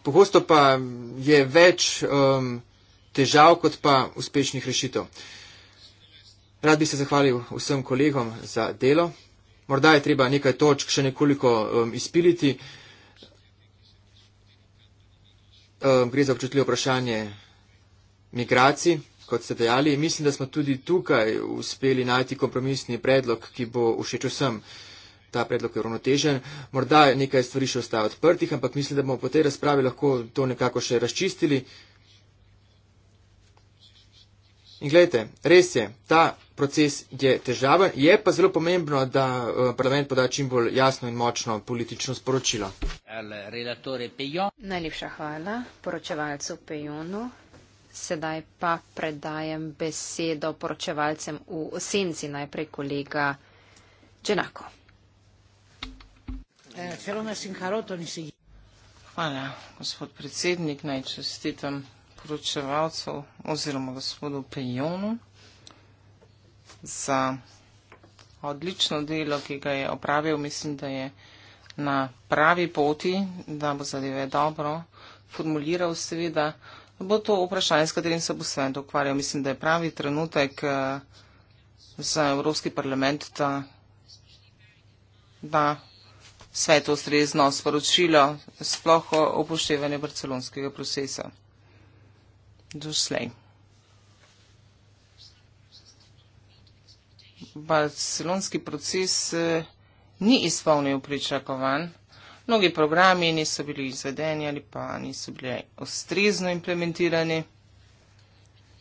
Pogosto pa je več um, težav, kot pa uspešnih rešitev. Rad bi se zahvalil vsem kolegom za delo. Morda je treba nekaj točk še nekoliko um, izpiliti. Ehm, gre za občutljivo vprašanje migracij, kot ste dejali. Mislim, da smo tudi tukaj uspeli najti kompromisni predlog, ki bo všeč vsem. Ta predlog je uravnotežen. Morda nekaj stvari še ostaja odprtih, ampak mislim, da bomo po tej razpravi lahko to nekako še razčistili. In gledajte, res je, ta proces je težaven, je pa zelo pomembno, da eh, parlament poda čim bolj jasno in močno politično sporočilo. Najlepša hvala poročevalcu Pejonu. Sedaj pa predajem besedo poročevalcem v senci, najprej kolega Čenako. Eh, hvala, gospod predsednik, najčastitam poročevalcev oziroma gospodu Pejonu za odlično delo, ki ga je opravil. Mislim, da je na pravi poti, da bo zadeve dobro formuliral seveda. Bo to vprašanje, s katerim se bo svet ukvarjal. Mislim, da je pravi trenutek eh, za Evropski parlament, da, da svet ustrezno sporočilo sploh o upoštevanju barcelonskega procesa doslej. Barcelonski proces eh, ni izpolnil pričakovanj. Mnogi programi niso bili izvedeni ali pa niso bili ustrezno implementirani.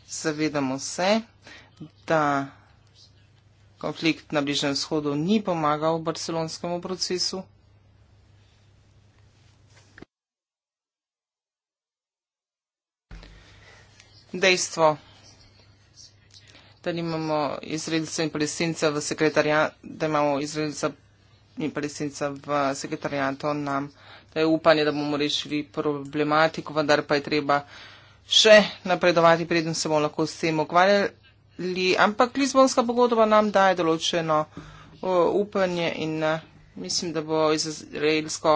Zavedamo se, da konflikt na Bližnem vzhodu ni pomagal barcelonskemu procesu. dejstvo, da imamo izredilce in palestince v sekretarijatu, da imamo izredilce in palestince v sekretarijatu nam, da je upanje, da bomo rešili problematiko, vendar pa je treba še napredovati, preden se bomo lahko s tem ukvarjali. Ampak Lizbonska pogodba nam daje določeno upanje in eh, mislim, da bo izredilsko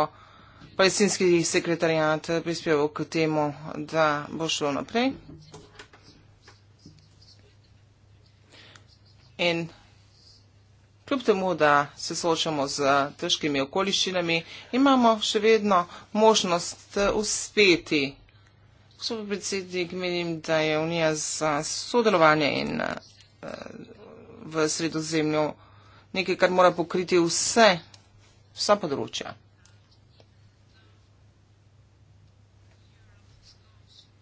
palestinski sekretarijat prispeval k temu, da bo šlo naprej. In kljub temu, da se soočamo z težkimi okoliščinami, imamo še vedno možnost eh, uspeti. Gospod predsednik, menim, da je Unija za sodelovanje in eh, v sredozemlju nekaj, kar mora pokriti vse, vsa področja.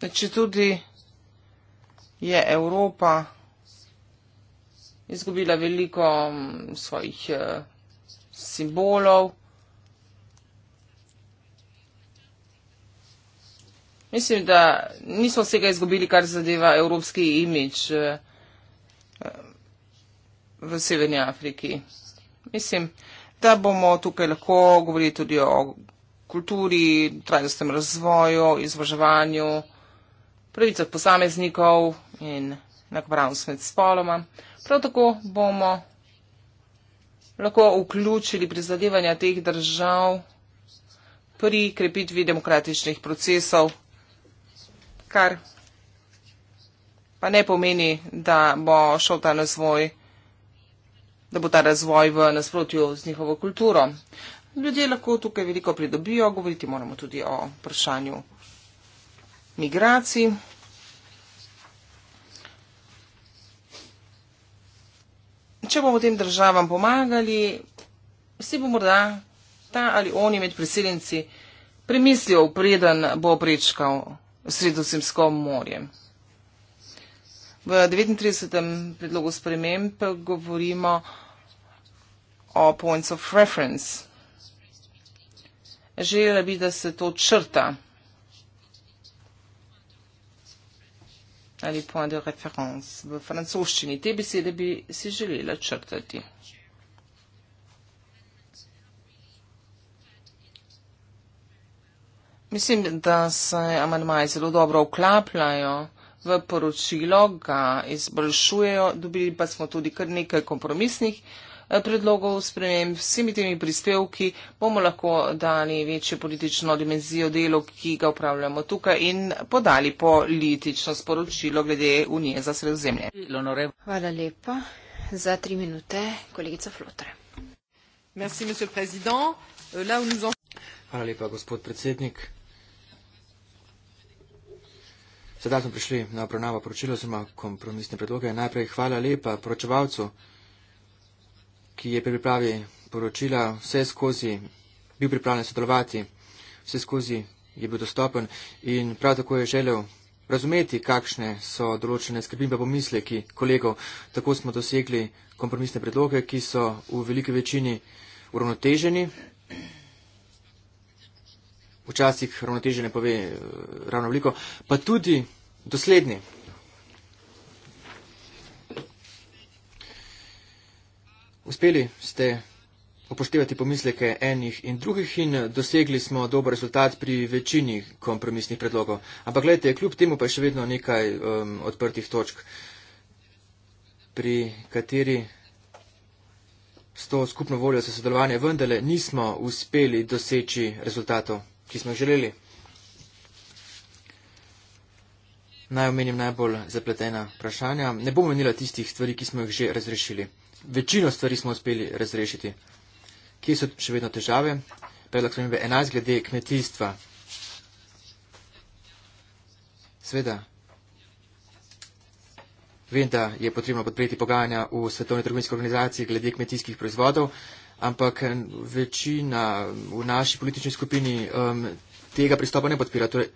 Če tudi je Evropa izgubila veliko mm, svojih eh, simbolov. Mislim, da nismo vsega izgubili, kar zadeva evropski imič eh, v Severni Afriki. Mislim, da bomo tukaj lahko govorili tudi o kulturi, trajnostnem razvoju, izvrževanju, pravicah posameznikov in enakopravnost med spoloma. Prav tako bomo lahko vključili prizadevanja teh držav pri krepitvi demokratičnih procesov, kar pa ne pomeni, da bo šel ta razvoj da bo ta razvoj v nasprotju z njihovo kulturo. Ljudje lahko tukaj veliko pridobijo, govoriti moramo tudi o vprašanju migracij. če bomo tem državam pomagali, si bo morda ta ali oni med priseljenci premislil, preden bo prečkal sredozemsko morje. V 39. predlogu sprememb govorimo o points of reference. Želela bi, da se to črta. ali point de référence v francoščini. Te besede bi si želela črtati. Mislim, da se amandmaje zelo dobro vklapljajo v poročilo, ga izboljšujejo, dobili pa smo tudi kar nekaj kompromisnih. Eh, predlogov sprememb, vsemi temi prispevki bomo lahko dali večjo politično dimenzijo delu, ki ga upravljamo tukaj in podali politično sporočilo glede Unije za sredozemlje. Hvala lepa. Za tri minute, kolegica Flotre. Merci, euh, Hvala lepa, gospod predsednik. Sedaj smo prišli na obravnavo poročila, oziroma kompromisne predloge. Najprej hvala lepa poročevalcu ki je pri pripravi poročila vse skozi bil pripravljen sodelovati, vse skozi je bil dostopen in prav tako je želel razumeti, kakšne so določene skrbi in pa pomisleki kolegov. Tako smo dosegli kompromisne predloge, ki so v veliki večini uravnoteženi. Včasih uravnoteženje pove eh, ravno veliko, pa tudi dosledni. Uspeli ste upoštevati pomisleke enih in drugih in dosegli smo dober rezultat pri večini kompromisnih predlogov. Ampak gledajte, kljub temu pa je še vedno nekaj um, odprtih točk, pri kateri s to skupno voljo za sodelovanje vendele nismo uspeli doseči rezultatov, ki smo jih želeli. Naj omenim najbolj zapletena vprašanja. Ne bom omenila tistih stvari, ki smo jih že razrešili večino stvari smo uspeli razrešiti. Kje so še vedno težave? Predlog spremembe 11 glede kmetijstva. Sveda, vem, da je potrebno podpreti pogajanja v Svetovni trgovinski organizaciji glede kmetijskih proizvodov, ampak večina v naši politični skupini um, tega pristopa ne podpira. Torej,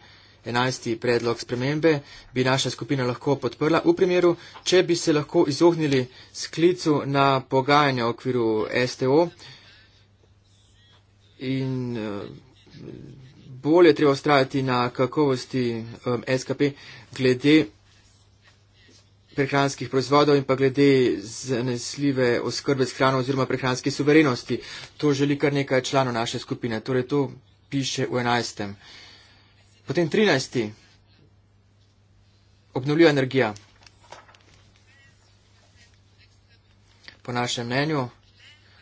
11. predlog spremembe bi naša skupina lahko podprla v primeru, če bi se lahko izognili sklicu na pogajanja v okviru STO in eh, bolje treba ustrajati na kakovosti um, eh, SKP glede prehranskih proizvodov in pa glede zanesljive oskrbe s hrano oziroma prehranske suverenosti. To želi kar nekaj članov naše skupine. Torej, to piše v enajstem. Potem 13. Obnovljiva energija. Po našem mnenju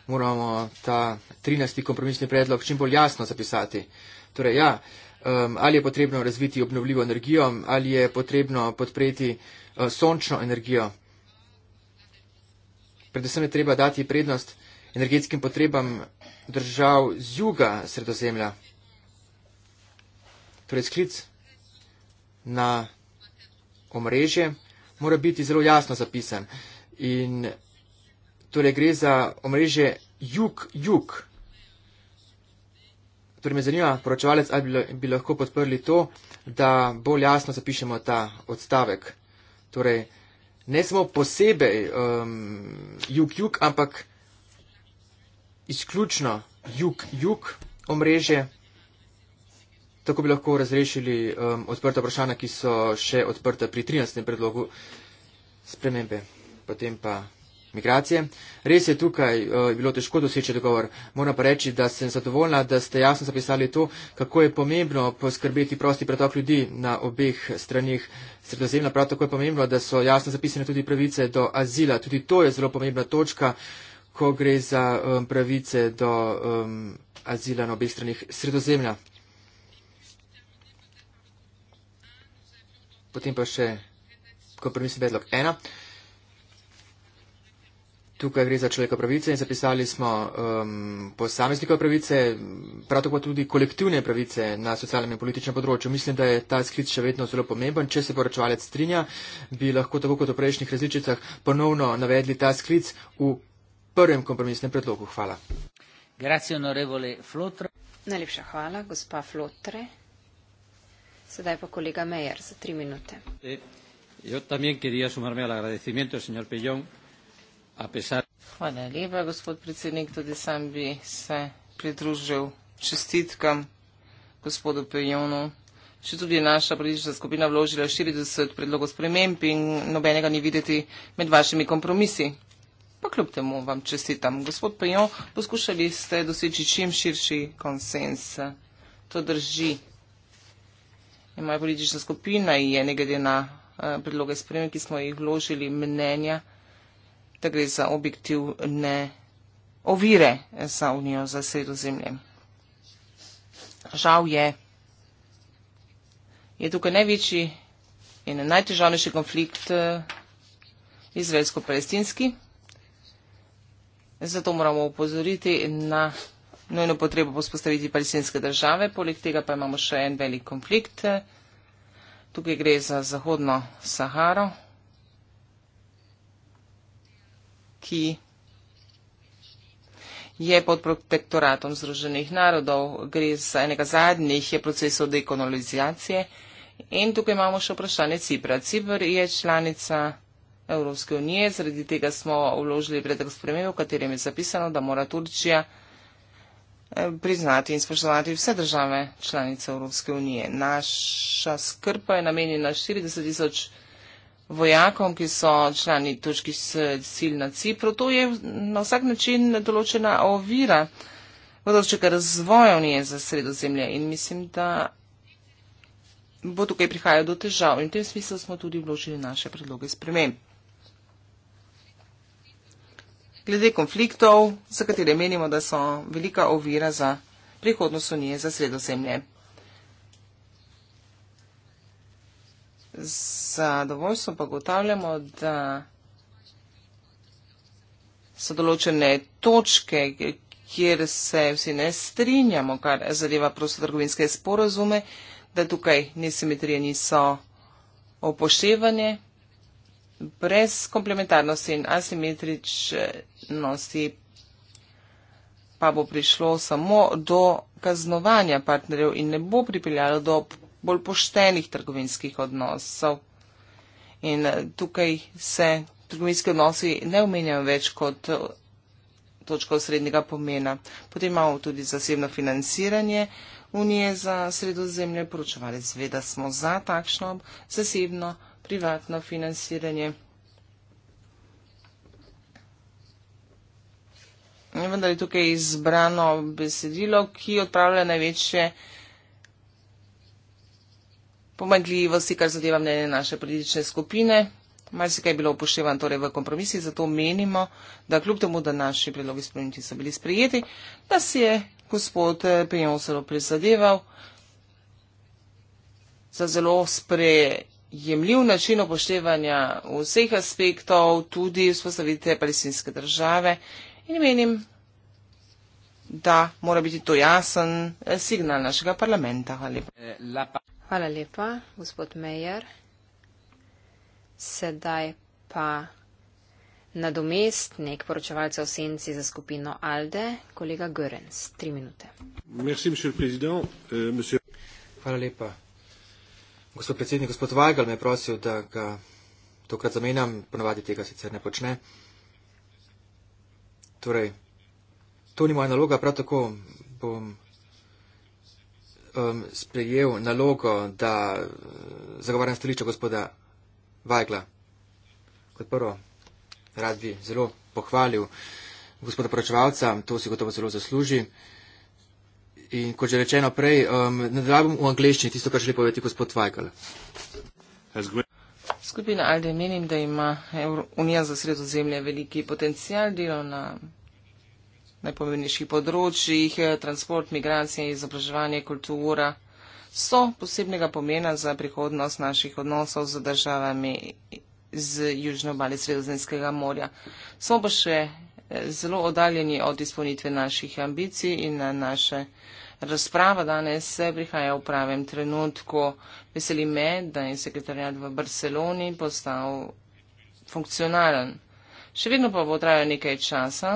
moramo ta 13. kompromisni predlog čim bolj jasno zapisati. Torej, ja, um, ali je potrebno razviti obnovljivo energijo, ali je potrebno podpreti uh, sončno energijo. Predvsem je treba dati prednost energetskim potrebam držav z juga sredozemlja. Torej, sklic na omrežje mora biti zelo jasno zapisan. In torej gre za omrežje jug-jug. Torej, me zanima, poročevalec, ali bi lahko podprli to, da bolj jasno zapišemo ta odstavek. Torej, ne samo posebej jug-jug, um, ampak izključno jug-jug omrežje. Tako bi lahko razrešili um, odprta vprašanja, ki so še odprta pri 13. predlogu spremembe, potem pa migracije. Res je tukaj uh, bilo težko doseči dogovor. Moram pa reči, da sem zadovoljna, da ste jasno zapisali to, kako je pomembno poskrbeti prosti pretok ljudi na obeh stranih sredozemlja. Prav tako je pomembno, da so jasno zapisane tudi pravice do azila. Tudi to je zelo pomembna točka, ko gre za um, pravice do um, azila na obeh stranih sredozemlja. Potem pa še kompromisni predlog ena. Tukaj gre za človekove pravice in zapisali smo um, posameznikove pravice, prav tako tudi kolektivne pravice na socialnem in političnem področju. Mislim, da je ta sklic še vedno zelo pomemben. Če se poročevalec strinja, bi lahko tako kot v prejšnjih različicah ponovno navedli ta sklic v prvem kompromisnem predlogu. Hvala. Grazie, Najlepša hvala, gospa Flotre. Sedaj pa kolega Mejer za tri minute. Eh, yo también quería sumarme al agradecimiento, señor Pillón, a pesar. Hvala lepa, gospod predsednik, tudi sam bi se pridružil čestitkam gospodu Pejonu. Še tudi naša politična skupina vložila 40 predlogov sprememb in nobenega ni videti med vašimi kompromisi. Pa kljub temu vam čestitam. Gospod Pejon, poskušali ste doseči čim širši konsens. To drži je moja politična skupina in je ne glede na eh, predloge spremembe, ki smo jih vložili, mnenja, da gre za objektivne ovire eh, za Unijo, za sredozemlje. Žal je, je tukaj največji in najtežavnejši konflikt eh, izraelsko-palestinski, zato moramo upozoriti na nujno potrebo po spostaviti palestinske države, poleg tega pa imamo še en velik konflikt. Tukaj gre za Zahodno Saharo, ki je pod protektoratom Združenih narodov, gre za enega zadnjih procesov dekonalizacije. In tukaj imamo še vprašanje Cipra. Cipr je članica Evropske unije, zaradi tega smo vložili predlog spremembe, v katerem je zapisano, da mora Turčija priznati in spoštovati vse države članice Evropske unije. Naša skrb pa je namenjena 40 tisoč vojakom, ki so člani turških sil na Cipru. To je na vsak način določena ovira vodočega razvoja Unije za sredozemlje in mislim, da bo tukaj prihajalo do težav. In v tem smislu smo tudi vložili naše predloge sprememb glede konfliktov, za katere menimo, da so velika ovira za prihodnost Unije za sredozemlje. Zadovoljstvo pa gotavljamo, da so določene točke, kjer se vsi ne strinjamo, kar zadeva prostotrgovinske sporozume, da tukaj nesimetrije niso opoštevanje, brez komplementarnosti in asimetričnosti pa bo prišlo samo do kaznovanja partnerjev in ne bo pripeljalo do bolj poštenih trgovinskih odnosov. In tukaj se trgovinski odnosi ne omenjajo več kot točka osrednjega pomena. Potem imamo tudi zasebno financiranje Unije za sredozemlje. Poročevali seveda smo za takšno zasebno financiranje privatno financiranje. Vendar je tukaj izbrano besedilo, ki odpravlja največje pomagljivosti, kar zadeva mnenje naše politične skupine. Mar se kaj je bilo upoštevan torej v kompromisi, zato menimo, da kljub temu, da naši predlogi spremeniti so bili sprejeti, da si je gospod Pejonsero prizadeval za zelo sprejeti jemljiv način upoštevanja vseh aspektov, tudi vzpostavitve palestinske države. In menim, da mora biti to jasen eh, signal našega parlamenta. Hvala lepa. Hvala lepa, gospod Mejer. Sedaj pa nadomestnik poročevalca v senci za skupino Alde, kolega Görens. Tri minute. Merci, euh, Hvala lepa. Gospod predsednik, gospod Vajgal me je prosil, da ga tokrat zamenjam, ponavadi tega sicer ne počne. Torej, to ni moja naloga, prav tako bom um, sprejel nalogo, da uh, zagovarjam stališče gospoda Vajgla. Kot prvo, rad bi zelo pohvalil gospoda poročevalca, to si gotovo zelo zasluži in kot že rečeno prej, um, nadaljujem v angleščini tisto, kar želi povedati gospod Vajkal. Skupina Alde menim, da ima Unija za sredozemlje veliki potencial delo na najpomembnejših področjih, transport, migracije, izobraževanje, kultura so posebnega pomena za prihodnost naših odnosov z državami z južno obali Sredozemskega morja. Smo pa še zelo oddaljeni od izpolnitve naših ambicij in na naše razprava danes se prihaja v pravem trenutku. Veseli me, da je sekretarjat v Barceloni postal funkcionalen. Še vedno pa bo trajal nekaj časa,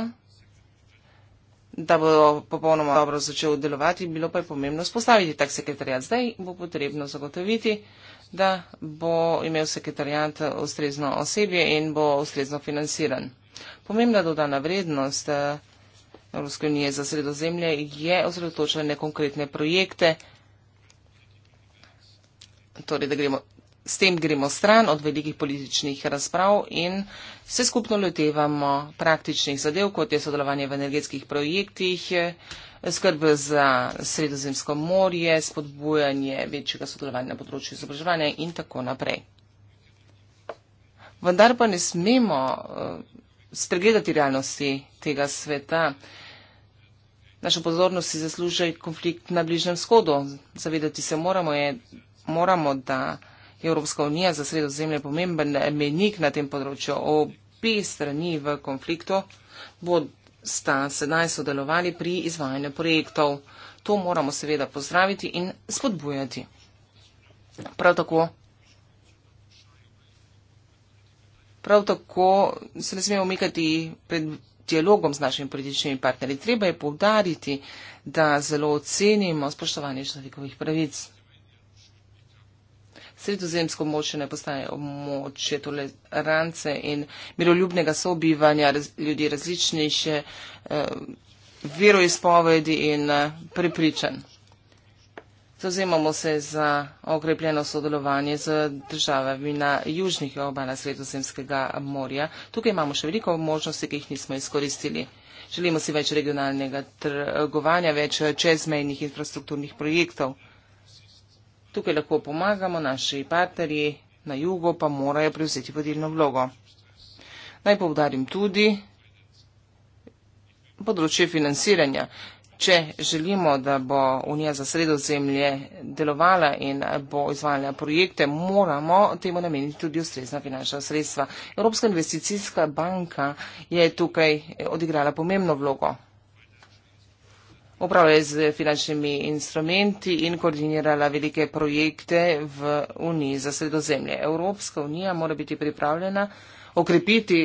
da bo popolnoma dobro začel delovati, bilo pa je pomembno spostaviti tak sekretarjat. Zdaj bo potrebno zagotoviti, da bo imel sekretarjat ustrezno osebje in bo ustrezno financiran. Pomembna dodana vrednost eh, Evropske unije za sredozemlje je osredotočanje konkretne projekte, torej da gremo. S tem gremo stran od velikih političnih razprav in se skupno lotevamo praktičnih zadev, kot je sodelovanje v energetskih projektih, skrb za sredozemsko morje, spodbujanje večjega sodelovanja na področju izobraževanja in tako naprej. Vendar pa ne smemo eh, spregledati realnosti tega sveta. Našo pozornost si zasluža konflikt na Bližnem vzhodu. Zavedati se moramo, je, moramo da je Evropska unija za sredozemlje pomemben menik na tem področju. Obe strani v konfliktu bodo sedaj sodelovali pri izvajanju projektov. To moramo seveda pozdraviti in spodbujati. Prav tako Prav tako se ne smemo omikati pred dialogom z našimi političnimi partnerji. Treba je povdariti, da zelo ocenimo spoštovanje človekovih pravic. Sredozemsko območje ne postaje območje tolerance in miroljubnega sobivanja raz, ljudi različnejše eh, veroizpovedi in eh, prepričanj. Zauzemamo se za okrepljeno sodelovanje z državami na južnih obalah Sredozemskega morja. Tukaj imamo še veliko možnosti, ki jih nismo izkoristili. Želimo si več regionalnega trgovanja, več čezmejnih infrastrukturnih projektov. Tukaj lahko pomagamo, naši partnerji na jugu pa morajo prevzeti vodilno vlogo. Naj povdarim tudi področje financiranja če želimo, da bo Unija za sredozemlje delovala in bo izvajala projekte, moramo temu nameniti tudi ustrezna finančna sredstva. Evropska investicijska banka je tukaj odigrala pomembno vlogo. Upravljala je z finančnimi instrumenti in koordinirala velike projekte v Uniji za sredozemlje. Evropska unija mora biti pripravljena okrepiti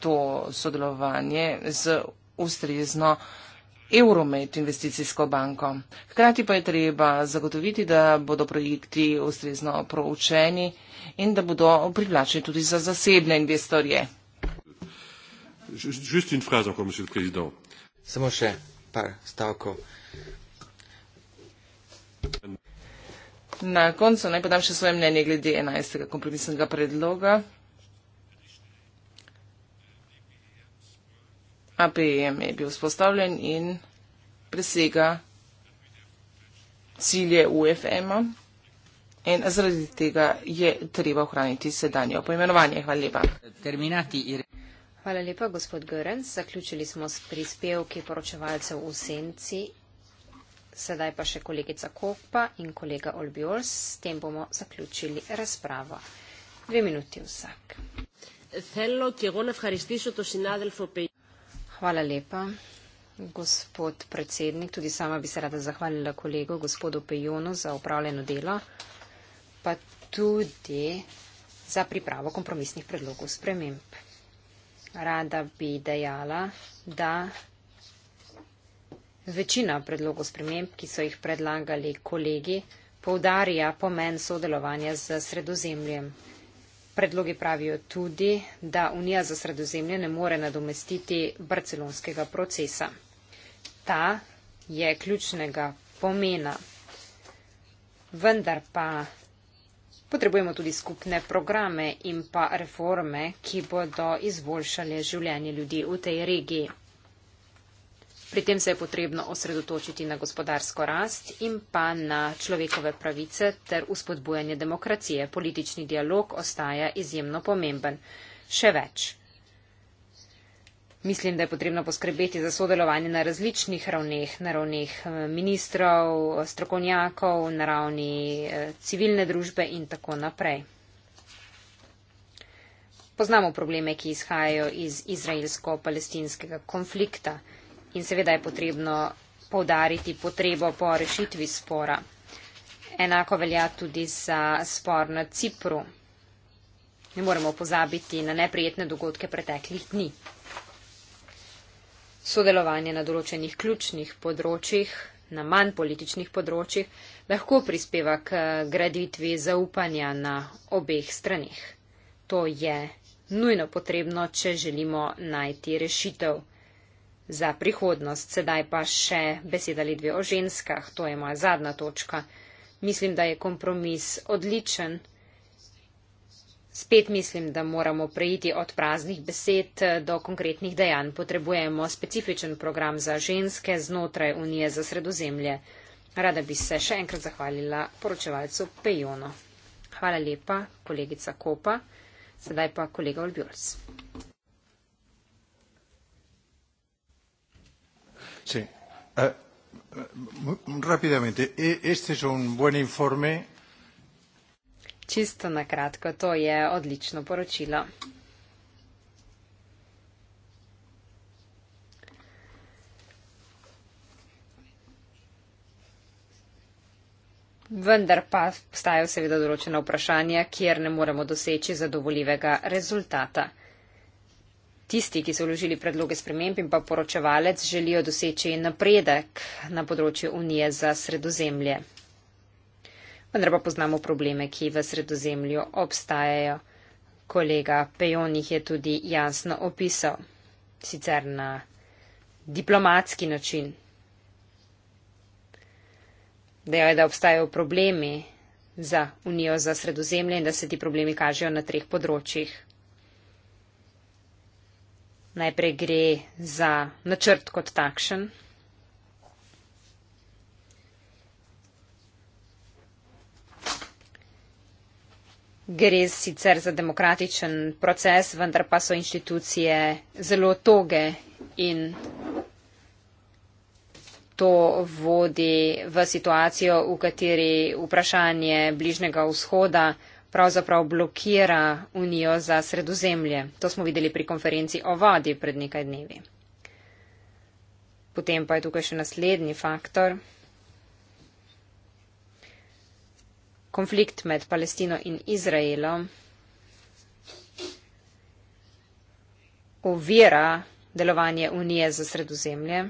to sodelovanje z ustrezno finančno sredstvo. Euromed investicijsko banko. Hkrati pa je treba zagotoviti, da bodo projekti ustrezno proučeni in da bodo privlačeni tudi za zasebne investorje. Samo še par stavkov. Na koncu naj podam še svoje mnenje glede 11. kompromisnega predloga. APM je bil vzpostavljen in presega cilje UFM-a in zaradi tega je treba ohraniti sedanje pojmenovanje. Hvala lepa. Hvala lepa, gospod Görens. Zaključili smo s prispevki poročevalcev v senci. Sedaj pa še kolegica Kokpa in kolega Olbjols. S tem bomo zaključili razpravo. Dve minuti vsak. Zelo, Hvala lepa, gospod predsednik. Tudi sama bi se rada zahvalila kolegu gospodu Pejonu za upravljeno delo, pa tudi za pripravo kompromisnih predlogov sprememb. Rada bi dejala, da večina predlogov sprememb, ki so jih predlagali kolegi, poudarja pomen sodelovanja z sredozemljem. Predlogi pravijo tudi, da Unija za sredozemlje ne more nadomestiti barcelonskega procesa. Ta je ključnega pomena. Vendar pa potrebujemo tudi skupne programe in pa reforme, ki bodo izboljšale življenje ljudi v tej regiji. Pri tem se je potrebno osredotočiti na gospodarsko rast in pa na človekove pravice ter uspodbujanje demokracije. Politični dialog ostaja izjemno pomemben. Še več. Mislim, da je potrebno poskrbeti za sodelovanje na različnih ravneh, na ravneh eh, ministrov, strokovnjakov, na ravni eh, civilne družbe in tako naprej. Poznamo probleme, ki izhajajo iz izraelsko-palestinskega konflikta. In seveda je potrebno povdariti potrebo po rešitvi spora. Enako velja tudi za spor na Cipru. Ne moremo pozabiti na neprijetne dogodke preteklih dni. Sodelovanje na določenih ključnih področjih, na manj političnih področjih, lahko prispeva k graditvi zaupanja na obeh stranih. To je nujno potrebno, če želimo najti rešitev za prihodnost. Sedaj pa še beseda ali dve o ženskah, to je moja zadnja točka. Mislim, da je kompromis odličen. Spet mislim, da moramo preiti od praznih besed eh, do konkretnih dejanj. Potrebujemo specifičen program za ženske znotraj Unije za sredozemlje. Rada bi se še enkrat zahvalila poročevalcu Pejono. Hvala lepa, kolegica Kopa. Sedaj pa kolega Olbjols. Sí. Uh, eh, eh, rapidamente, e, este es un buen informe. Čisto na kratko, to je odlično poročilo. Vendar pa obstajajo seveda določena vprašanja, kjer ne moremo doseči zadovoljivega rezultata tisti, ki so vložili predloge sprememb in pa poročevalec, želijo doseči napredek na področju Unije za sredozemlje. Vendar pa poznamo probleme, ki v sredozemlju obstajajo. Kolega Pejon jih je tudi jasno opisal, sicer na diplomatski način. Dejal je, da obstajajo problemi za Unijo za sredozemlje in da se ti problemi kažejo na treh področjih najprej gre za načrt kot takšen. Gre sicer za demokratičen proces, vendar pa so inštitucije zelo toge in to vodi v situacijo, v kateri vprašanje bližnjega vzhoda pravzaprav blokira Unijo za sredozemlje. To smo videli pri konferenci o vodi pred nekaj dnevi. Potem pa je tukaj še naslednji faktor. Konflikt med Palestino in Izraelom ovira delovanje Unije za sredozemlje.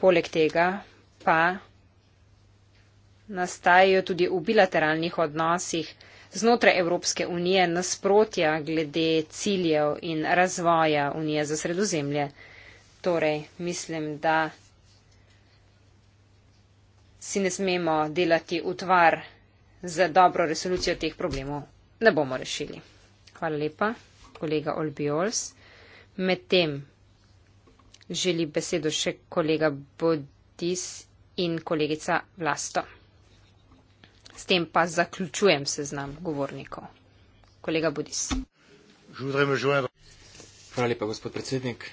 Poleg tega pa nastajajo tudi v bilateralnih odnosih znotraj Evropske unije nasprotja glede ciljev in razvoja Unije za sredozemlje. Torej, mislim, da si ne smemo delati utvar za dobro resolucijo teh problemov. Ne bomo rešili. Hvala lepa, kolega Olbiols. Medtem želi besedo še kolega Bodis in kolegica Vlasto. S tem pa zaključujem seznam govornikov. Kolega Budis. Hvala lepa, gospod predsednik.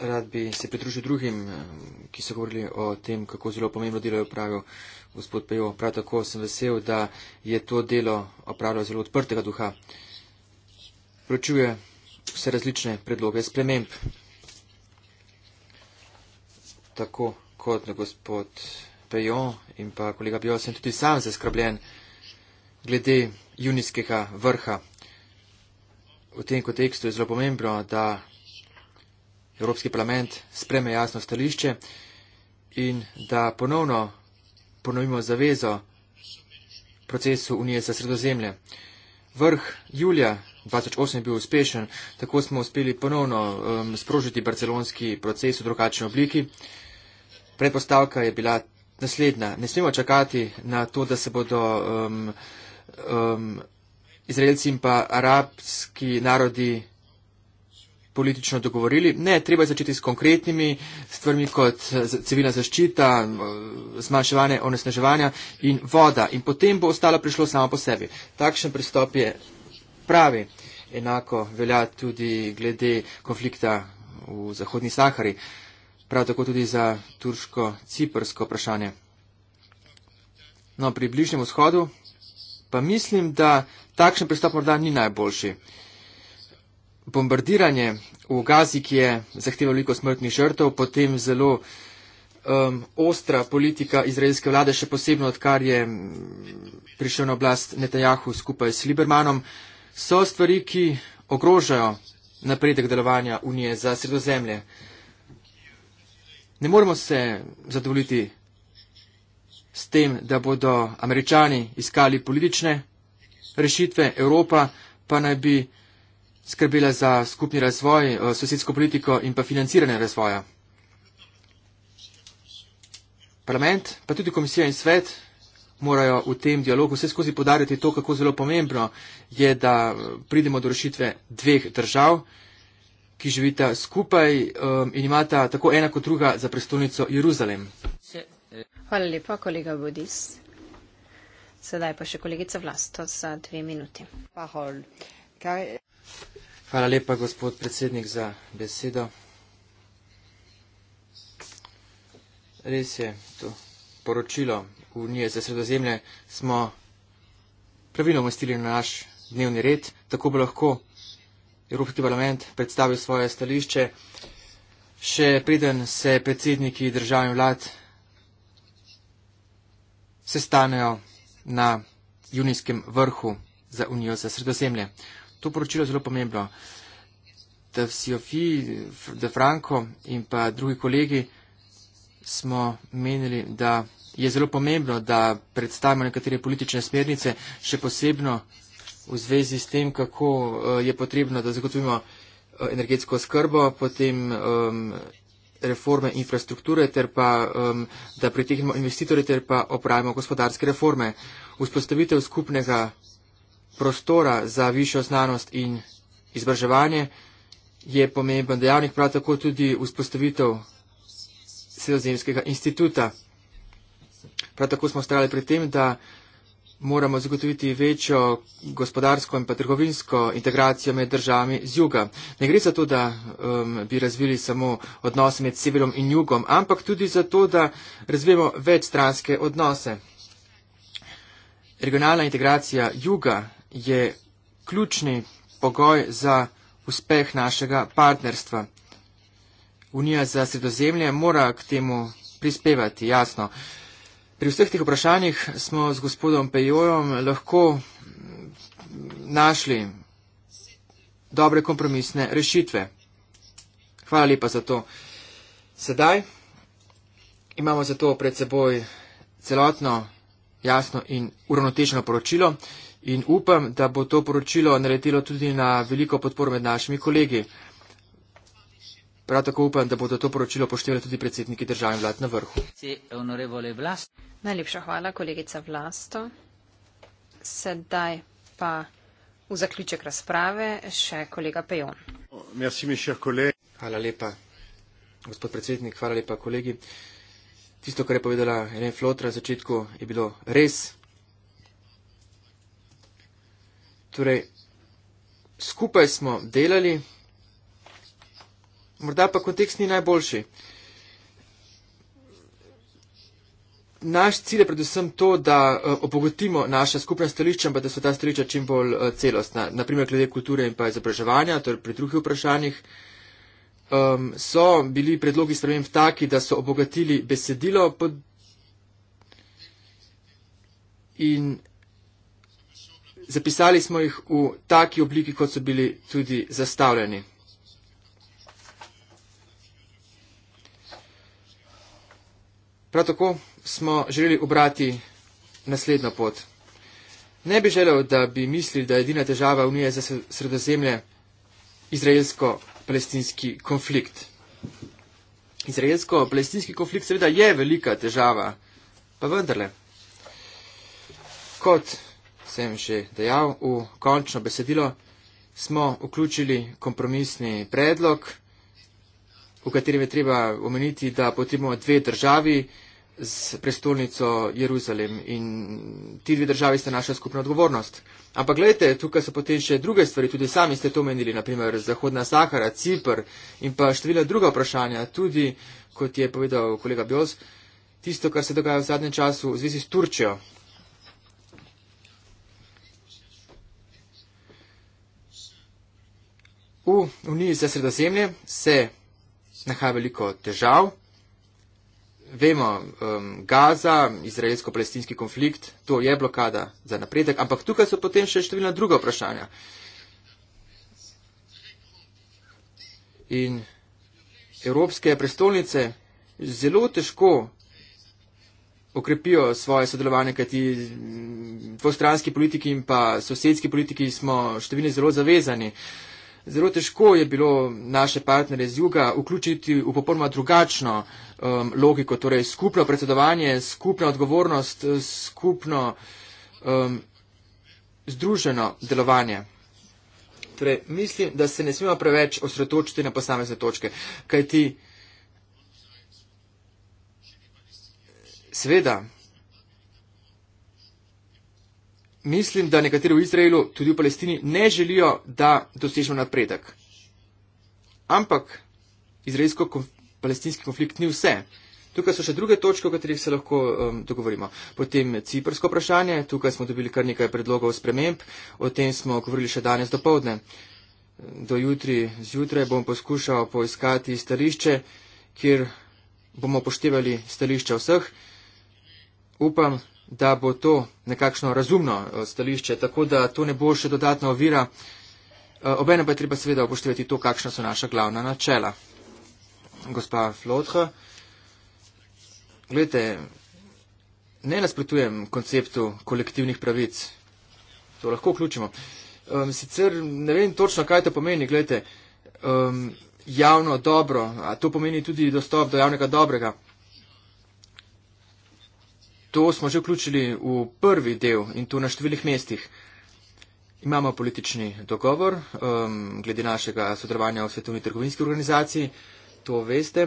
Rad bi se pridružil drugim, eh, ki so govorili o tem, kako zelo pomembno delo je opravil gospod Pejo. Prav tako sem vesel, da je to delo opravil zelo odprtega duha. Pročuje vse različne predloge sprememb. Tako kot gospod. Pejo in pa kolega Bjo, sem tudi sam zaskrbljen glede junijskega vrha. V tem kontekstu je zelo pomembno, da Evropski parlament spreme jasno stališče in da ponovno ponovimo zavezo procesu Unije za sredozemlje. Vrh julija 2008 je bil uspešen, tako smo uspeli ponovno um, sprožiti barcelonski proces v drugačni obliki. Predpostavka je bila naslednja. Ne smemo čakati na to, da se bodo um, um, izraelci in pa arabski narodi politično dogovorili. Ne, treba je začeti s konkretnimi stvarmi kot eh, civilna zaščita, zmanjševanje onesnaževanja in voda. In potem bo ostalo prišlo samo po sebi. Takšen pristop je pravi. Enako velja tudi glede konflikta v Zahodni Sahari prav tako tudi za turško-ciprsko vprašanje. No, pri bližnjem vzhodu pa mislim, da takšen pristop morda ni najboljši. Bombardiranje v Gazi, ki je zahtevalo veliko smrtnih žrtev, potem zelo um, ostra politika izraelske vlade, še posebno odkar je prišel na oblast Netanjahu skupaj s Libermanom, so stvari, ki ogrožajo napredek delovanja Unije za sredozemlje. Ne moremo se zadovoljiti s tem, da bodo američani iskali politične rešitve, Evropa pa naj bi skrbela za skupni razvoj, eh, sosedsko politiko in pa financiranje razvoja. Parlament, pa tudi komisija in svet morajo v tem dialogu vse skozi podariti to, kako zelo pomembno je, da eh, pridemo do rešitve dveh držav ki živita skupaj um, in imata tako ena kot druga za prestolnico Jeruzalem. Hvala lepa, kolega Bodis. Sedaj pa še kolegica Vlasto za dve minuti. Hvala lepa, gospod predsednik, za besedo. Res je, to poročilo Unije za sredozemlje smo pravilno umestili na naš dnevni red, tako bo lahko Evropski parlament predstavil svoje stališče, še preden se predsedniki držav in vlad sestanejo na junijskem vrhu za Unijo za sredozemlje. To poročilo je zelo pomembno. Da Siofi, da Franko in pa drugi kolegi smo menili, da je zelo pomembno, da predstavimo nekatere politične smernice, še posebno v zvezi s tem, kako eh, je potrebno, da zagotovimo eh, energetsko skrbo, potem um, reforme infrastrukture, ter pa, um, da pritehnemo investitore, ter pa opravimo gospodarske reforme. Vzpostavitev skupnega prostora za višjo znanost in izobraževanje je pomemben dejavnik, prav tako tudi vzpostavitev sredozemskega instituta. Prav tako smo ustrali pri tem, da moramo zagotoviti večjo gospodarsko in pa trgovinsko integracijo med državami z juga. Ne gre za to, da um, bi razvili samo odnose med severom in jugom, ampak tudi za to, da razvijemo več stranske odnose. Regionalna integracija juga je ključni pogoj za uspeh našega partnerstva. Unija za sredozemlje mora k temu prispevati, jasno. Uh, Pri vseh teh vprašanjih smo z gospodom Pejojem lahko našli dobre kompromisne rešitve. Hvala lepa za to. Sedaj imamo za to pred seboj celotno, jasno in uravnotežno poročilo in upam, da bo to poročilo naletelo tudi na veliko podporo med našimi kolegi. Prav tako upam, da bodo to poročilo poštevali tudi predsedniki držav in vlad na vrhu. Najlepša hvala, kolegica Vlasto. Sedaj pa v zaključek razprave še kolega Pejon. Hvala lepa, gospod predsednik, hvala lepa, kolegi. Tisto, kar je povedala Ene Flotra na začetku, je bilo res. Torej, skupaj smo delali, morda pa kontekst ni najboljši. Naš cilj je predvsem to, da eh, obogotimo naša skupna stališča, pa da so ta stališča čim bolj eh, celostna. Naprimer, glede kulture in pa izobraževanja, torej pri drugih vprašanjih, um, so bili predlogi sprememb taki, da so obogatili besedilo pod... in zapisali smo jih v taki obliki, kot so bili tudi zastavljeni. Prav tako smo želeli obrati naslednjo pot. Ne bi želel, da bi mislili, da je edina težava Unije za sredozemlje izraelsko-palestinski konflikt. Izraelsko-palestinski konflikt seveda je velika težava, pa vendarle. Kot sem že dejal v končno besedilo, smo vključili kompromisni predlog, v katerem je treba omeniti, da potrebujemo dve državi, s prestolnico Jeruzalem in ti dve državi sta naša skupna odgovornost. Ampak gledajte, tukaj so potem še druge stvari, tudi sami ste to omenili, naprimer Zahodna Sahara, Cipr in pa številna druga vprašanja, tudi kot je povedal kolega Bios, tisto, kar se dogaja v zadnjem času v zvezi s Turčjo. V Uniji za sredozemlje se nahaja veliko težav vemo, um, Gaza, izraelsko-palestinski konflikt, to je blokada za napredek, ampak tukaj so potem še številna druga vprašanja. In evropske prestolnice zelo težko okrepijo svoje sodelovanje, kajti dvostranski politiki in pa sosedski politiki smo številni zelo zavezani. Uh, zelo težko je bilo naše partnere z juga vključiti v popolnoma drugačno um, logiko, torej skupno predsedovanje, skupna odgovornost, skupno um, združeno delovanje. Torej, mislim, da se ne smemo preveč osredotočiti na posamezne točke, kajti seveda mislim, da nekateri v Izraelu, tudi v Palestini, ne želijo, da dosežemo napredek. Ampak izraelsko-palestinski konflikt ni vse. Tukaj so še druge točke, o katerih se lahko um, dogovorimo. Potem ciprsko vprašanje, tukaj smo dobili kar nekaj predlogov sprememb, o tem smo govorili še danes do povdne. Do jutri zjutraj bom poskušal poiskati stališče, kjer bomo poštevali stališče vseh. Upam, da bo to nekakšno razumno eh, stališče, tako da to ne bo še dodatna ovira. Eh, Obene pa je treba seveda upoštevati to, kakšna so naša glavna načela. Gospa Flotha, gledajte, ne nasprotujem konceptu kolektivnih pravic. To lahko vključimo. Um, sicer ne vem točno, kaj to pomeni. Gledajte, um, javno dobro, a to pomeni tudi dostop do javnega dobrega. To smo že vključili v prvi del in to na številnih mestih. Imamo politični dogovor um, glede našega sodelovanja v svetovni trgovinski organizaciji, to veste.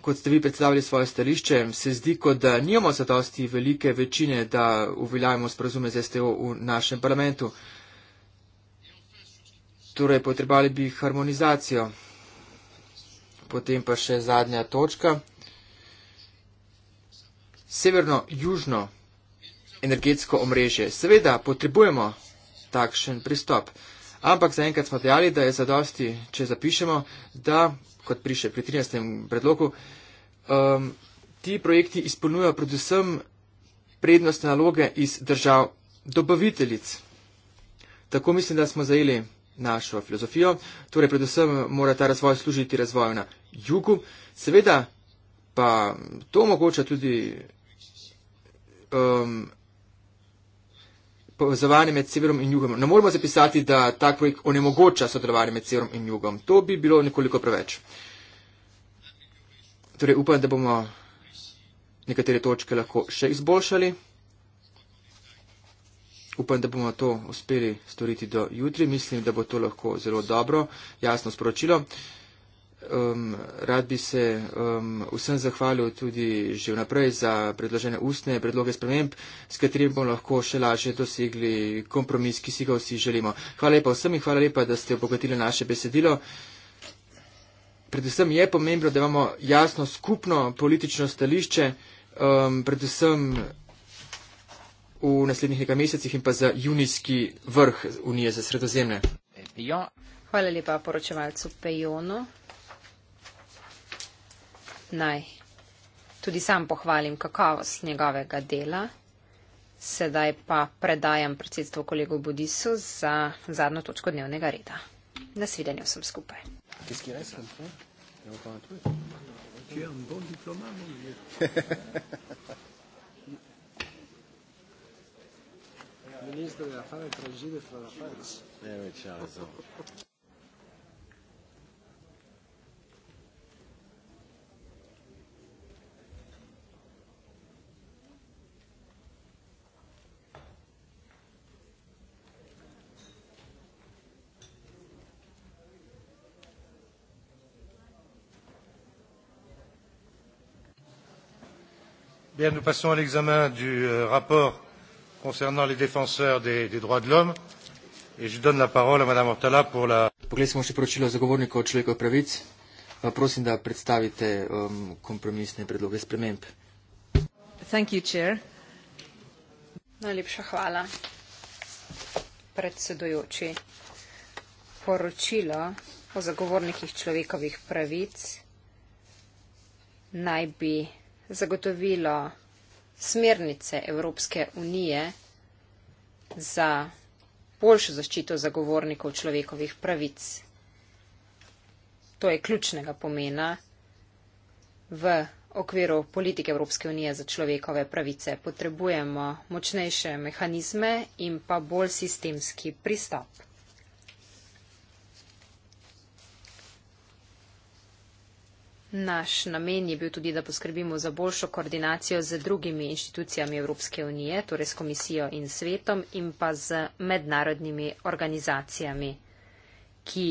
Kot ste vi predstavili svoje stališče, se zdi, kot da nimamo zadosti velike večine, da uveljavimo sprazume z STO v našem parlamentu. Torej, potrebali bi harmonizacijo. Potem pa še zadnja točka severno-južno energetsko omrežje. Seveda potrebujemo takšen pristop, ampak zaenkrat smo dejali, da je zadosti, če zapišemo, da, kot piše pri 13. predlogu, um, ti projekti izpolnjujo predvsem prednostne naloge iz držav dobaviteljic. Tako mislim, da smo zajeli našo filozofijo, torej predvsem mora ta razvoj služiti razvoju na jugu. Seveda pa to omogoča tudi um, povezovanje med severom in jugom. Ne moramo zapisati, da tak projekt onemogoča sodelovanje med severom in jugom. To bi bilo nekoliko preveč. Torej, upam, da bomo nekatere točke lahko še izboljšali. Upam, da bomo to uspeli storiti do jutri. Mislim, da bo to lahko zelo dobro, jasno sporočilo. Uh, Um, rad bi se um, vsem zahvalil tudi že vnaprej za predložene ustne predloge sprememb, s katerim bomo lahko še lažje dosegli kompromis, ki si ga vsi želimo. Hvala lepa vsem in hvala lepa, da ste obogatili naše besedilo. Predvsem je pomembno, da imamo jasno skupno politično stališče, um, predvsem v naslednjih nekaj mesecih in pa za junijski vrh Unije za sredozemlje. Hvala lepa poročevalcu Pejonu naj tudi sam pohvalim kakovost njegovega dela. Sedaj pa predajam predsedstvo kolegu Budisu za zadnjo točko dnevnega reda. Na svidenju sem skupaj. Bien, nous passons à l'examen du euh, rapport concernant les défenseurs des, des droits de l'homme. Et je donne la parole à Madame Ortala pour la. Poglejmo še poročilo zagovornikov človekovih pravic. Prosim, da predstavite um, kompromisne predloge sprememb. Thank you, chair. Najlepša hvala, predsedujoči. Poročilo o zagovornikih človekovih pravic naj bi zagotovilo smernice Evropske unije za boljšo zaščito zagovornikov človekovih pravic. To je ključnega pomena v okviru politike Evropske unije za človekove pravice. Potrebujemo močnejše mehanizme in pa bolj sistemski pristop. Naš namen je bil tudi, da poskrbimo za boljšo koordinacijo z drugimi inštitucijami Evropske unije, torej s komisijo in svetom in pa z mednarodnimi organizacijami, ki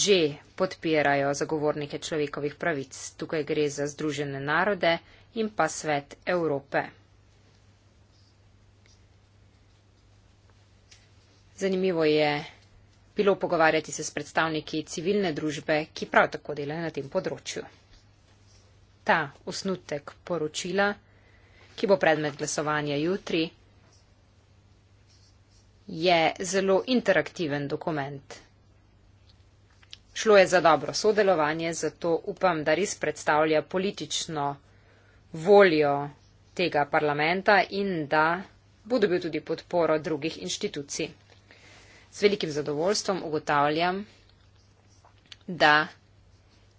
že podpirajo zagovornike človekovih pravic. Tukaj gre za Združene narode in pa svet Evrope. Zanimivo je, bilo pogovarjati se s predstavniki civilne družbe, ki prav tako delajo na tem področju. Ta osnutek poročila, ki bo predmet glasovanja jutri, je zelo interaktiven dokument. Šlo je za dobro sodelovanje, zato upam, da res predstavlja politično voljo tega parlamenta in da bo dobil tudi podporo drugih inštitucij z velikim zadovoljstvom ugotavljam, da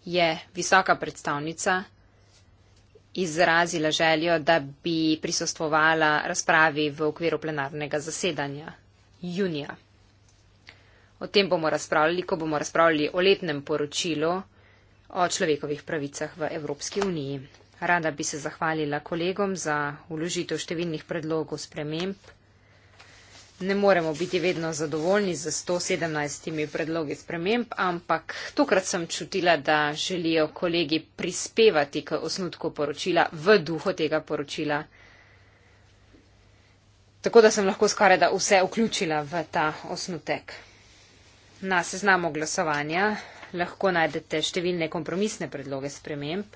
je visoka predstavnica izrazila željo, da bi prisostvovala razpravi v okviru plenarnega zasedanja junija. O tem bomo razpravljali, ko bomo razpravljali o letnem poročilu o človekovih pravicah v Evropski uniji. Rada bi se zahvalila kolegom za uložitev številnih predlogov sprememb ne moremo biti vedno zadovoljni z 117 predlogi sprememb, ampak tokrat sem čutila, da želijo kolegi prispevati k osnutku poročila v duhu tega poročila. Tako da sem lahko skoraj da vse vključila v ta osnutek. Na seznamu glasovanja lahko najdete številne kompromisne predloge sprememb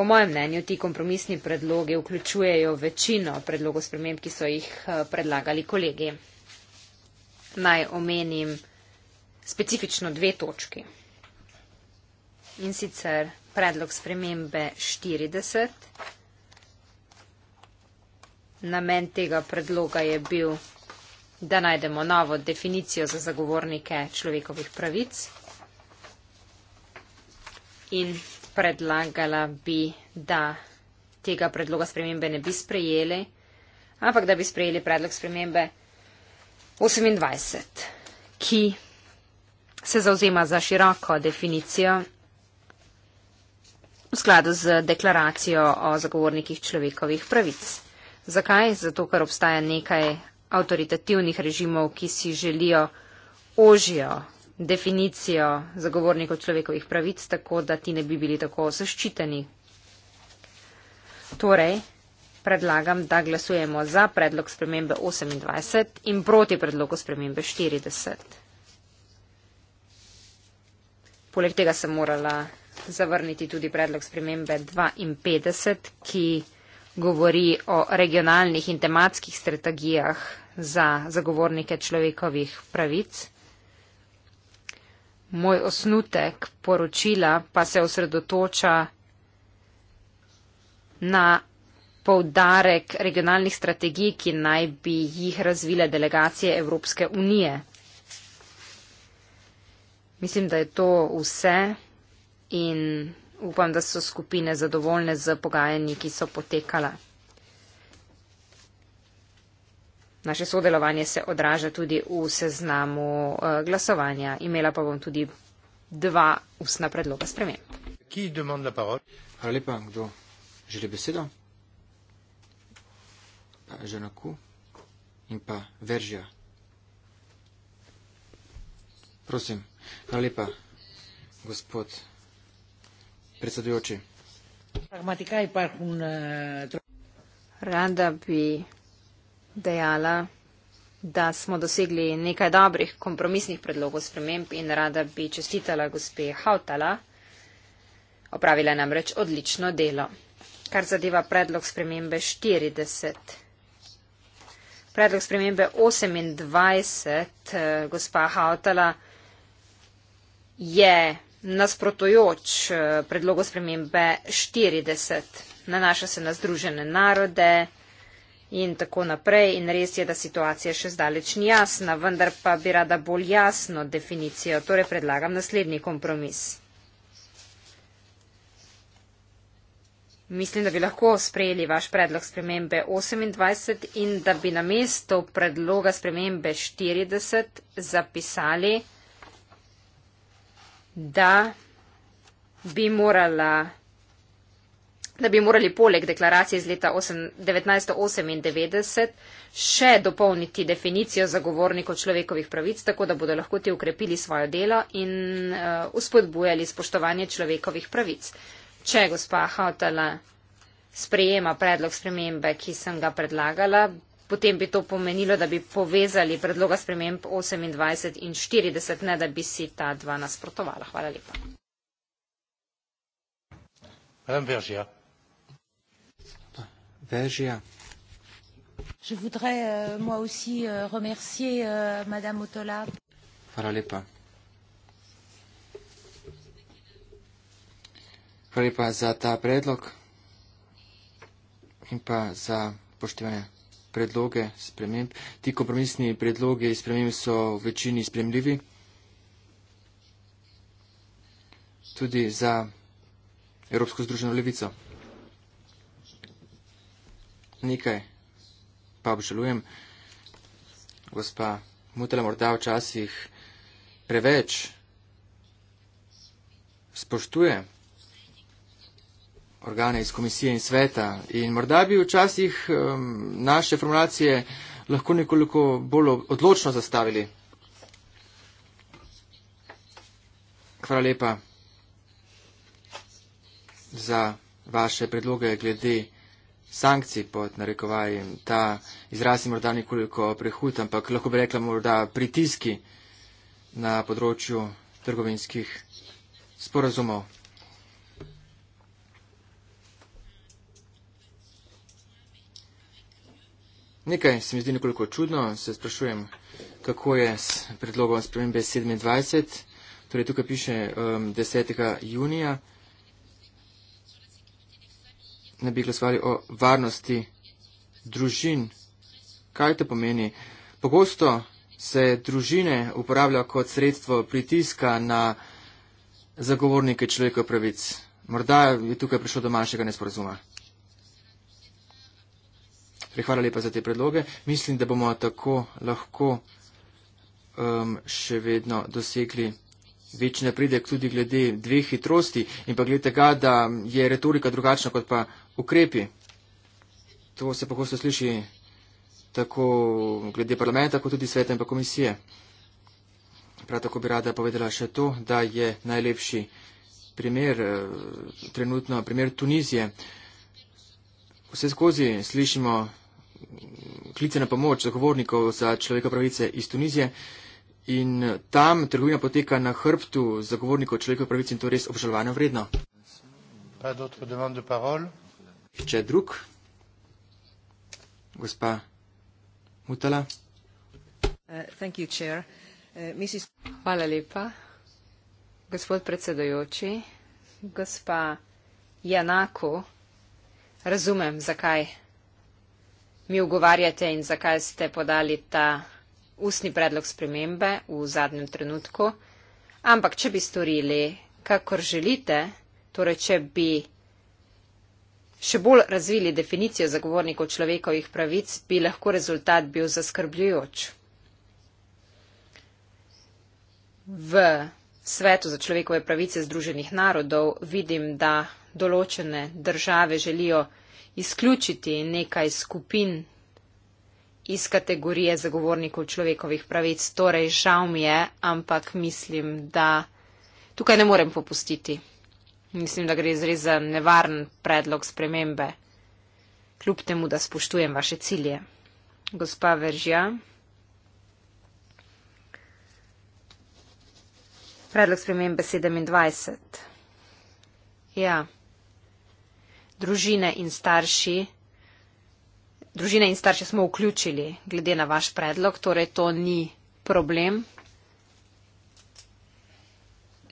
po mojem mnenju ti kompromisni predlogi vključujejo večino predlogov sprememb, ki so jih eh, predlagali kolegi. Naj omenim specifično dve točki. In sicer predlog spremembe 40. Namen tega predloga je bil, da najdemo novo definicijo za zagovornike človekovih pravic. In predlagala bi, da tega predloga spremembe ne bi sprejeli, ampak da bi sprejeli predlog spremembe 28, ki se zauzema za široko definicijo v skladu z deklaracijo o zagovornikih človekovih pravic. Zakaj? Zato, ker obstaja nekaj avtoritativnih režimov, ki si želijo ožjo definicijo zagovornikov človekovih pravic, tako da ti ne bi bili tako zaščiteni. Torej, predlagam, da glasujemo za predlog spremembe 28 in proti predlogu spremembe 40. Poleg tega sem morala zavrniti tudi predlog spremembe 52, ki govori o regionalnih in tematskih strategijah za zagovornike človekovih pravic moj osnutek poročila pa se osredotoča na poudarek regionalnih strategij, ki naj bi jih razvile delegacije Evropske unije. Mislim, da je to vse in upam, da so skupine zadovoljne z pogajanji, ki so potekala. Naše sodelovanje se odraža tudi v seznamu eh, glasovanja. Imela pa bom tudi dva ustna predloga sprememb. Hvala lepa, kdo želi besedo? Pa ženaku in pa veržja. Prosim, hvala lepa, gospod predsedujoči. Randa eh, bi dejala, da smo dosegli nekaj dobrih kompromisnih predlogov sprememb in rada bi čestitala gospe Hautala. Opravila je namreč odlično delo, kar zadeva predlog spremembe 40. Predlog spremembe 28, eh, gospa Hautala, je nasprotujoč eh, predlogu spremembe 40. Nanaša se na Združene narode, in tako naprej. In res je, da situacija še zdaleč ni jasna, vendar pa bi rada bolj jasno definicijo. Torej predlagam naslednji kompromis. Mislim, da bi lahko sprejeli vaš predlog spremembe 28 in da bi na mesto predloga spremembe 40 zapisali, da bi morala da bi morali poleg deklaracije iz leta 1998 še dopolniti definicijo zagovornikov človekovih pravic, tako da bodo lahko ti ukrepili svojo delo in uh, eh, uspodbujali spoštovanje človekovih pravic. Če gospa Hautala sprejema predlog spremembe, ki sem ga predlagala, potem bi to pomenilo, da bi povezali predloga sprememb 28 in 40, ne da bi si ta dva nasprotovala. Hvala lepa. Madame Vergia je voudrais euh, moi aussi euh, remercier euh, madame Otola. Hvala lepa. Hvala lepa za ta predlog in pa za poštevanje predloge sprememb. Ti kompromisni predloge in spremembe so v večini spremljivi. Tudi za Evropsko združeno levico nekaj pa obžalujem. Gospa Mutela morda včasih preveč spoštuje organe iz komisije in sveta in morda bi včasih um, naše formulacije lahko nekoliko bolj odločno zastavili. Hvala lepa za vaše predloge glede sankcij pod narekovaji. Ta izraz je morda nekoliko prehut, ampak lahko bi rekla morda pritiski na področju trgovinskih sporazumov. Nekaj se mi zdi nekoliko čudno, se sprašujem, kako je s predlogom spremembe 27, torej tukaj piše um, 10. junija ne bi glasovali o varnosti družin. Kaj to pomeni? Pogosto se družine uporabljajo kot sredstvo pritiska na zagovornike človekov pravic. Morda je tukaj prišlo do manjšega nesporazuma. Prehvala lepa za te predloge. Mislim, da bomo tako lahko um, še vedno dosegli. Več ne pride tudi glede dveh hitrosti in pa glede tega, da je retorika drugačna kot pa ukrepi. To se pogosto sliši tako glede parlamenta, kot tudi sveta in pa komisije. Prav tako bi rada povedala še to, da je najlepši primer, eh, trenutno primer Tunizije. Vse skozi slišimo klice na pomoč zagovornikov za človeka pravice iz Tunizije in eh, tam trgovina poteka na hrbtu zagovornikov človekov pravic in to res obžalovanja vredno. Če drug, gospa Mutala. Uh, uh, Hvala lepa, gospod predsedojoči, gospa Janako, razumem, zakaj mi ugovarjate in zakaj ste podali ta ustni predlog spremembe v zadnjem trenutku, ampak če bi storili, kakor želite, torej če bi še bolj razvili definicijo zagovornikov človekovih pravic, bi lahko rezultat bil zaskrbljujoč. V svetu za človekove pravice Združenih narodov vidim, da določene države želijo izključiti nekaj skupin iz kategorije zagovornikov človekovih pravic. Torej, žal mi je, ampak mislim, da tukaj ne morem popustiti. Mislim, da gre zres za nevaren predlog spremembe, kljub temu, da spoštujem vaše cilje. Gospa Veržja. Predlog spremembe 27. Ja. Družine in starši družine in starše smo vključili, glede na vaš predlog, torej to ni problem.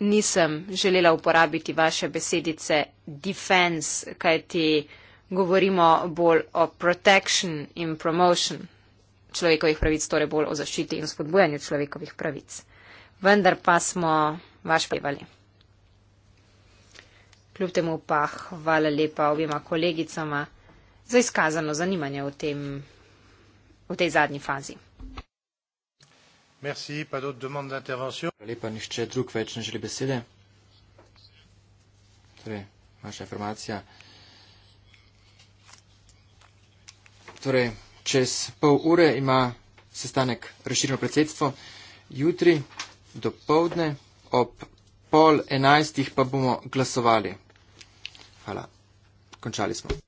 Nisem želela uporabiti vaše besedice defense, kajti govorimo bolj o protection in promotion človekovih pravic, torej bolj o zaščiti in spodbujanju človekovih pravic. Vendar pa smo vaš pevali. Kljub temu pa hvala lepa objema kolegicama za izkazano zanimanje v, tem, v tej zadnji fazi. Merci, pa do demanda intervencijo. Lepa, nišče drug več ne želi besede. Torej, vaša informacija. Torej, čez pol ure ima sestanek reširno predsedstvo. Jutri do povdne ob pol enajstih pa bomo glasovali. Hvala. Končali smo.